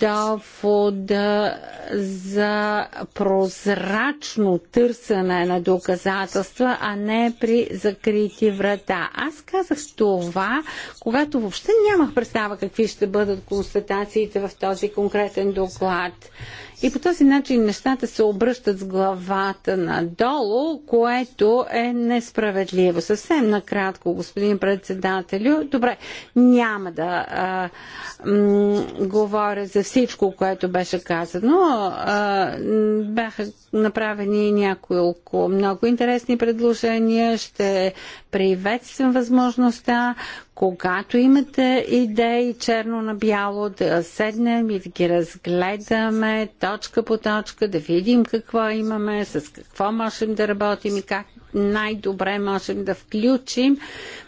довода за прозрачно търсене на доказателства, а не при закрити врата. Аз казах това, когато въобще нямах представа какви ще бъдат констатациите в този конкретен доклад. И по този начин нещата се обръщат с главата надолу, което е несправедливо. Съвсем накратко, господин председателю. Добре, няма да а, м- говоря за всичко, което беше казано. А, бяха направени няколко много интересни предложения. Ще приветствам възможността когато имате идеи черно на бяло, да седнем и да ги разгледаме точка по точка, да видим какво имаме, с какво можем да работим и как най-добре можем да включим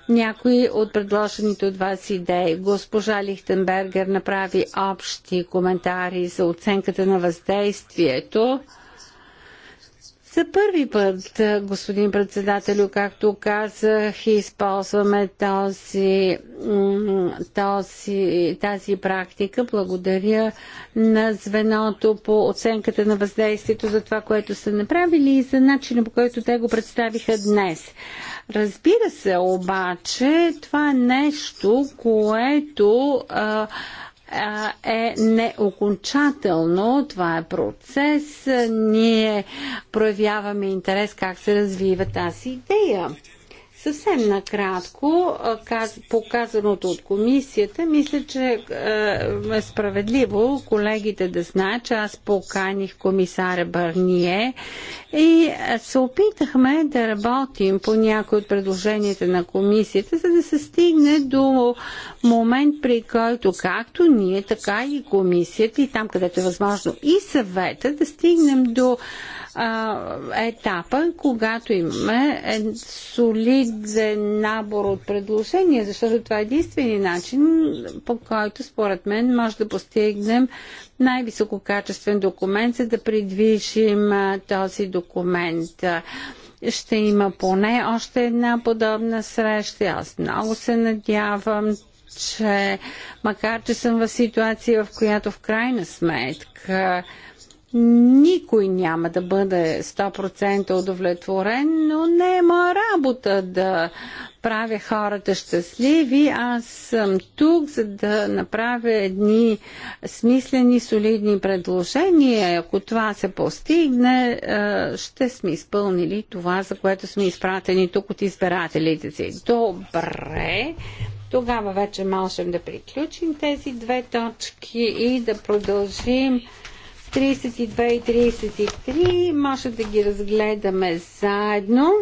някои от предложените от вас идеи. Госпожа Лихтенбергер направи общи коментари за оценката на въздействието. За първи път, господин председателю, както казах, използваме този, този, тази практика. Благодаря на звеното по оценката на въздействието за това, което са направили и за начина по който те го представиха днес. Разбира се, обаче, това е нещо, което а, е неокончателно. Това е процес. Ние проявяваме интерес как се развива тази идея. Съвсем накратко, показаното от комисията, мисля, че е справедливо колегите да знаят, че аз поканих комисаря Барние и се опитахме да работим по някои от предложенията на комисията, за да се стигне до момент, при който както ние, така и комисията и там, където е възможно и съвета, да стигнем до а, етапа, когато имаме солиден набор от предложения, защото това е единствения начин, по който според мен може да постигнем най-висококачествен документ, за да придвижим а, този документ. Ще има поне още една подобна среща. Аз много се надявам, че макар, че съм в ситуация, в която в крайна сметка никой няма да бъде 100% удовлетворен, но не работа да правя хората щастливи. Аз съм тук, за да направя едни смислени, солидни предложения. Ако това се постигне, е, ще сме изпълнили това, за което сме изпратени тук от избирателите си. Добре. Тогава вече можем да приключим тези две точки и да продължим 32 и 33 може да ги разгледаме заедно.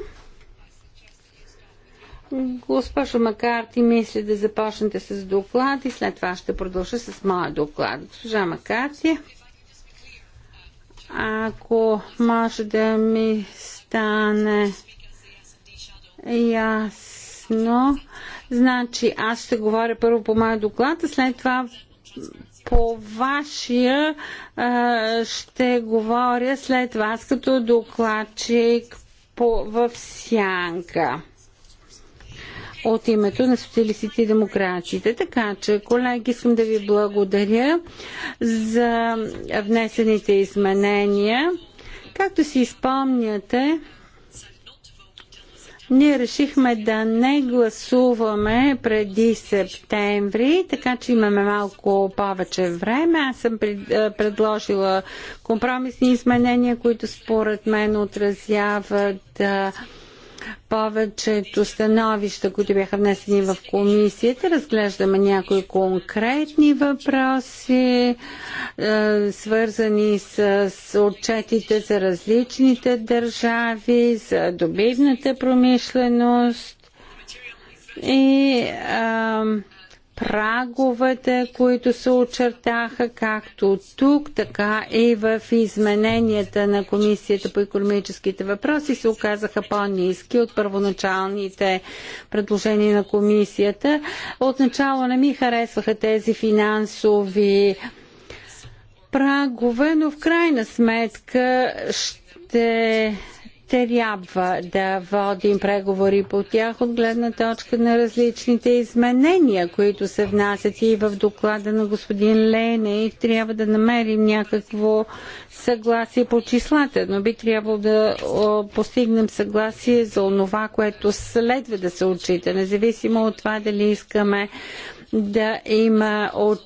Госпожо Макарти, мисля да започнете с доклад и след това ще продължа с моя доклад. Госпожа Макарти, ако може да ми стане ясно, значи аз ще говоря първо по моя доклад, а след това по вашия ще говоря след вас като докладчик по, в сянка от името на социалистите и демократите. Така че, колеги, искам да ви благодаря за внесените изменения. Както си спомняте, ние решихме да не гласуваме преди септември, така че имаме малко повече време. Аз съм е, предложила компромисни изменения, които според мен отразяват е, повечето становища, които бяха внесени в комисията. Разглеждаме някои конкретни въпроси, е, свързани с, отчетите за различните държави, за добивната промишленост и а, праговете, които се очертаха както тук, така и в измененията на Комисията по економическите въпроси се оказаха по-низки от първоначалните предложения на Комисията. Отначало не ми харесваха тези финансови прагове, но в крайна сметка ще трябва да водим преговори по тях от гледна точка на различните изменения, които се внасят и в доклада на господин Лене и трябва да намерим някакво съгласие по числата, но би трябвало да постигнем съгласие за онова, което следва да се отчита, независимо от това дали искаме да има от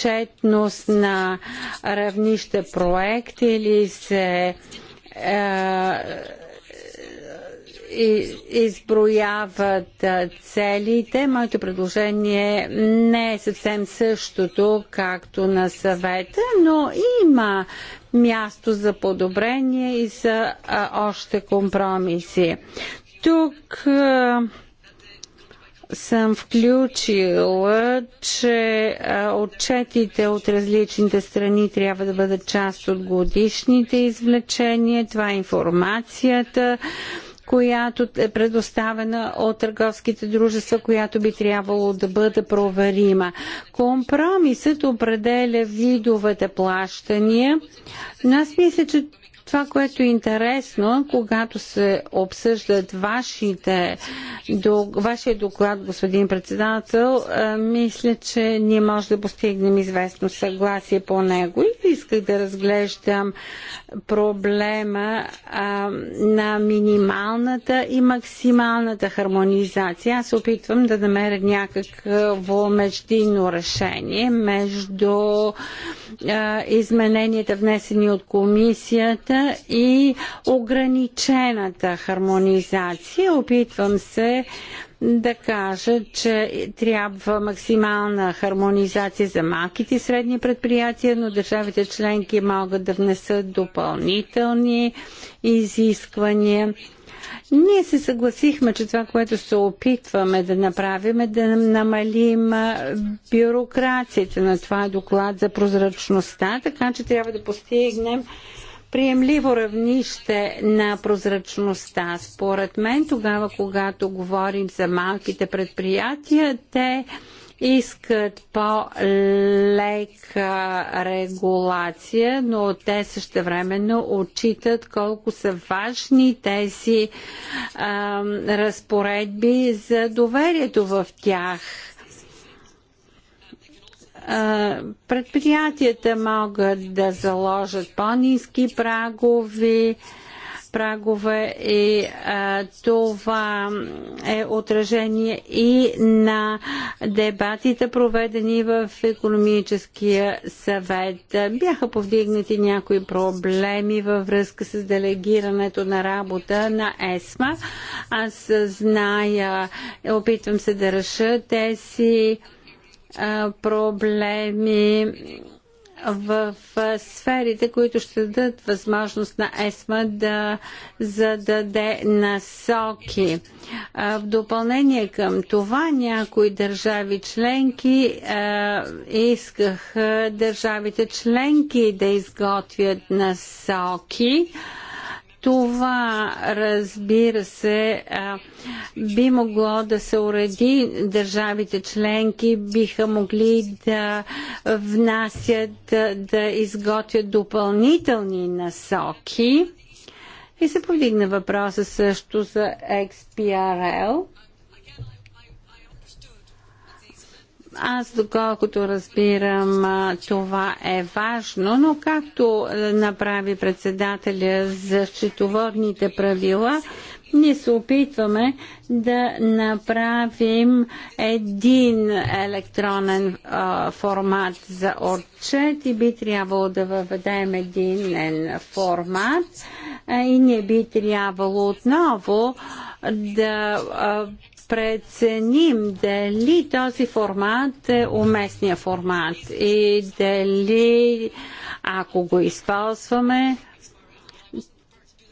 четност на равнище проект или се е, изброяват целите. Моето предложение не е съвсем същото, както на съвета, но има място за подобрение и за а, още компромиси. Тук съм включила, че отчетите от различните страни трябва да бъдат част от годишните извлечения. Това е информацията, която е предоставена от търговските дружества, която би трябвало да бъде проверима. Компромисът определя видовете плащания, но аз мисля, че това, което е интересно, когато се обсъждат вашите, до, вашия доклад, господин председател, мисля, че ние може да постигнем известно съгласие по него. И исках да разглеждам проблема а, на минималната и максималната хармонизация. Аз опитвам да намеря някакво междинно решение между а, измененията внесени от комисията и ограничената хармонизация. Опитвам се а, да кажа, че трябва максимална хармонизация за малките и средни предприятия, но държавите членки могат да внесат допълнителни изисквания. Ние се съгласихме, че това, което се опитваме да направим е да намалим бюрокрацията на това е доклад за прозрачността, така че трябва да постигнем приемливо равнище на прозрачността. Според мен, тогава, когато говорим за малките предприятия, те искат по-лека регулация, но те същевременно отчитат колко са важни тези а, разпоредби за доверието в тях Предприятията могат да заложат по-низки прагови, прагове и а, това е отражение и на дебатите проведени в економическия съвет. Бяха повдигнати някои проблеми във връзка с делегирането на работа на ЕСМА. Аз зная, опитвам се да реша тези проблеми в сферите, които ще дадат възможност на ЕСМА да зададе насоки. В допълнение към това, някои държави членки искаха държавите членки да изготвят насоки. Това, разбира се, би могло да се уреди. Държавите членки биха могли да внасят, да изготвят допълнителни насоки. И се повдигна въпроса също за XPRL – Аз, доколкото разбирам, това е важно, но както е, направи председателя за счетоводните правила, ние се опитваме да направим един електронен а, формат за отчет и би трябвало да въведем един формат а, и не би трябвало отново да а, преценим дали този формат е уместния формат и дали ако го използваме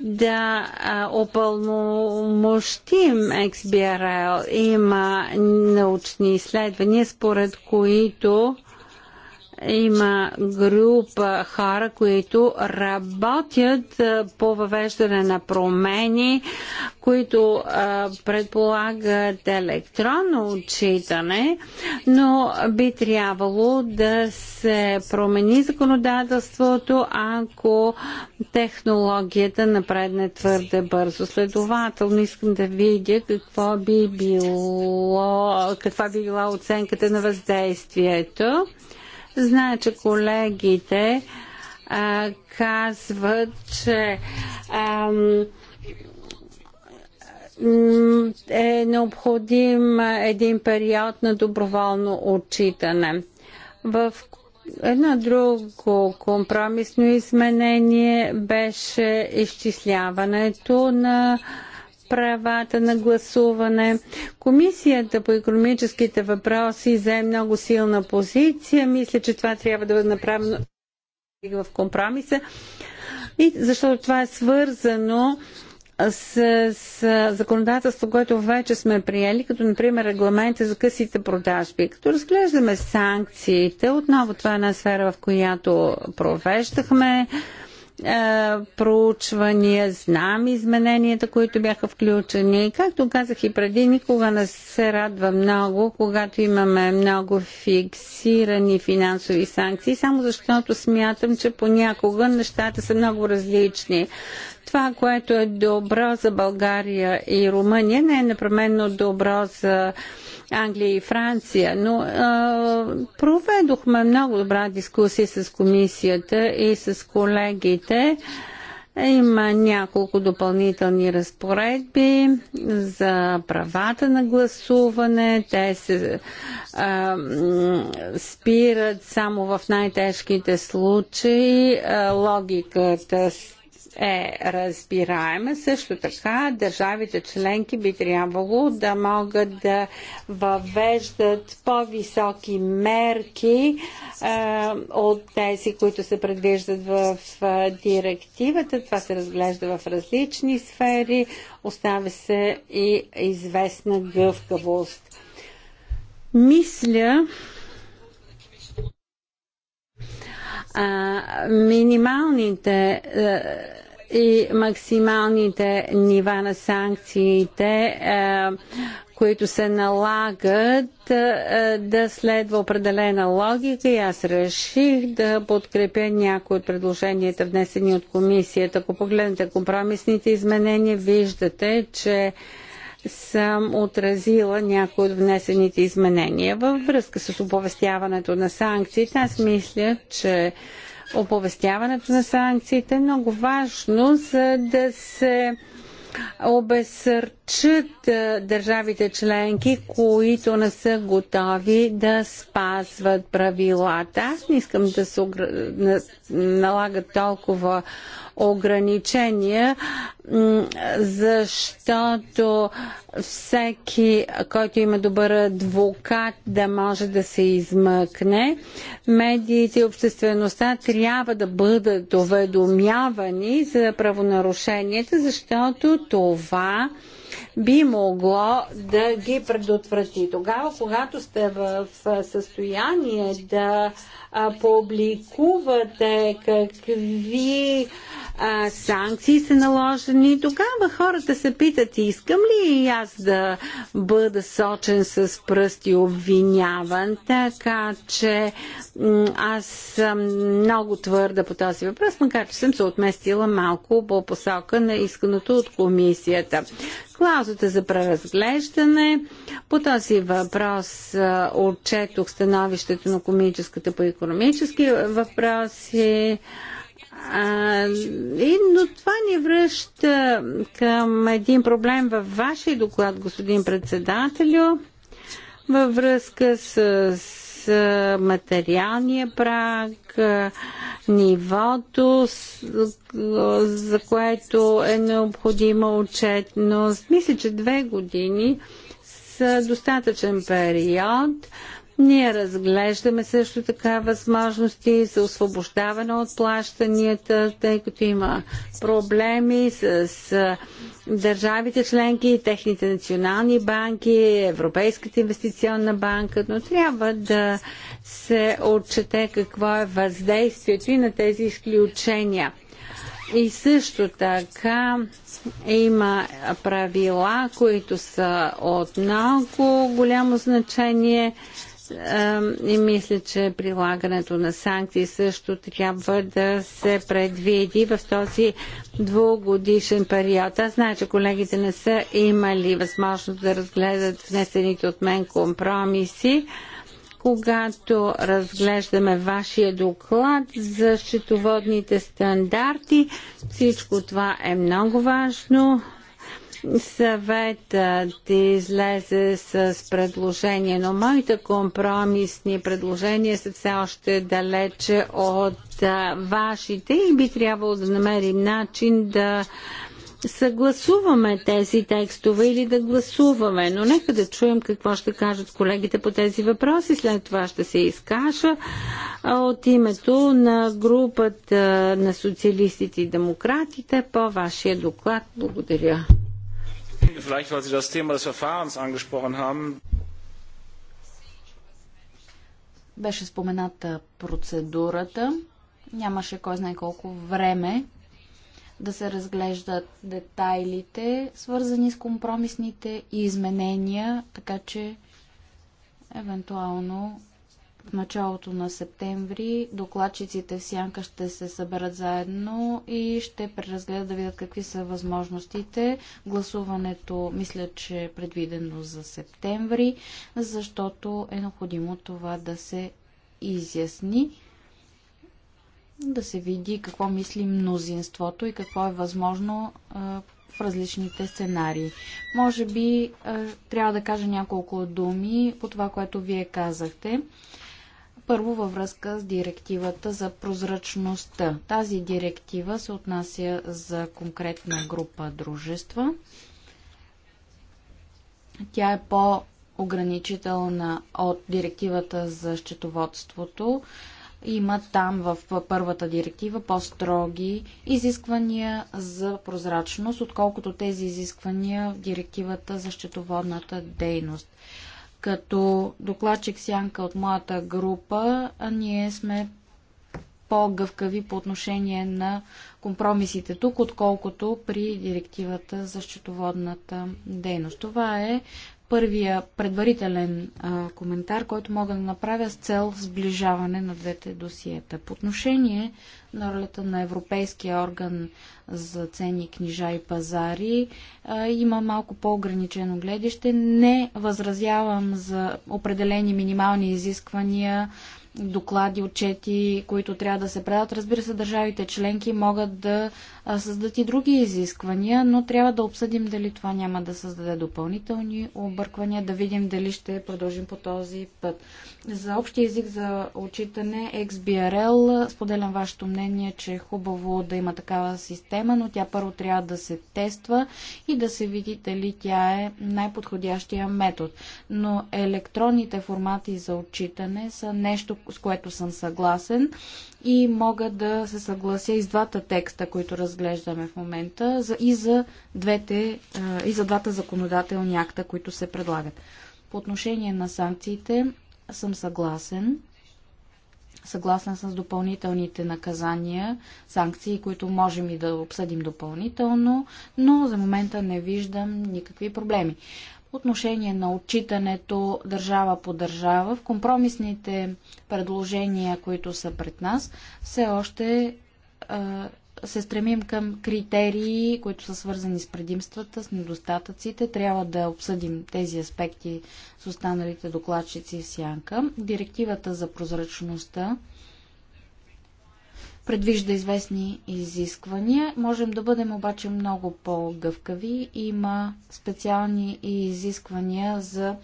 да опълномощим XBRL Има научни изследвания, според които има група хора, които работят по въвеждане на промени, които предполагат електронно отчитане, но би трябвало да се промени законодателството, ако технологията напредне твърде бързо. Следователно искам да видя какво би било, каква би била оценката на въздействието. Зная, колегите а, казват, че а, е необходим един период на доброволно отчитане. В едно друго компромисно изменение беше изчисляването на правата на гласуване. Комисията по економическите въпроси взе много силна позиция. Мисля, че това трябва да бъде направено в компромиса. И защото това е свързано с, с законодателство, което вече сме приели, като например регламента за късите продажби. Като разглеждаме санкциите, отново това е една сфера, в която провеждахме проучвания, знам измененията, които бяха включени. Както казах и преди, никога не се радва много, когато имаме много фиксирани финансови санкции, само защото смятам, че понякога нещата са много различни. Това, което е добро за България и Румъния, не е непременно добро за Англия и Франция, но а, проведохме много добра дискусия с комисията и с колегите. Има няколко допълнителни разпоредби за правата на гласуване. Те се а, спират само в най-тежките случаи. А, логиката е разбираема. Също така, държавите членки би трябвало да могат да въвеждат по-високи мерки е, от тези, които се предвиждат в е, директивата. Това се разглежда в различни сфери. Оставя се и известна гъвкавост. Мисля, а, минималните а, е, и максималните нива на санкциите, а, е, които се налагат а, е, да следва определена логика и аз реших да подкрепя някои от предложенията внесени от комисията. Ако погледнете компромисните изменения, виждате, че а, съм отразила някои от внесените изменения. Във връзка с оповестяването на санкциите, аз мисля, че оповестяването на санкциите е много важно, за да се обесърчат държавите членки, които не са готови да спазват правилата. Аз не искам да се налагат толкова ограничения, защото всеки, който има добър адвокат, да може да се измъкне. Медиите и обществеността трябва да бъдат уведомявани за правонарушенията, защото това би могло да ги предотврати. Тогава, когато сте в състояние да публикувате какви а, санкции са наложени. Тогава хората се питат, искам ли и аз да бъда сочен с пръст и обвиняван, така че аз съм много твърда по този въпрос, макар че съм се отместила малко по посока на исканото от комисията. Клаузата за преразглеждане. По този въпрос отчетох становището на Комическата по економически въпроси. А, и, но това ни връща към един проблем във вашия доклад, господин председателю, във връзка с, с материалния праг, нивото, с, за което е необходима отчетност. Мисля, че две години са достатъчен период ние разглеждаме също така възможности за освобождаване от плащанията, тъй като има проблеми с, държавите членки, и техните национални банки, Европейската инвестиционна банка, но трябва да се отчете какво е въздействието и на тези изключения. И също така има правила, които са от много голямо значение и мисля, че прилагането на санкции също трябва да се предвиди в този двугодишен период. Аз знае, че колегите не са имали възможност да разгледат внесените от мен компромиси когато разглеждаме вашия доклад за счетоводните стандарти. Всичко това е много важно. Съветът излезе с предложение, но моите компромисни предложения са все още далече от вашите и би трябвало да намерим начин да съгласуваме тези текстове или да гласуваме, но нека да чуем какво ще кажат колегите по тези въпроси. След това ще се изкажа от името на групата на социалистите и демократите по вашия доклад. Благодаря. Vielleicht, weil Sie das Thema des Verfahrens angesprochen haben. Беше спомената процедурата. Нямаше кой знае колко време да се разглеждат детайлите, свързани с компромисните и изменения, така че евентуално в началото на септември докладчиците в Сянка ще се съберат заедно и ще преразгледат да видят какви са възможностите. Гласуването мисля, че е предвидено за септември, защото е необходимо това да се изясни, да се види какво мисли мнозинството и какво е възможно в различните сценарии. Може би трябва да кажа няколко думи по това, което вие казахте. Първо във връзка с директивата за прозрачността. Тази директива се отнася за конкретна група дружества. Тя е по-ограничителна от директивата за счетоводството. Има там в първата директива по-строги изисквания за прозрачност, отколкото тези изисквания в директивата за счетоводната дейност. Като докладчик сянка от моята група, ние сме по-гъвкави по отношение на компромисите тук, отколкото при директивата за счетоводната дейност. Това е първия предварителен а, коментар, който мога да направя с цел сближаване на двете досиета. По отношение на ролята на Европейския орган за цени, книжа и пазари, а, има малко по-ограничено гледище. Не възразявам за определени минимални изисквания доклади, отчети, които трябва да се предават. Разбира се, държавите членки могат да създадат и други изисквания, но трябва да обсъдим дали това няма да създаде допълнителни обърквания, да видим дали ще продължим по този път. За общия език за отчитане XBRL споделям вашето мнение, че е хубаво да има такава система, но тя първо трябва да се тества и да се види дали тя е най-подходящия метод. Но електронните формати за отчитане са нещо, с което съм съгласен и мога да се съглася и с двата текста, които разглеждам разглеждаме в момента за, и, за двете, и за двата законодателни акта, които се предлагат. По отношение на санкциите съм съгласен. Съгласен с допълнителните наказания, санкции, които можем и да обсъдим допълнително, но за момента не виждам никакви проблеми. По отношение на отчитането държава по държава, в компромисните предложения, които са пред нас, все още се стремим към критерии, които са свързани с предимствата, с недостатъците. Трябва да обсъдим тези аспекти с останалите докладчици в сянка. Директивата за прозрачността предвижда известни изисквания. Можем да бъдем обаче много по-гъвкави. Има специални изисквания за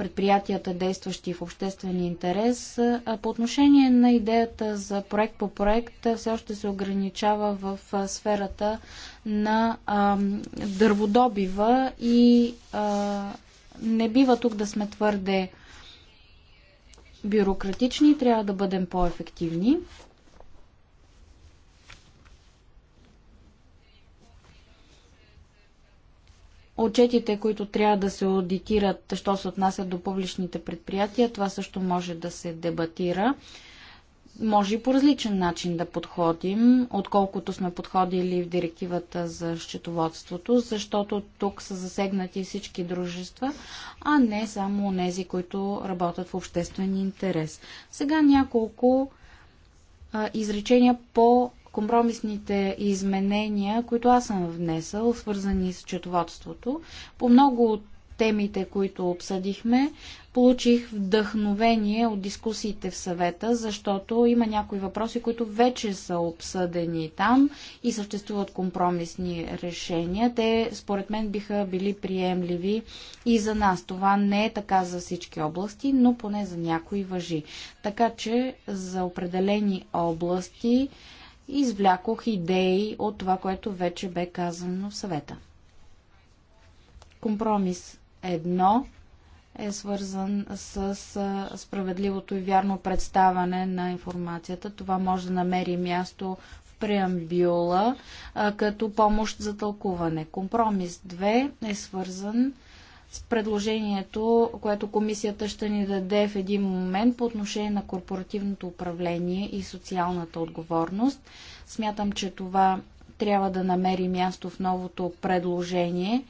предприятията, действащи в обществен интерес. А по отношение на идеята за проект по проект, все още се ограничава в сферата на дърводобива и не бива тук да сме твърде бюрократични, трябва да бъдем по-ефективни. Отчетите, които трябва да се аудитират, що се отнасят до публичните предприятия, това също може да се дебатира. Може и по различен начин да подходим, отколкото сме подходили в директивата за счетоводството, защото тук са засегнати всички дружества, а не само нези, които работят в обществен интерес. Сега няколко а, изречения по компромисните изменения, които аз съм внесъл, свързани с четоводството. По много от темите, които обсъдихме, получих вдъхновение от дискусиите в съвета, защото има някои въпроси, които вече са обсъдени там и съществуват компромисни решения. Те, според мен, биха били приемливи и за нас. Това не е така за всички области, но поне за някои въжи. Така че за определени области извлякох идеи от това, което вече бе казано в съвета. Компромис едно е свързан с справедливото и вярно представане на информацията. Това може да намери място в преамбюла като помощ за тълкуване. Компромис 2 е свързан с с предложението, което комисията ще ни даде в един момент по отношение на корпоративното управление и социалната отговорност. Смятам, че това трябва да намери място в новото предложение.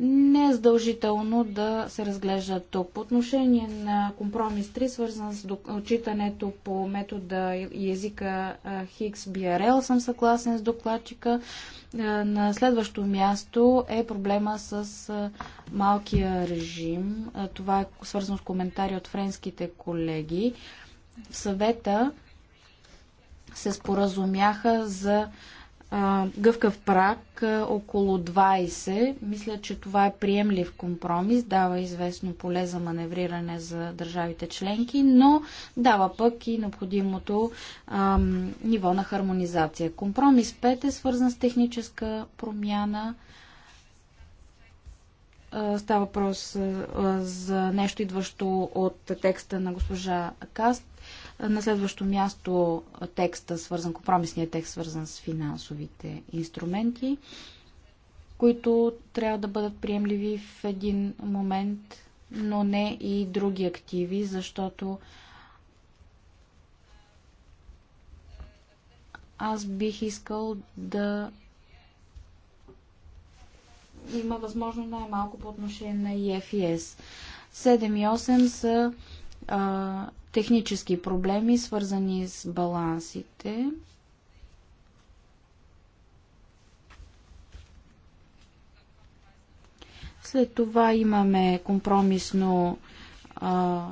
Не е задължително да се разглежда тук. По отношение на компромис 3, свързан с отчитането по метода и езика Хикс BRL, съм съгласен с докладчика. Е, на следващо място е проблема с е, малкия режим. Е, това е свързано с коментари от френските колеги. В съвета се споразумяха за гъвкав прак около 20. Мисля, че това е приемлив компромис, дава известно поле за маневриране за държавите членки, но дава пък и необходимото ам, ниво на хармонизация. Компромис 5 е свързан с техническа промяна. Става въпрос за нещо идващо от текста на госпожа Каст на следващо място текста, свързан, компромисният текст, свързан с финансовите инструменти, които трябва да бъдат приемливи в един момент, но не и други активи, защото аз бих искал да има възможно най-малко по отношение на EFS. Е 7 и 8 са а, технически проблеми, свързани с балансите. След това имаме компромисно а,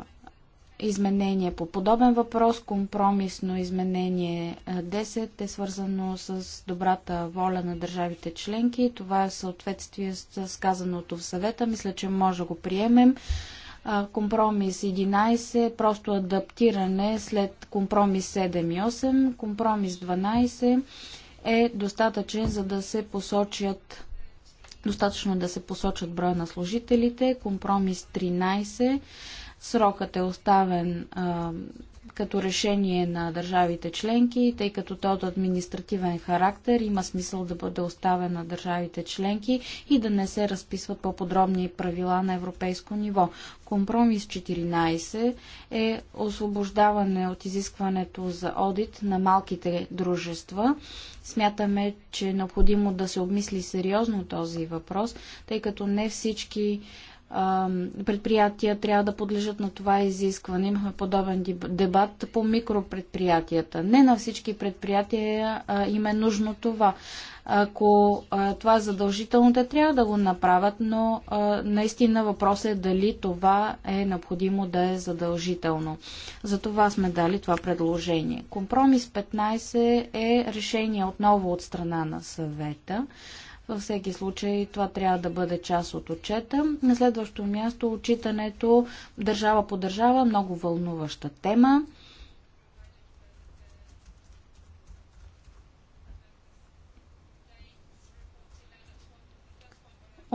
изменение по подобен въпрос. Компромисно изменение 10 е свързано с добрата воля на държавите членки. Това е съответствие с казаното в съвета. Мисля, че може да го приемем компромис 11, просто адаптиране след компромис 7 и 8, компромис 12 е достатъчен, за да се посочат достатъчно е да се посочат броя на служителите, компромис 13 срокът е оставен а, като решение на държавите членки, тъй като то от административен характер има смисъл да бъде оставен на държавите членки и да не се разписват по-подробни правила на европейско ниво. Компромис 14 е освобождаване от изискването за одит на малките дружества. Смятаме, че е необходимо да се обмисли сериозно този въпрос, тъй като не всички предприятия трябва да подлежат на това изискване. Имахме подобен дебат по микропредприятията. Не на всички предприятия им е нужно това. Ако това е задължително, те трябва да го направят, но наистина въпросът е дали това е необходимо да е задължително. За това сме дали това предложение. Компромис 15 е решение отново от страна на съвета. Във всеки случай това трябва да бъде част от отчета. На следващо място отчитането държава по държава, много вълнуваща тема.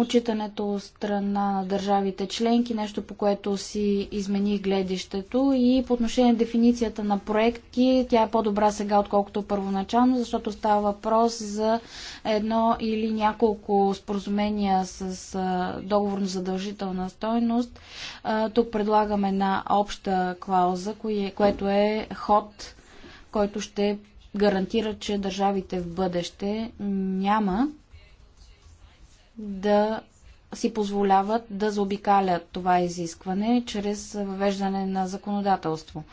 отчитането от страна на държавите членки, нещо по което си измени гледището и по отношение на дефиницията на проекти, тя е по-добра сега, отколкото първоначално, защото става въпрос за едно или няколко споразумения с договорно задължителна стойност. Тук предлагаме една обща клауза, кое, което е ход, който ще гарантира, че държавите в бъдеще няма да си позволяват да заобикалят това изискване чрез въвеждане на законодателство.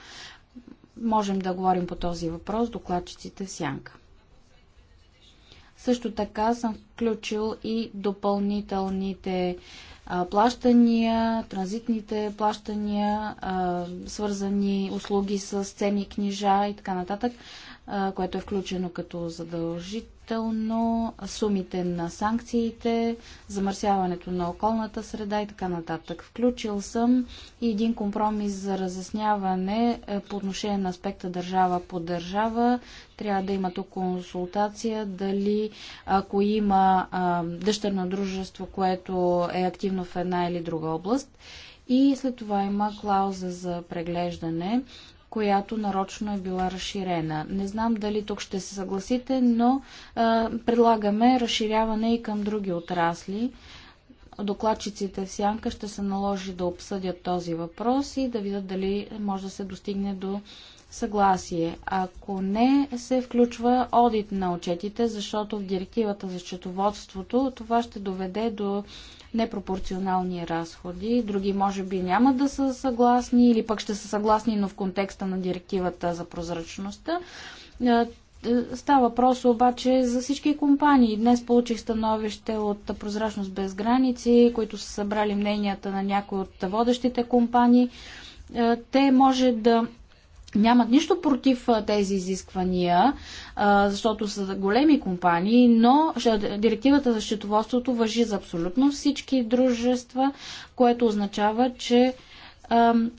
Можем да говорим по този въпрос докладчиците в сянка. Също така съм включил и допълнителните плащания, транзитните плащания, свързани услуги с цени, книжа и така нататък, което е включено като задължително включително сумите на санкциите, замърсяването на околната среда и така нататък. Включил съм и един компромис за разясняване е, по отношение на аспекта държава по държава. Трябва да има тук консултация дали ако има дъщерно дружество, което е активно в една или друга област. И след това има клауза за преглеждане която нарочно е била разширена. Не знам дали тук ще се съгласите, но а, предлагаме разширяване и към други отрасли. Докладчиците в Сянка ще се наложи да обсъдят този въпрос и да видят дали може да се достигне до съгласие. Ако не се включва одит на отчетите, защото в директивата за счетоводството това ще доведе до непропорционални разходи. Други може би няма да са съгласни или пък ще са съгласни, но в контекста на директивата за прозрачността. Е, става въпрос обаче за всички компании. Днес получих становище от Прозрачност без граници, които са събрали мненията на някои от водещите компании. Е, те може да нямат нищо против тези изисквания, защото са големи компании, но директивата за счетоводството въжи за абсолютно всички дружества, което означава, че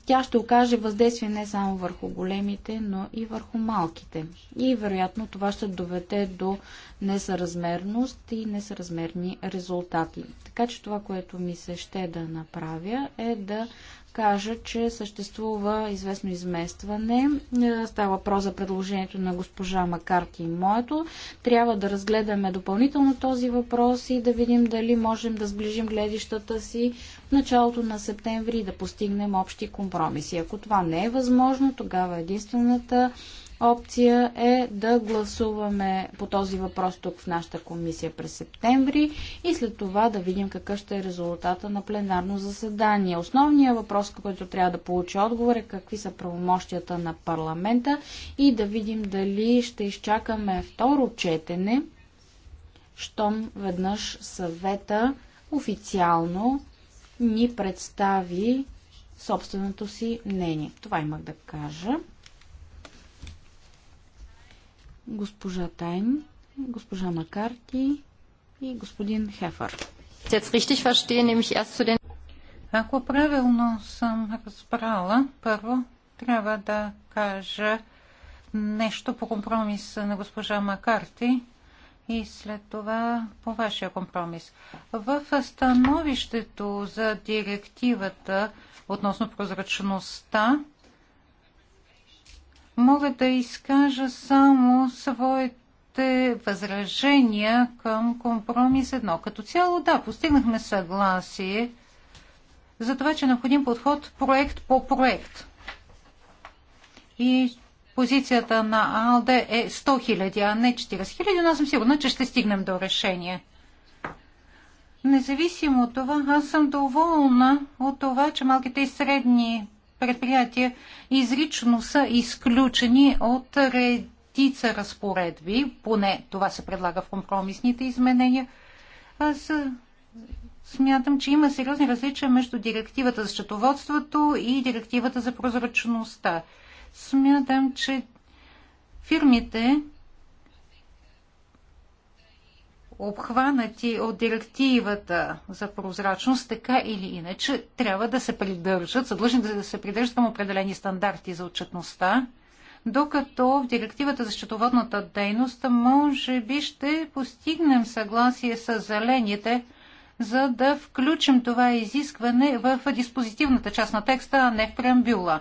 тя ще окаже въздействие не само върху големите, но и върху малките. И вероятно това ще доведе до несъразмерност и несъразмерни резултати. Така че това, което ми се ще да направя е да кажа, че съществува известно изместване. Е, става въпрос за предложението на госпожа Макарти и моето. Трябва да разгледаме допълнително този въпрос и да видим дали можем да сближим гледищата си в началото на септември и да постигнем общи компромиси. Ако това не е възможно, тогава единствената опция е да гласуваме по този въпрос тук в нашата комисия през септември и след това да видим какъв ще е резултата на пленарно заседание. Основният въпрос, който трябва да получи отговор е какви са правомощията на парламента и да видим дали ще изчакаме второ четене, щом веднъж съвета официално ни представи собственото си мнение. Това имах да кажа госпожа Тайн, госпожа Макарти и господин Хефър. Ако правилно съм разбрала, първо трябва да кажа нещо по компромис на госпожа Макарти и след това по вашия компромис. В становището за директивата относно прозрачността мога да изкажа само своите възражения към компромис едно. Като цяло, да, постигнахме съгласие за това, че е необходим подход проект по проект. И позицията на АЛДЕ е 100 000, а не 40 000, но аз съм сигурна, че ще стигнем до решение. Независимо от това, аз съм доволна от това, че малките и средни предприятия изрично са изключени от редица разпоредби, поне това се предлага в компромисните изменения. Аз смятам, че има сериозни различия между директивата за счетоводството и директивата за прозрачността. Смятам, че фирмите обхванати от директивата за прозрачност, така или иначе трябва да се придържат, са длъжни да се придържат към определени стандарти за отчетността, докато в директивата за счетоводната дейност може би ще постигнем съгласие с зелените, за да включим това изискване в диспозитивната част на текста, а не в преамбюла.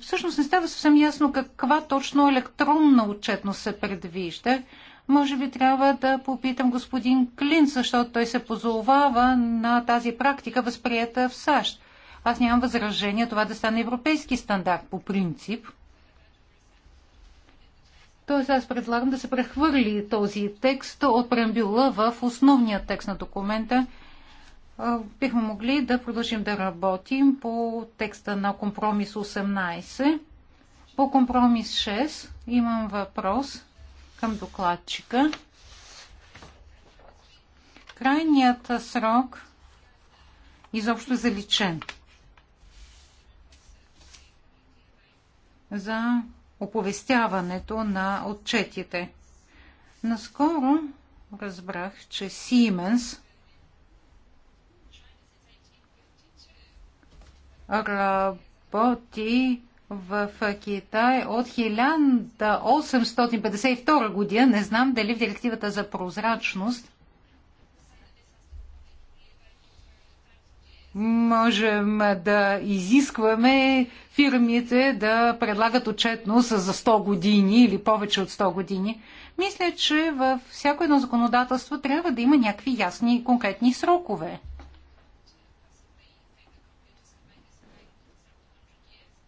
Всъщност не става съвсем ясно каква точно електронна отчетност се предвижда. Може би трябва да попитам господин Клин, защото той се позовава на тази практика, възприята в САЩ. Аз нямам възражение това да стане европейски стандарт по принцип. Тоест аз предлагам да се прехвърли този текст от преамбюла в основния текст на документа. Бихме могли да продължим да работим по текста на компромис 18. По компромис 6 имам въпрос – към докладчика. Крайният срок изобщо е заличен. За оповестяването на отчетите. Наскоро разбрах, че Siemens работи в Китай от 1852 година. Не знам дали в директивата за прозрачност можем да изискваме фирмите да предлагат отчетност за 100 години или повече от 100 години. Мисля, че във всяко едно законодателство трябва да има някакви ясни и конкретни срокове.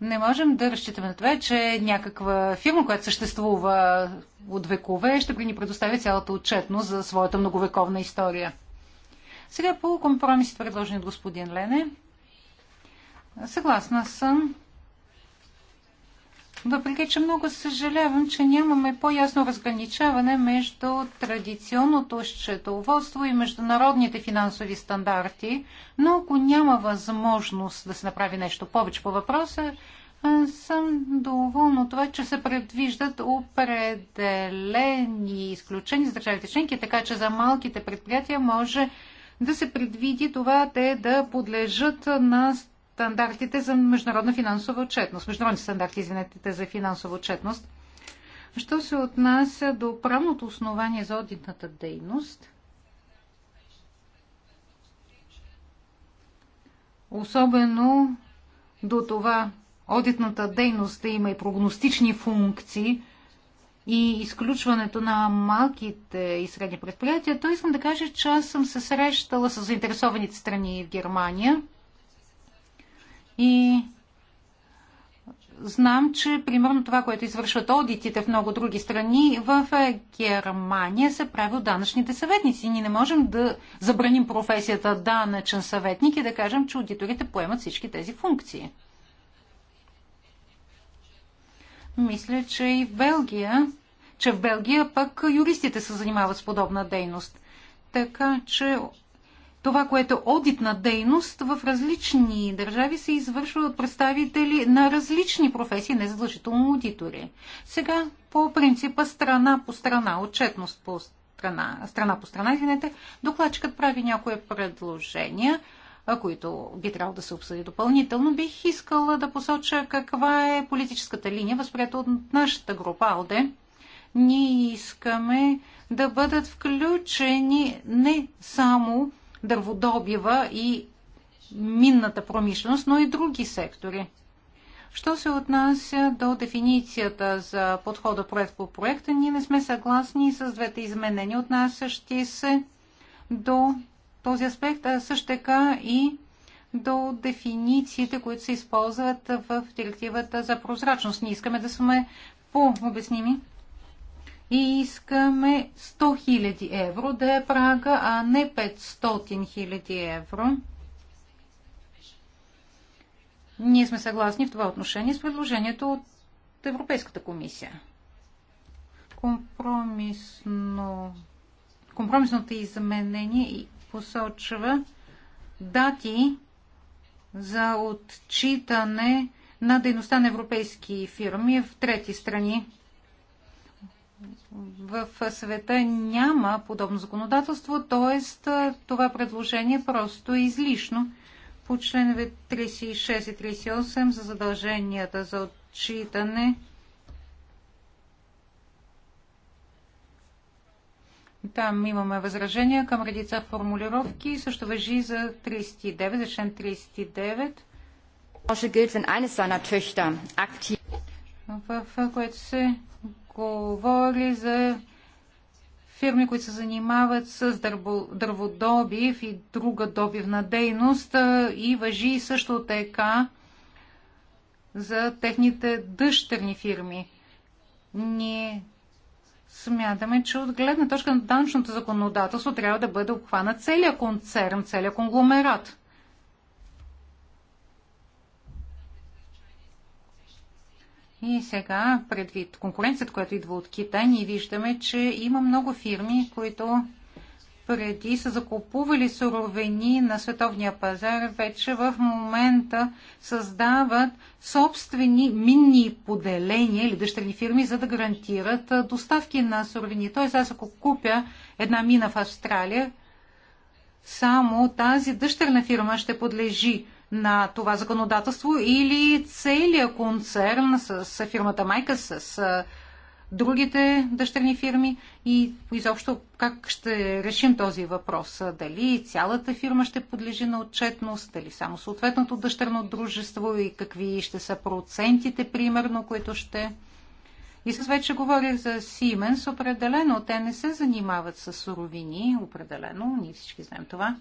не можем да разчитаме на това, че някаква фирма, която съществува от векове, ще ни предостави цялата отчетност за своята многовековна история. Сега по компромисите, предложени от господин Лене. Съгласна съм въпреки, че много съжалявам, че нямаме по-ясно разграничаване между традиционното счетоводство и международните финансови стандарти, но ако няма възможност да се направи нещо повече по въпроса, съм доволна от това, че се предвиждат определени изключения за държавите членки, така че за малките предприятия може да се предвиди това те да подлежат на стандартите за международна финансова отчетност, международни стандарти, извинете, за финансова отчетност. Що се отнася до правното основание за одитната дейност, особено до това одитната дейност да има и прогностични функции и изключването на малките и средни предприятия, то искам да кажа, че аз съм се срещала с заинтересованите страни в Германия – и знам, че примерно това, което извършват одитите в много други страни, в Германия се прави от данъчните съветници. Ние не можем да забраним професията данъчен съветник и да кажем, че аудиторите поемат всички тези функции. Мисля, че и в Белгия, че в Белгия пък юристите се занимават с подобна дейност. Така че това, което е одитна дейност в различни държави се извършва от представители на различни професии, не задължително аудитори. Сега по принципа страна по страна, отчетност по страна, страна по страна, извинете, докладчикът прави някои предложения, които би трябвало да се обсъди допълнително. Бих искала да посоча каква е политическата линия, възприята от нашата група АЛДЕ. Ние искаме да бъдат включени не само дърводобива и минната промишленост, но и други сектори. Що се отнася до дефиницията за подхода проект по проекта, ние не сме съгласни с двете изменения, отнасящи се до този аспект, а също така и до дефинициите, които се използват в директивата за прозрачност. Ние искаме да сме по-обясними и искаме 100 000 евро да е прага, а не 500 000 евро. Ние сме съгласни в това отношение с предложението от Европейската комисия. Компромисно... Компромисното изменение посочва дати за отчитане на дейността на европейски фирми в трети страни в света няма подобно законодателство, т.е. това предложение просто е излишно. По членове 36 и 38 за задълженията за отчитане Там имаме възражения към редица формулировки. Също въжи за 39, за член 39. Е, в което се говори за фирми, които се занимават с дърво, дърводобив и друга добивна дейност и въжи също така за техните дъщерни фирми. Ние смятаме, че от гледна точка на данъчното законодателство трябва да бъде обхванат целият концерн, целият конгломерат. И сега, предвид конкуренцията, която идва от Китай, ние виждаме, че има много фирми, които преди са закупували суровини на световния пазар, вече в момента създават собствени минни поделения или дъщерни фирми, за да гарантират доставки на суровини. Тоест, аз ако купя една мина в Австралия, само тази дъщерна фирма ще подлежи на това законодателство или целият концерн с, с фирмата Майка, с, с другите дъщерни фирми и изобщо как ще решим този въпрос. Дали цялата фирма ще подлежи на отчетност, дали само съответното дъщерно дружество и какви ще са процентите, примерно, които ще... И с вече говорих за Сименс определено те не се занимават с суровини, определено, ние всички знаем това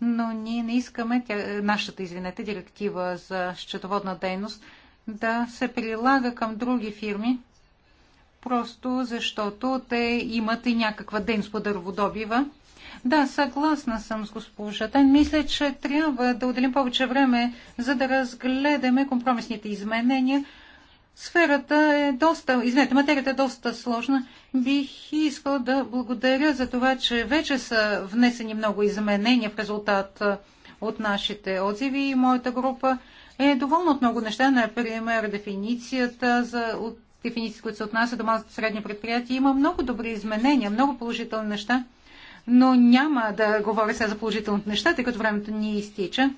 но ние не искаме тя, нашата, извинете, директива за счетоводна дейност да се прилага към други фирми, просто защото те имат и някаква дейност по дърводобива. Да, съгласна съм с госпожата. Мисля, че трябва да отделим повече време, за да разгледаме компромисните изменения, Сферата е доста, извинете, материята е доста сложна. Бих искал да благодаря за това, че вече са внесени много изменения в резултат от нашите отзиви и моята група е доволна от много неща, например дефиницията за от дефиниции, които се отнася до малките средни предприятия. Има много добри изменения, много положителни неща, но няма да говоря сега за положителните неща, тъй като времето ни изтича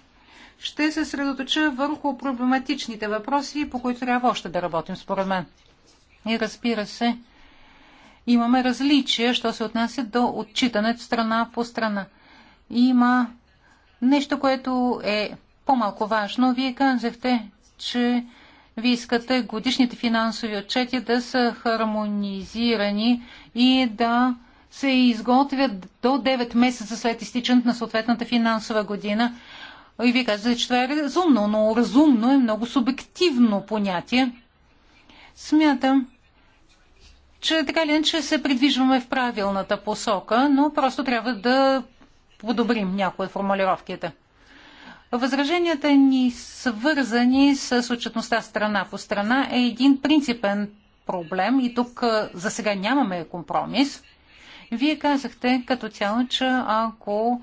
ще се средоточа върху проблематичните въпроси, по които трябва още да работим, според мен. И разбира се, имаме различия, що се отнася до отчитане страна по страна. Има нещо, което е по-малко важно. Вие казахте, че вие искате годишните финансови отчети да са хармонизирани и да се изготвят до 9 месеца след изтичането на съответната финансова година. И вие казвате, че това е разумно, но разумно е много субективно понятие. Смятам, че така ли че се придвижваме в правилната посока, но просто трябва да подобрим някои от формулировките. Възраженията ни, свързани с отчетността страна по страна, е един принципен проблем и тук за сега нямаме компромис. Вие казахте като цяло, че ако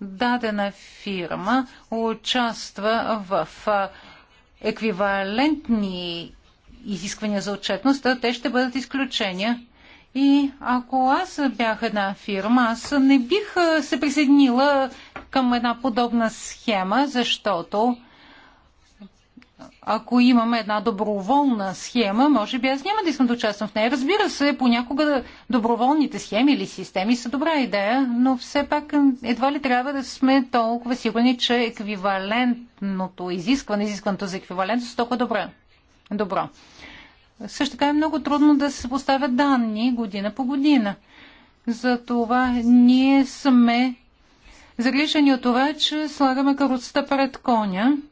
дадена фирма участва в еквивалентни изисквания за отчетност, те ще бъдат изключения. И ако аз бях една фирма, аз не бих се присъединила към една подобна схема, защото ако имаме една доброволна схема, може би аз няма да искам да участвам в нея. Разбира се, понякога доброволните схеми или системи са добра идея, но все пак едва ли трябва да сме толкова сигурни, че еквивалентното изискване, изискването за еквивалентност е толкова добре. добро. Също така е много трудно да се поставят данни година по година. Затова ние сме загрижени от това, че слагаме каруцата пред коня –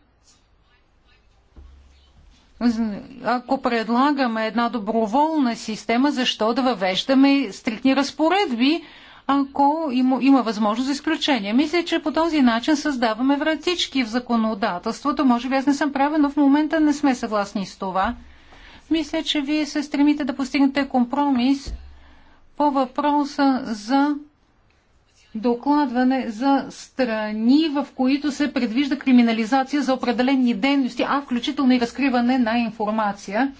ако предлагаме една доброволна система, защо да въвеждаме стрикни разпоредби, ако има, има възможност за изключение. Мисля, че по този начин създаваме вратички в законодателството. Може би аз не съм правен, но в момента не сме съгласни с това. Мисля, че вие се стремите да постигнете компромис по въпроса за докладване за страни, в които се предвижда криминализация за определени дейности, а включително и разкриване на информация.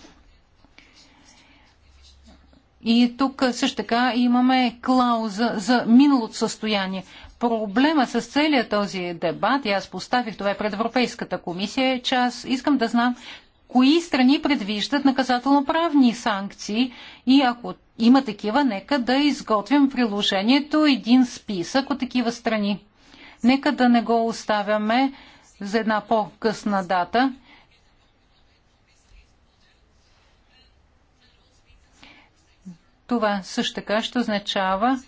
И тук също така имаме клауза за миналото състояние. Проблема с целият този дебат, и аз поставих това пред Европейската комисия, е, че аз искам да знам кои страни предвиждат наказателно-правни санкции и ако има такива, нека да изготвим приложението един списък от такива страни. Нека да не го оставяме за една по-късна дата. Това също така ще означава,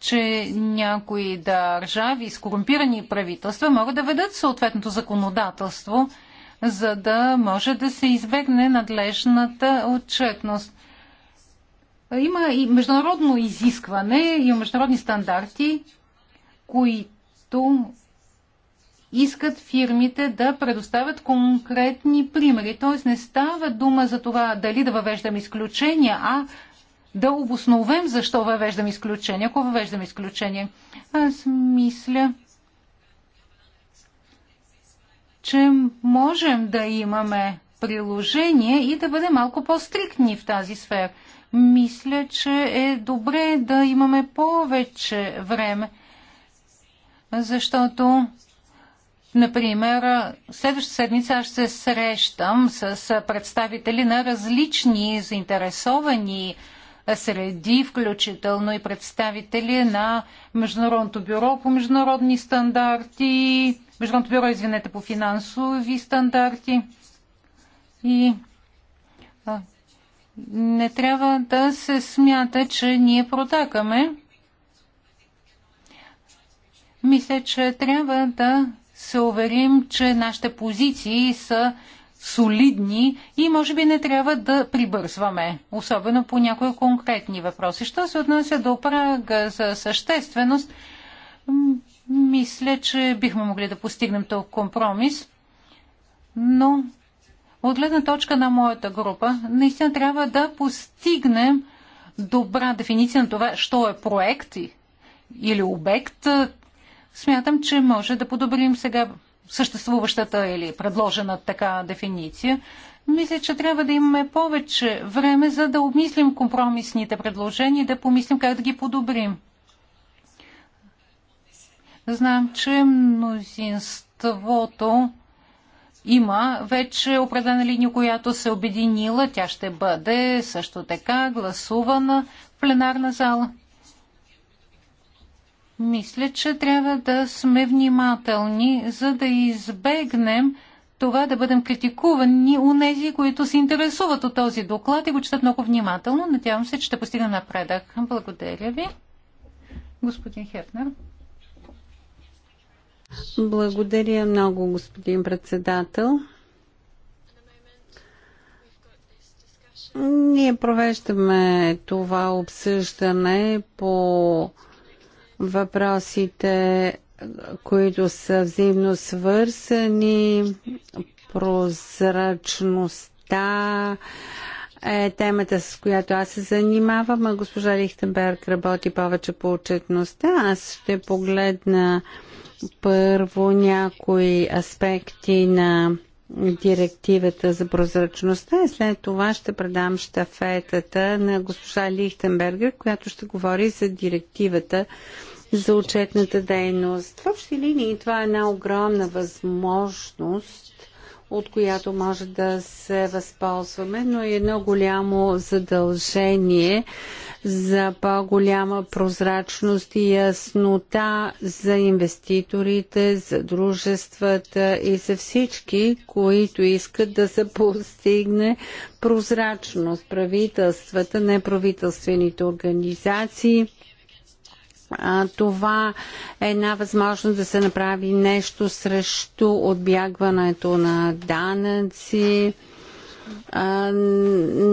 че някои държави с корумпирани правителства могат да ведат съответното законодателство, за да може да се избегне надлежната отчетност. Има и международно изискване, има международни стандарти, които искат фирмите да предоставят конкретни примери. Т.е. не става дума за това дали да въвеждам изключения, а да обосновем защо въвеждам изключения, ако въвеждам изключения. Аз мисля, че можем да имаме приложение и да бъдем малко по-стриктни в тази сфера мисля, че е добре да имаме повече време, защото, например, следващата седмица аз се срещам с представители на различни заинтересовани среди, включително и представители на Международното бюро по международни стандарти, Международното бюро, извинете, по финансови стандарти. И не трябва да се смята, че ние протакаме. Мисля, че трябва да се уверим, че нашите позиции са солидни и може би не трябва да прибързваме, особено по някои конкретни въпроси. Що се отнася до прага за същественост, мисля, че бихме могли да постигнем този компромис, но от гледна точка на моята група, наистина трябва да постигнем добра дефиниция на това, що е проект или обект. Смятам, че може да подобрим сега съществуващата или предложена така дефиниция. Мисля, че трябва да имаме повече време, за да обмислим компромисните предложения и да помислим как да ги подобрим. Знам, че мнозинството има вече определена линия, която се е обединила. Тя ще бъде също така гласувана в пленарна зала. Мисля, че трябва да сме внимателни, за да избегнем това да бъдем критикувани у нези, които се интересуват от този доклад и го четат много внимателно. Надявам се, че ще постигнем напредък. Благодаря ви. Господин Хепнер. Благодаря много, господин председател. Ние провеждаме това обсъждане по въпросите, които са взаимно свързани, прозрачността, е темата, с която аз се занимавам, а госпожа Лихтенберг работи повече по отчетността. Аз ще погледна първо някои аспекти на директивата за прозрачността и след това ще предам штафетата на госпожа Лихтенбергер, която ще говори за директивата за отчетната дейност. В общи линии това е една огромна възможност от която може да се възползваме, но и едно голямо задължение за по-голяма прозрачност и яснота за инвеститорите, за дружествата и за всички, които искат да се постигне прозрачност. Правителствата, неправителствените организации това е една възможност да се направи нещо срещу отбягването на данъци,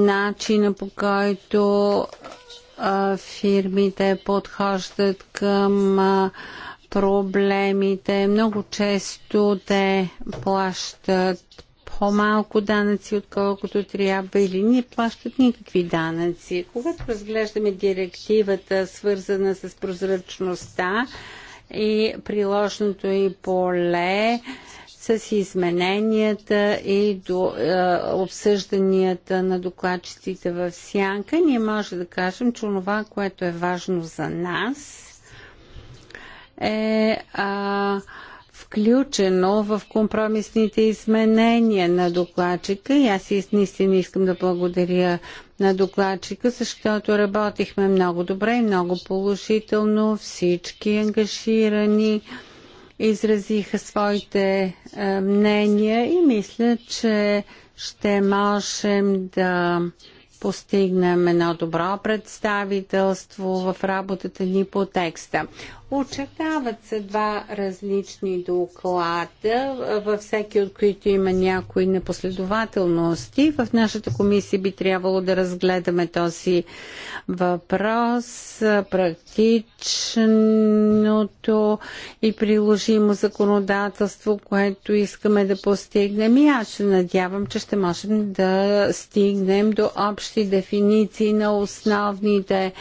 начина по който фирмите подхождат към проблемите. Много често те плащат по-малко данъци, отколкото трябва, или не плащат никакви данъци. Когато разглеждаме директивата, свързана с прозрачността и приложното и поле, с измененията и до е, обсъжданията на докладчиците в сянка, ние може да кажем, че това, което е важно за нас, е а, е, включено в компромисните изменения на докладчика и аз наистина искам да благодаря на докладчика, защото работихме много добре и много положително. Всички ангажирани изразиха своите е, мнения и мисля, че ще можем да постигнем едно добро представителство в работата ни по текста. Очертават се два различни доклада, във всеки от които има някои непоследователности. В нашата комисия би трябвало да разгледаме този въпрос, практичното и приложимо законодателство, което искаме да постигнем. И аз се надявам, че ще можем да стигнем до общи дефиниции на основните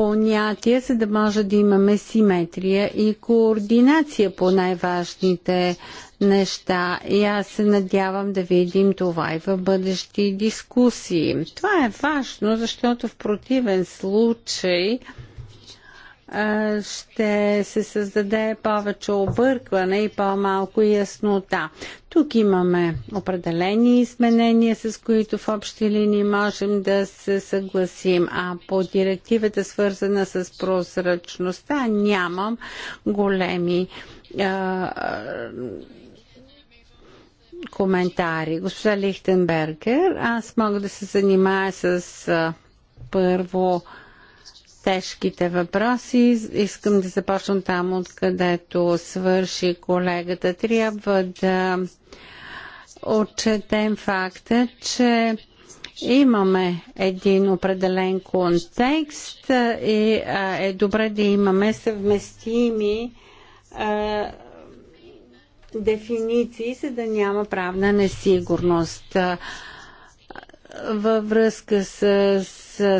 понятия, за да може да имаме симетрия и координация по най-важните неща. И аз се надявам да видим това и в бъдещи дискусии. Това е важно, защото в противен случай ще се създаде повече объркване и по-малко яснота. Тук имаме определени изменения, с които в общи линии можем да се съгласим. А по директивата, свързана с прозрачността, нямам големи коментари. Госпожа Лихтенбергер, аз мога да се занимая с първо тежките въпроси. Искам да започна там, откъдето свърши колегата. Трябва да отчетем факта, че имаме един определен контекст и е добре да имаме съвместими дефиниции, за да няма правна несигурност. Във връзка с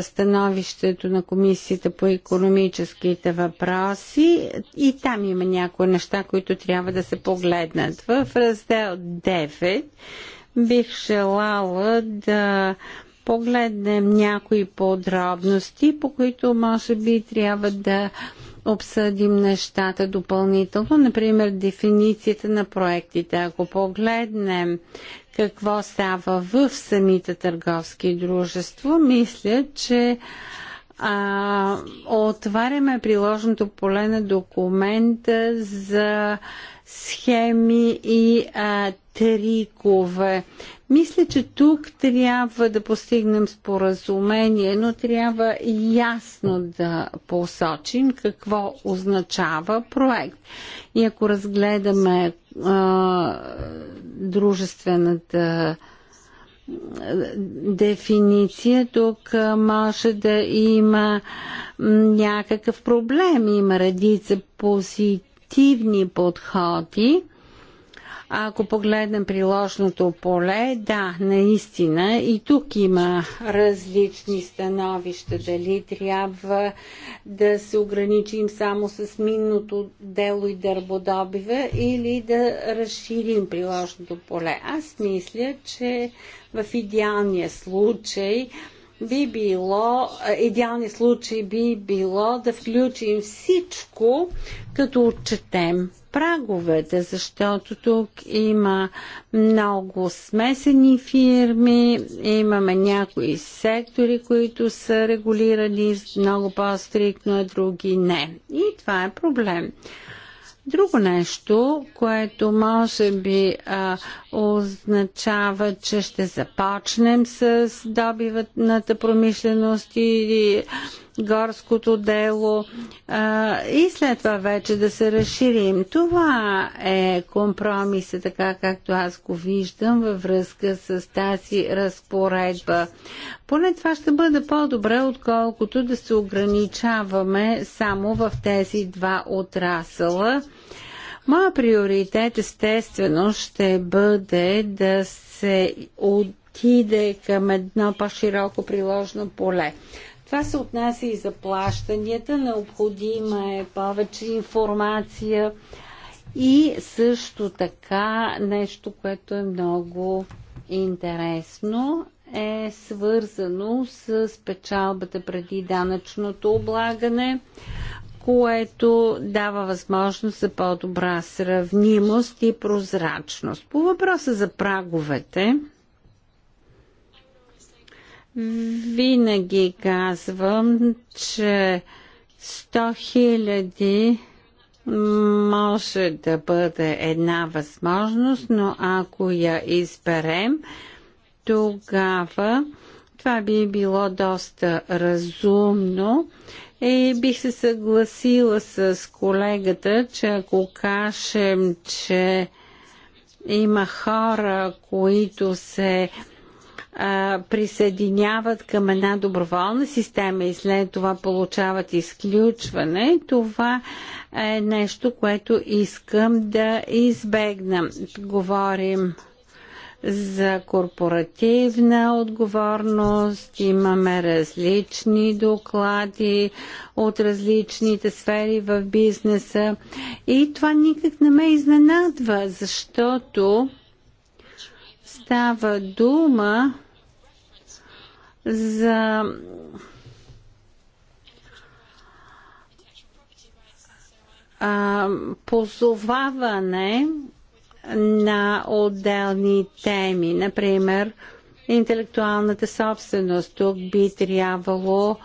становището на Комисията по економическите въпроси и там има някои неща, които трябва да се погледнат. В раздел 9 бих желала да погледнем някои подробности, по които може би трябва да обсъдим нещата допълнително, например дефиницията на проектите. Ако погледнем какво става в самите търговски дружества, мисля, че а, отваряме приложното поле на документа за схеми и а, трикове. Мисля, че тук трябва да постигнем споразумение, но трябва ясно да посочим какво означава проект. И ако разгледаме а, дружествената дефиниция, тук може да има някакъв проблем. Има редица позиции активни подходи. Ако погледнем приложното поле, да, наистина и тук има различни становища. Дали трябва да се ограничим само с минното дело и дърбодобива, или да разширим приложното поле. Аз мисля, че в идеалния случай би било, е, идеални случаи би било да включим всичко, като отчетем праговете, защото тук има много смесени фирми, имаме някои сектори, които са регулирани много по-стрикно, а други не. И това е проблем. Друго нещо, което може би а, означава, че ще започнем с добивната промишленост или горското дело а, и след това вече да се разширим. Това е компромиса, така както аз го виждам във връзка с тази разпоредба. Поне това ще бъде по-добре, отколкото да се ограничаваме само в тези два отрасъла. Моя приоритет естествено ще бъде да се отиде към едно по-широко приложно поле. Това се отнася и за плащанията. Необходима е повече информация и също така нещо, което е много интересно е свързано с печалбата преди данъчното облагане което дава възможност за по-добра сравнимост и прозрачност. По въпроса за праговете, винаги казвам, че 100 хиляди може да бъде една възможност, но ако я изберем, тогава това би било доста разумно и бих се съгласила с колегата, че ако кажем, че има хора, които се а, присъединяват към една доброволна система и след това получават изключване, това е нещо, което искам да избегна. Говорим за корпоративна отговорност, имаме различни доклади от различните сфери в бизнеса и това никак не ме изненадва, защото става дума за позоваване на отделни теми. Например, интелектуалната собственост. Тук би трябвало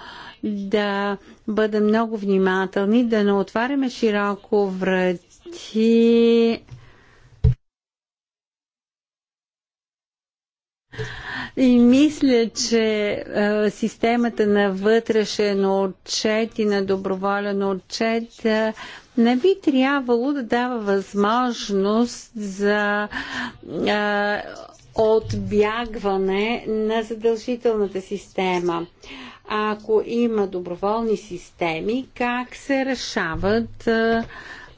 да бъдем много внимателни, да не отваряме широко врати. И мисля, че е, системата на вътрешен отчет и на доброволен отчет е, не би трябвало да дава възможност за а, отбягване на задължителната система. Ако има доброволни системи, как се решават а,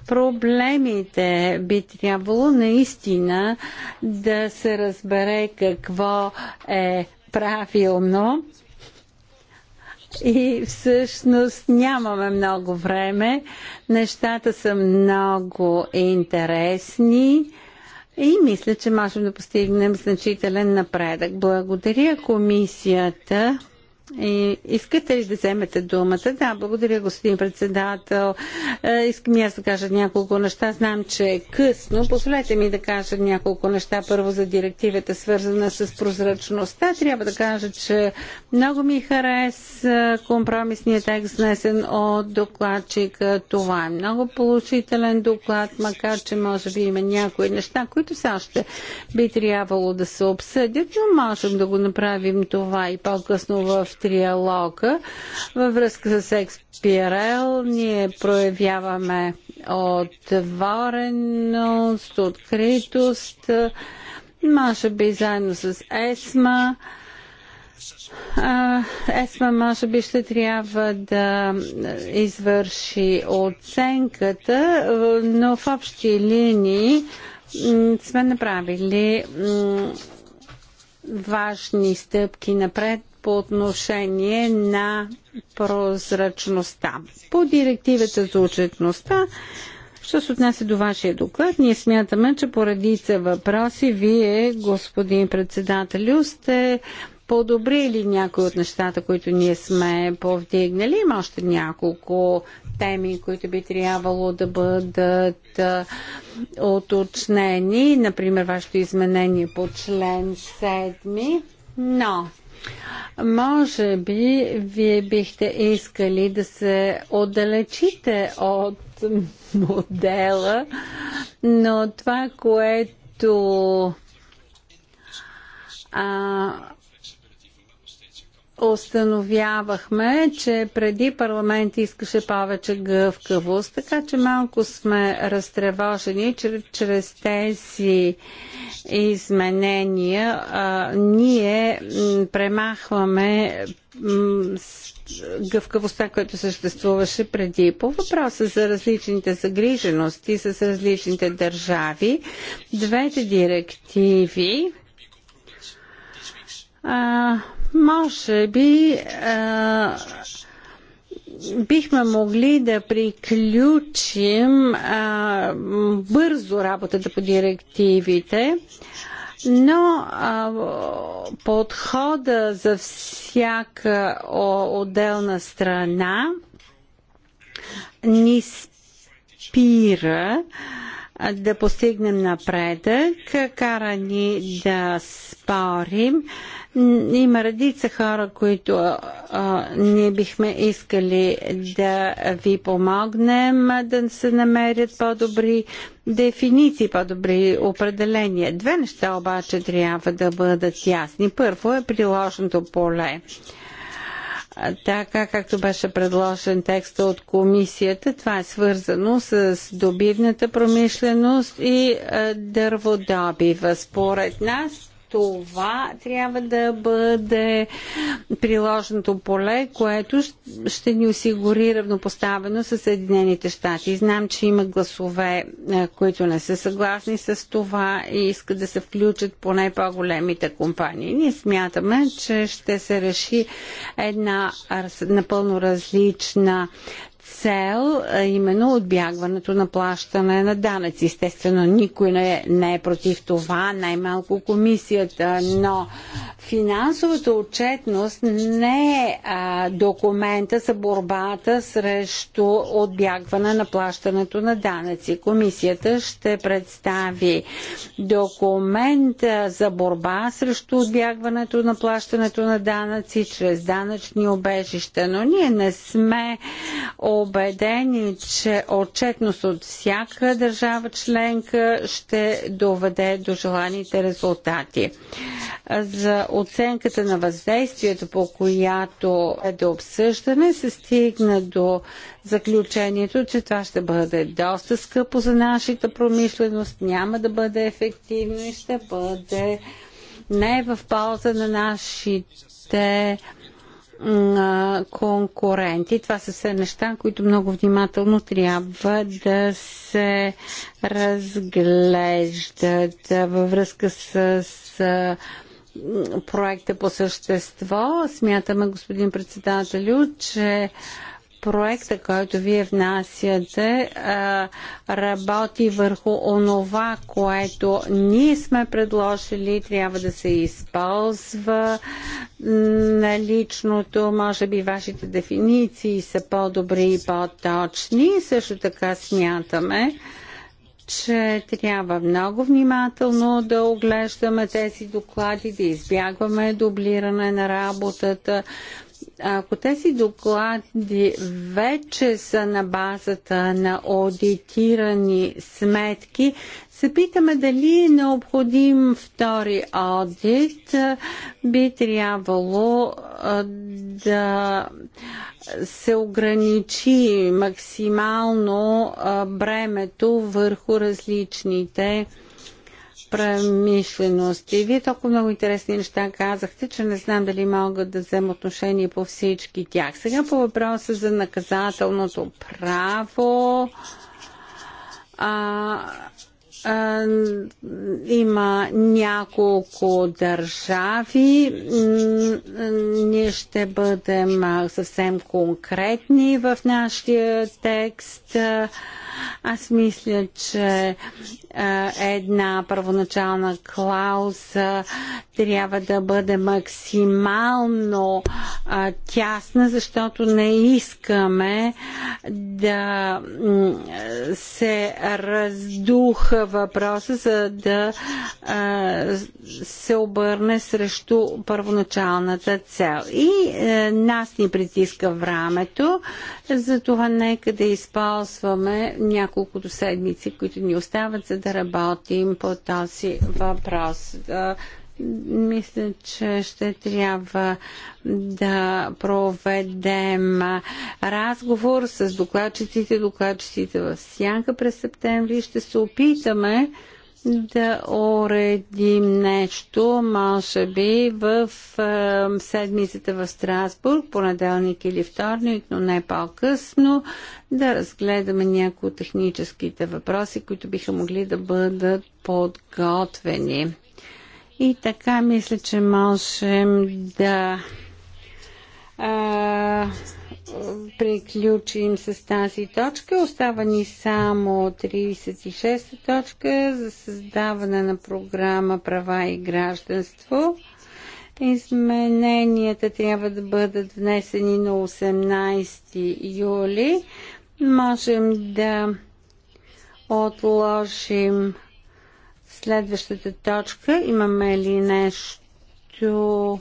проблемите би трябвало наистина да се разбере какво е правилно и всъщност нямаме много време. Нещата са много интересни и мисля, че можем да постигнем значителен напредък. Благодаря комисията и искате ли да вземете думата? Да, благодаря, господин председател. Е, искам и аз да кажа няколко неща. Знам, че е късно. Позволете ми да кажа няколко неща. Първо за директивата, свързана с прозрачността. Трябва да кажа, че много ми хареса компромисният текст, внесен от докладчика. Това е много положителен доклад, макар че може би има някои неща, които все още би трябвало да се обсъдят, но можем да го направим това и по-късно в триалога във връзка с Експирел. Ние проявяваме отвореност, откритост, може би заедно с ЕСМА. ЕСМА може би ще трябва да извърши оценката, но в общи линии сме направили важни стъпки напред по отношение на прозрачността. По директивата за отчетността, що се отнася до вашия доклад, ние смятаме, че поредица въпроси вие, господин председател, сте подобрили някои от нещата, които ние сме повдигнали. Има още няколко теми, които би трябвало да бъдат оточнени. Например, вашето изменение по член 7. Но може би вие бихте искали да се отдалечите от модела, но това, което а, установявахме, че преди парламент искаше повече гъвкавост, така че малко сме разтревожени, че чрез тези изменения а, ние премахваме гъвкавостта, която съществуваше преди. По въпроса за различните загрижености с различните държави, двете директиви може би а, бихме могли да приключим а, бързо работата по директивите, но а, подхода за всяка отделна страна ни спира да постигнем напредък, кара ни да спорим. Има редица хора, които а, ние бихме искали да ви помогнем да се намерят по-добри дефиниции, по-добри определения. Две неща обаче трябва да бъдат ясни. Първо е приложното поле така както беше предложен текста от комисията. Това е свързано с добивната промишленост и дърводобива. Според нас това трябва да бъде приложното поле, което ще ни осигури равнопоставено с Съединените щати. Знам, че има гласове, е, които не са съгласни с това и искат да се включат поне по-големите компании. Ние смятаме, че ще се реши една напълно различна цел, именно отбягването на плащане на данъци. Естествено, никой не е, не е против това, най-малко комисията, но финансовата отчетност не е а, документа за борбата срещу отбягване на плащането на данъци. Комисията ще представи документ за борба срещу отбягването на плащането на данъци чрез данъчни обежища, но ние не сме об убедени, че отчетност от всяка държава членка ще доведе до желаните резултати. За оценката на въздействието, по която е до обсъждане, се стигна до заключението, че това ще бъде доста скъпо за нашата промишленост, няма да бъде ефективно и ще бъде не в полза на нашите конкуренти. Това са все неща, които много внимателно трябва да се разглеждат във връзка с, с проекта по същество. Смятаме, господин председателю, че проекта, който вие внасяте, работи върху онова, което ние сме предложили, трябва да се използва наличното, може би вашите дефиниции са по-добри и по-точни. Също така смятаме, че трябва много внимателно да оглеждаме тези доклади, да избягваме дублиране на работата, ако тези доклади вече са на базата на аудитирани сметки, се питаме дали е необходим втори аудит. Би трябвало да се ограничи максимално бремето върху различните премишленост. И вие толкова много интересни неща казахте, че не знам дали мога да взема отношение по всички тях. Сега по въпроса за наказателното право. А, а, има няколко държави. Ние ще бъдем съвсем конкретни в нашия текст. А, аз мисля, че една първоначална клауза трябва да бъде максимално тясна, защото не искаме да се раздуха въпроса, за да се обърне срещу първоначалната цел. И е, нас ни притиска времето, затова нека да използваме няколкото седмици, които ни остават, за да работим по този въпрос мисля, че ще трябва да проведем разговор с докладчиците, докладчиците в Сянка през септември. Ще се опитаме да уредим нещо, може би в е, седмицата в Страсбург, понеделник или вторник, но не по-късно, да разгледаме някои от техническите въпроси, които биха могли да бъдат подготвени. И така мисля, че можем да. Е, приключим с тази точка. Остава ни само 36 точка за създаване на програма Права и гражданство. Измененията трябва да бъдат внесени на 18 юли. Можем да отложим следващата точка. Имаме ли нещо?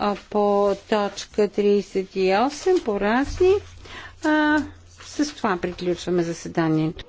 А по точка 38 по разни. А, с това приключваме заседанието.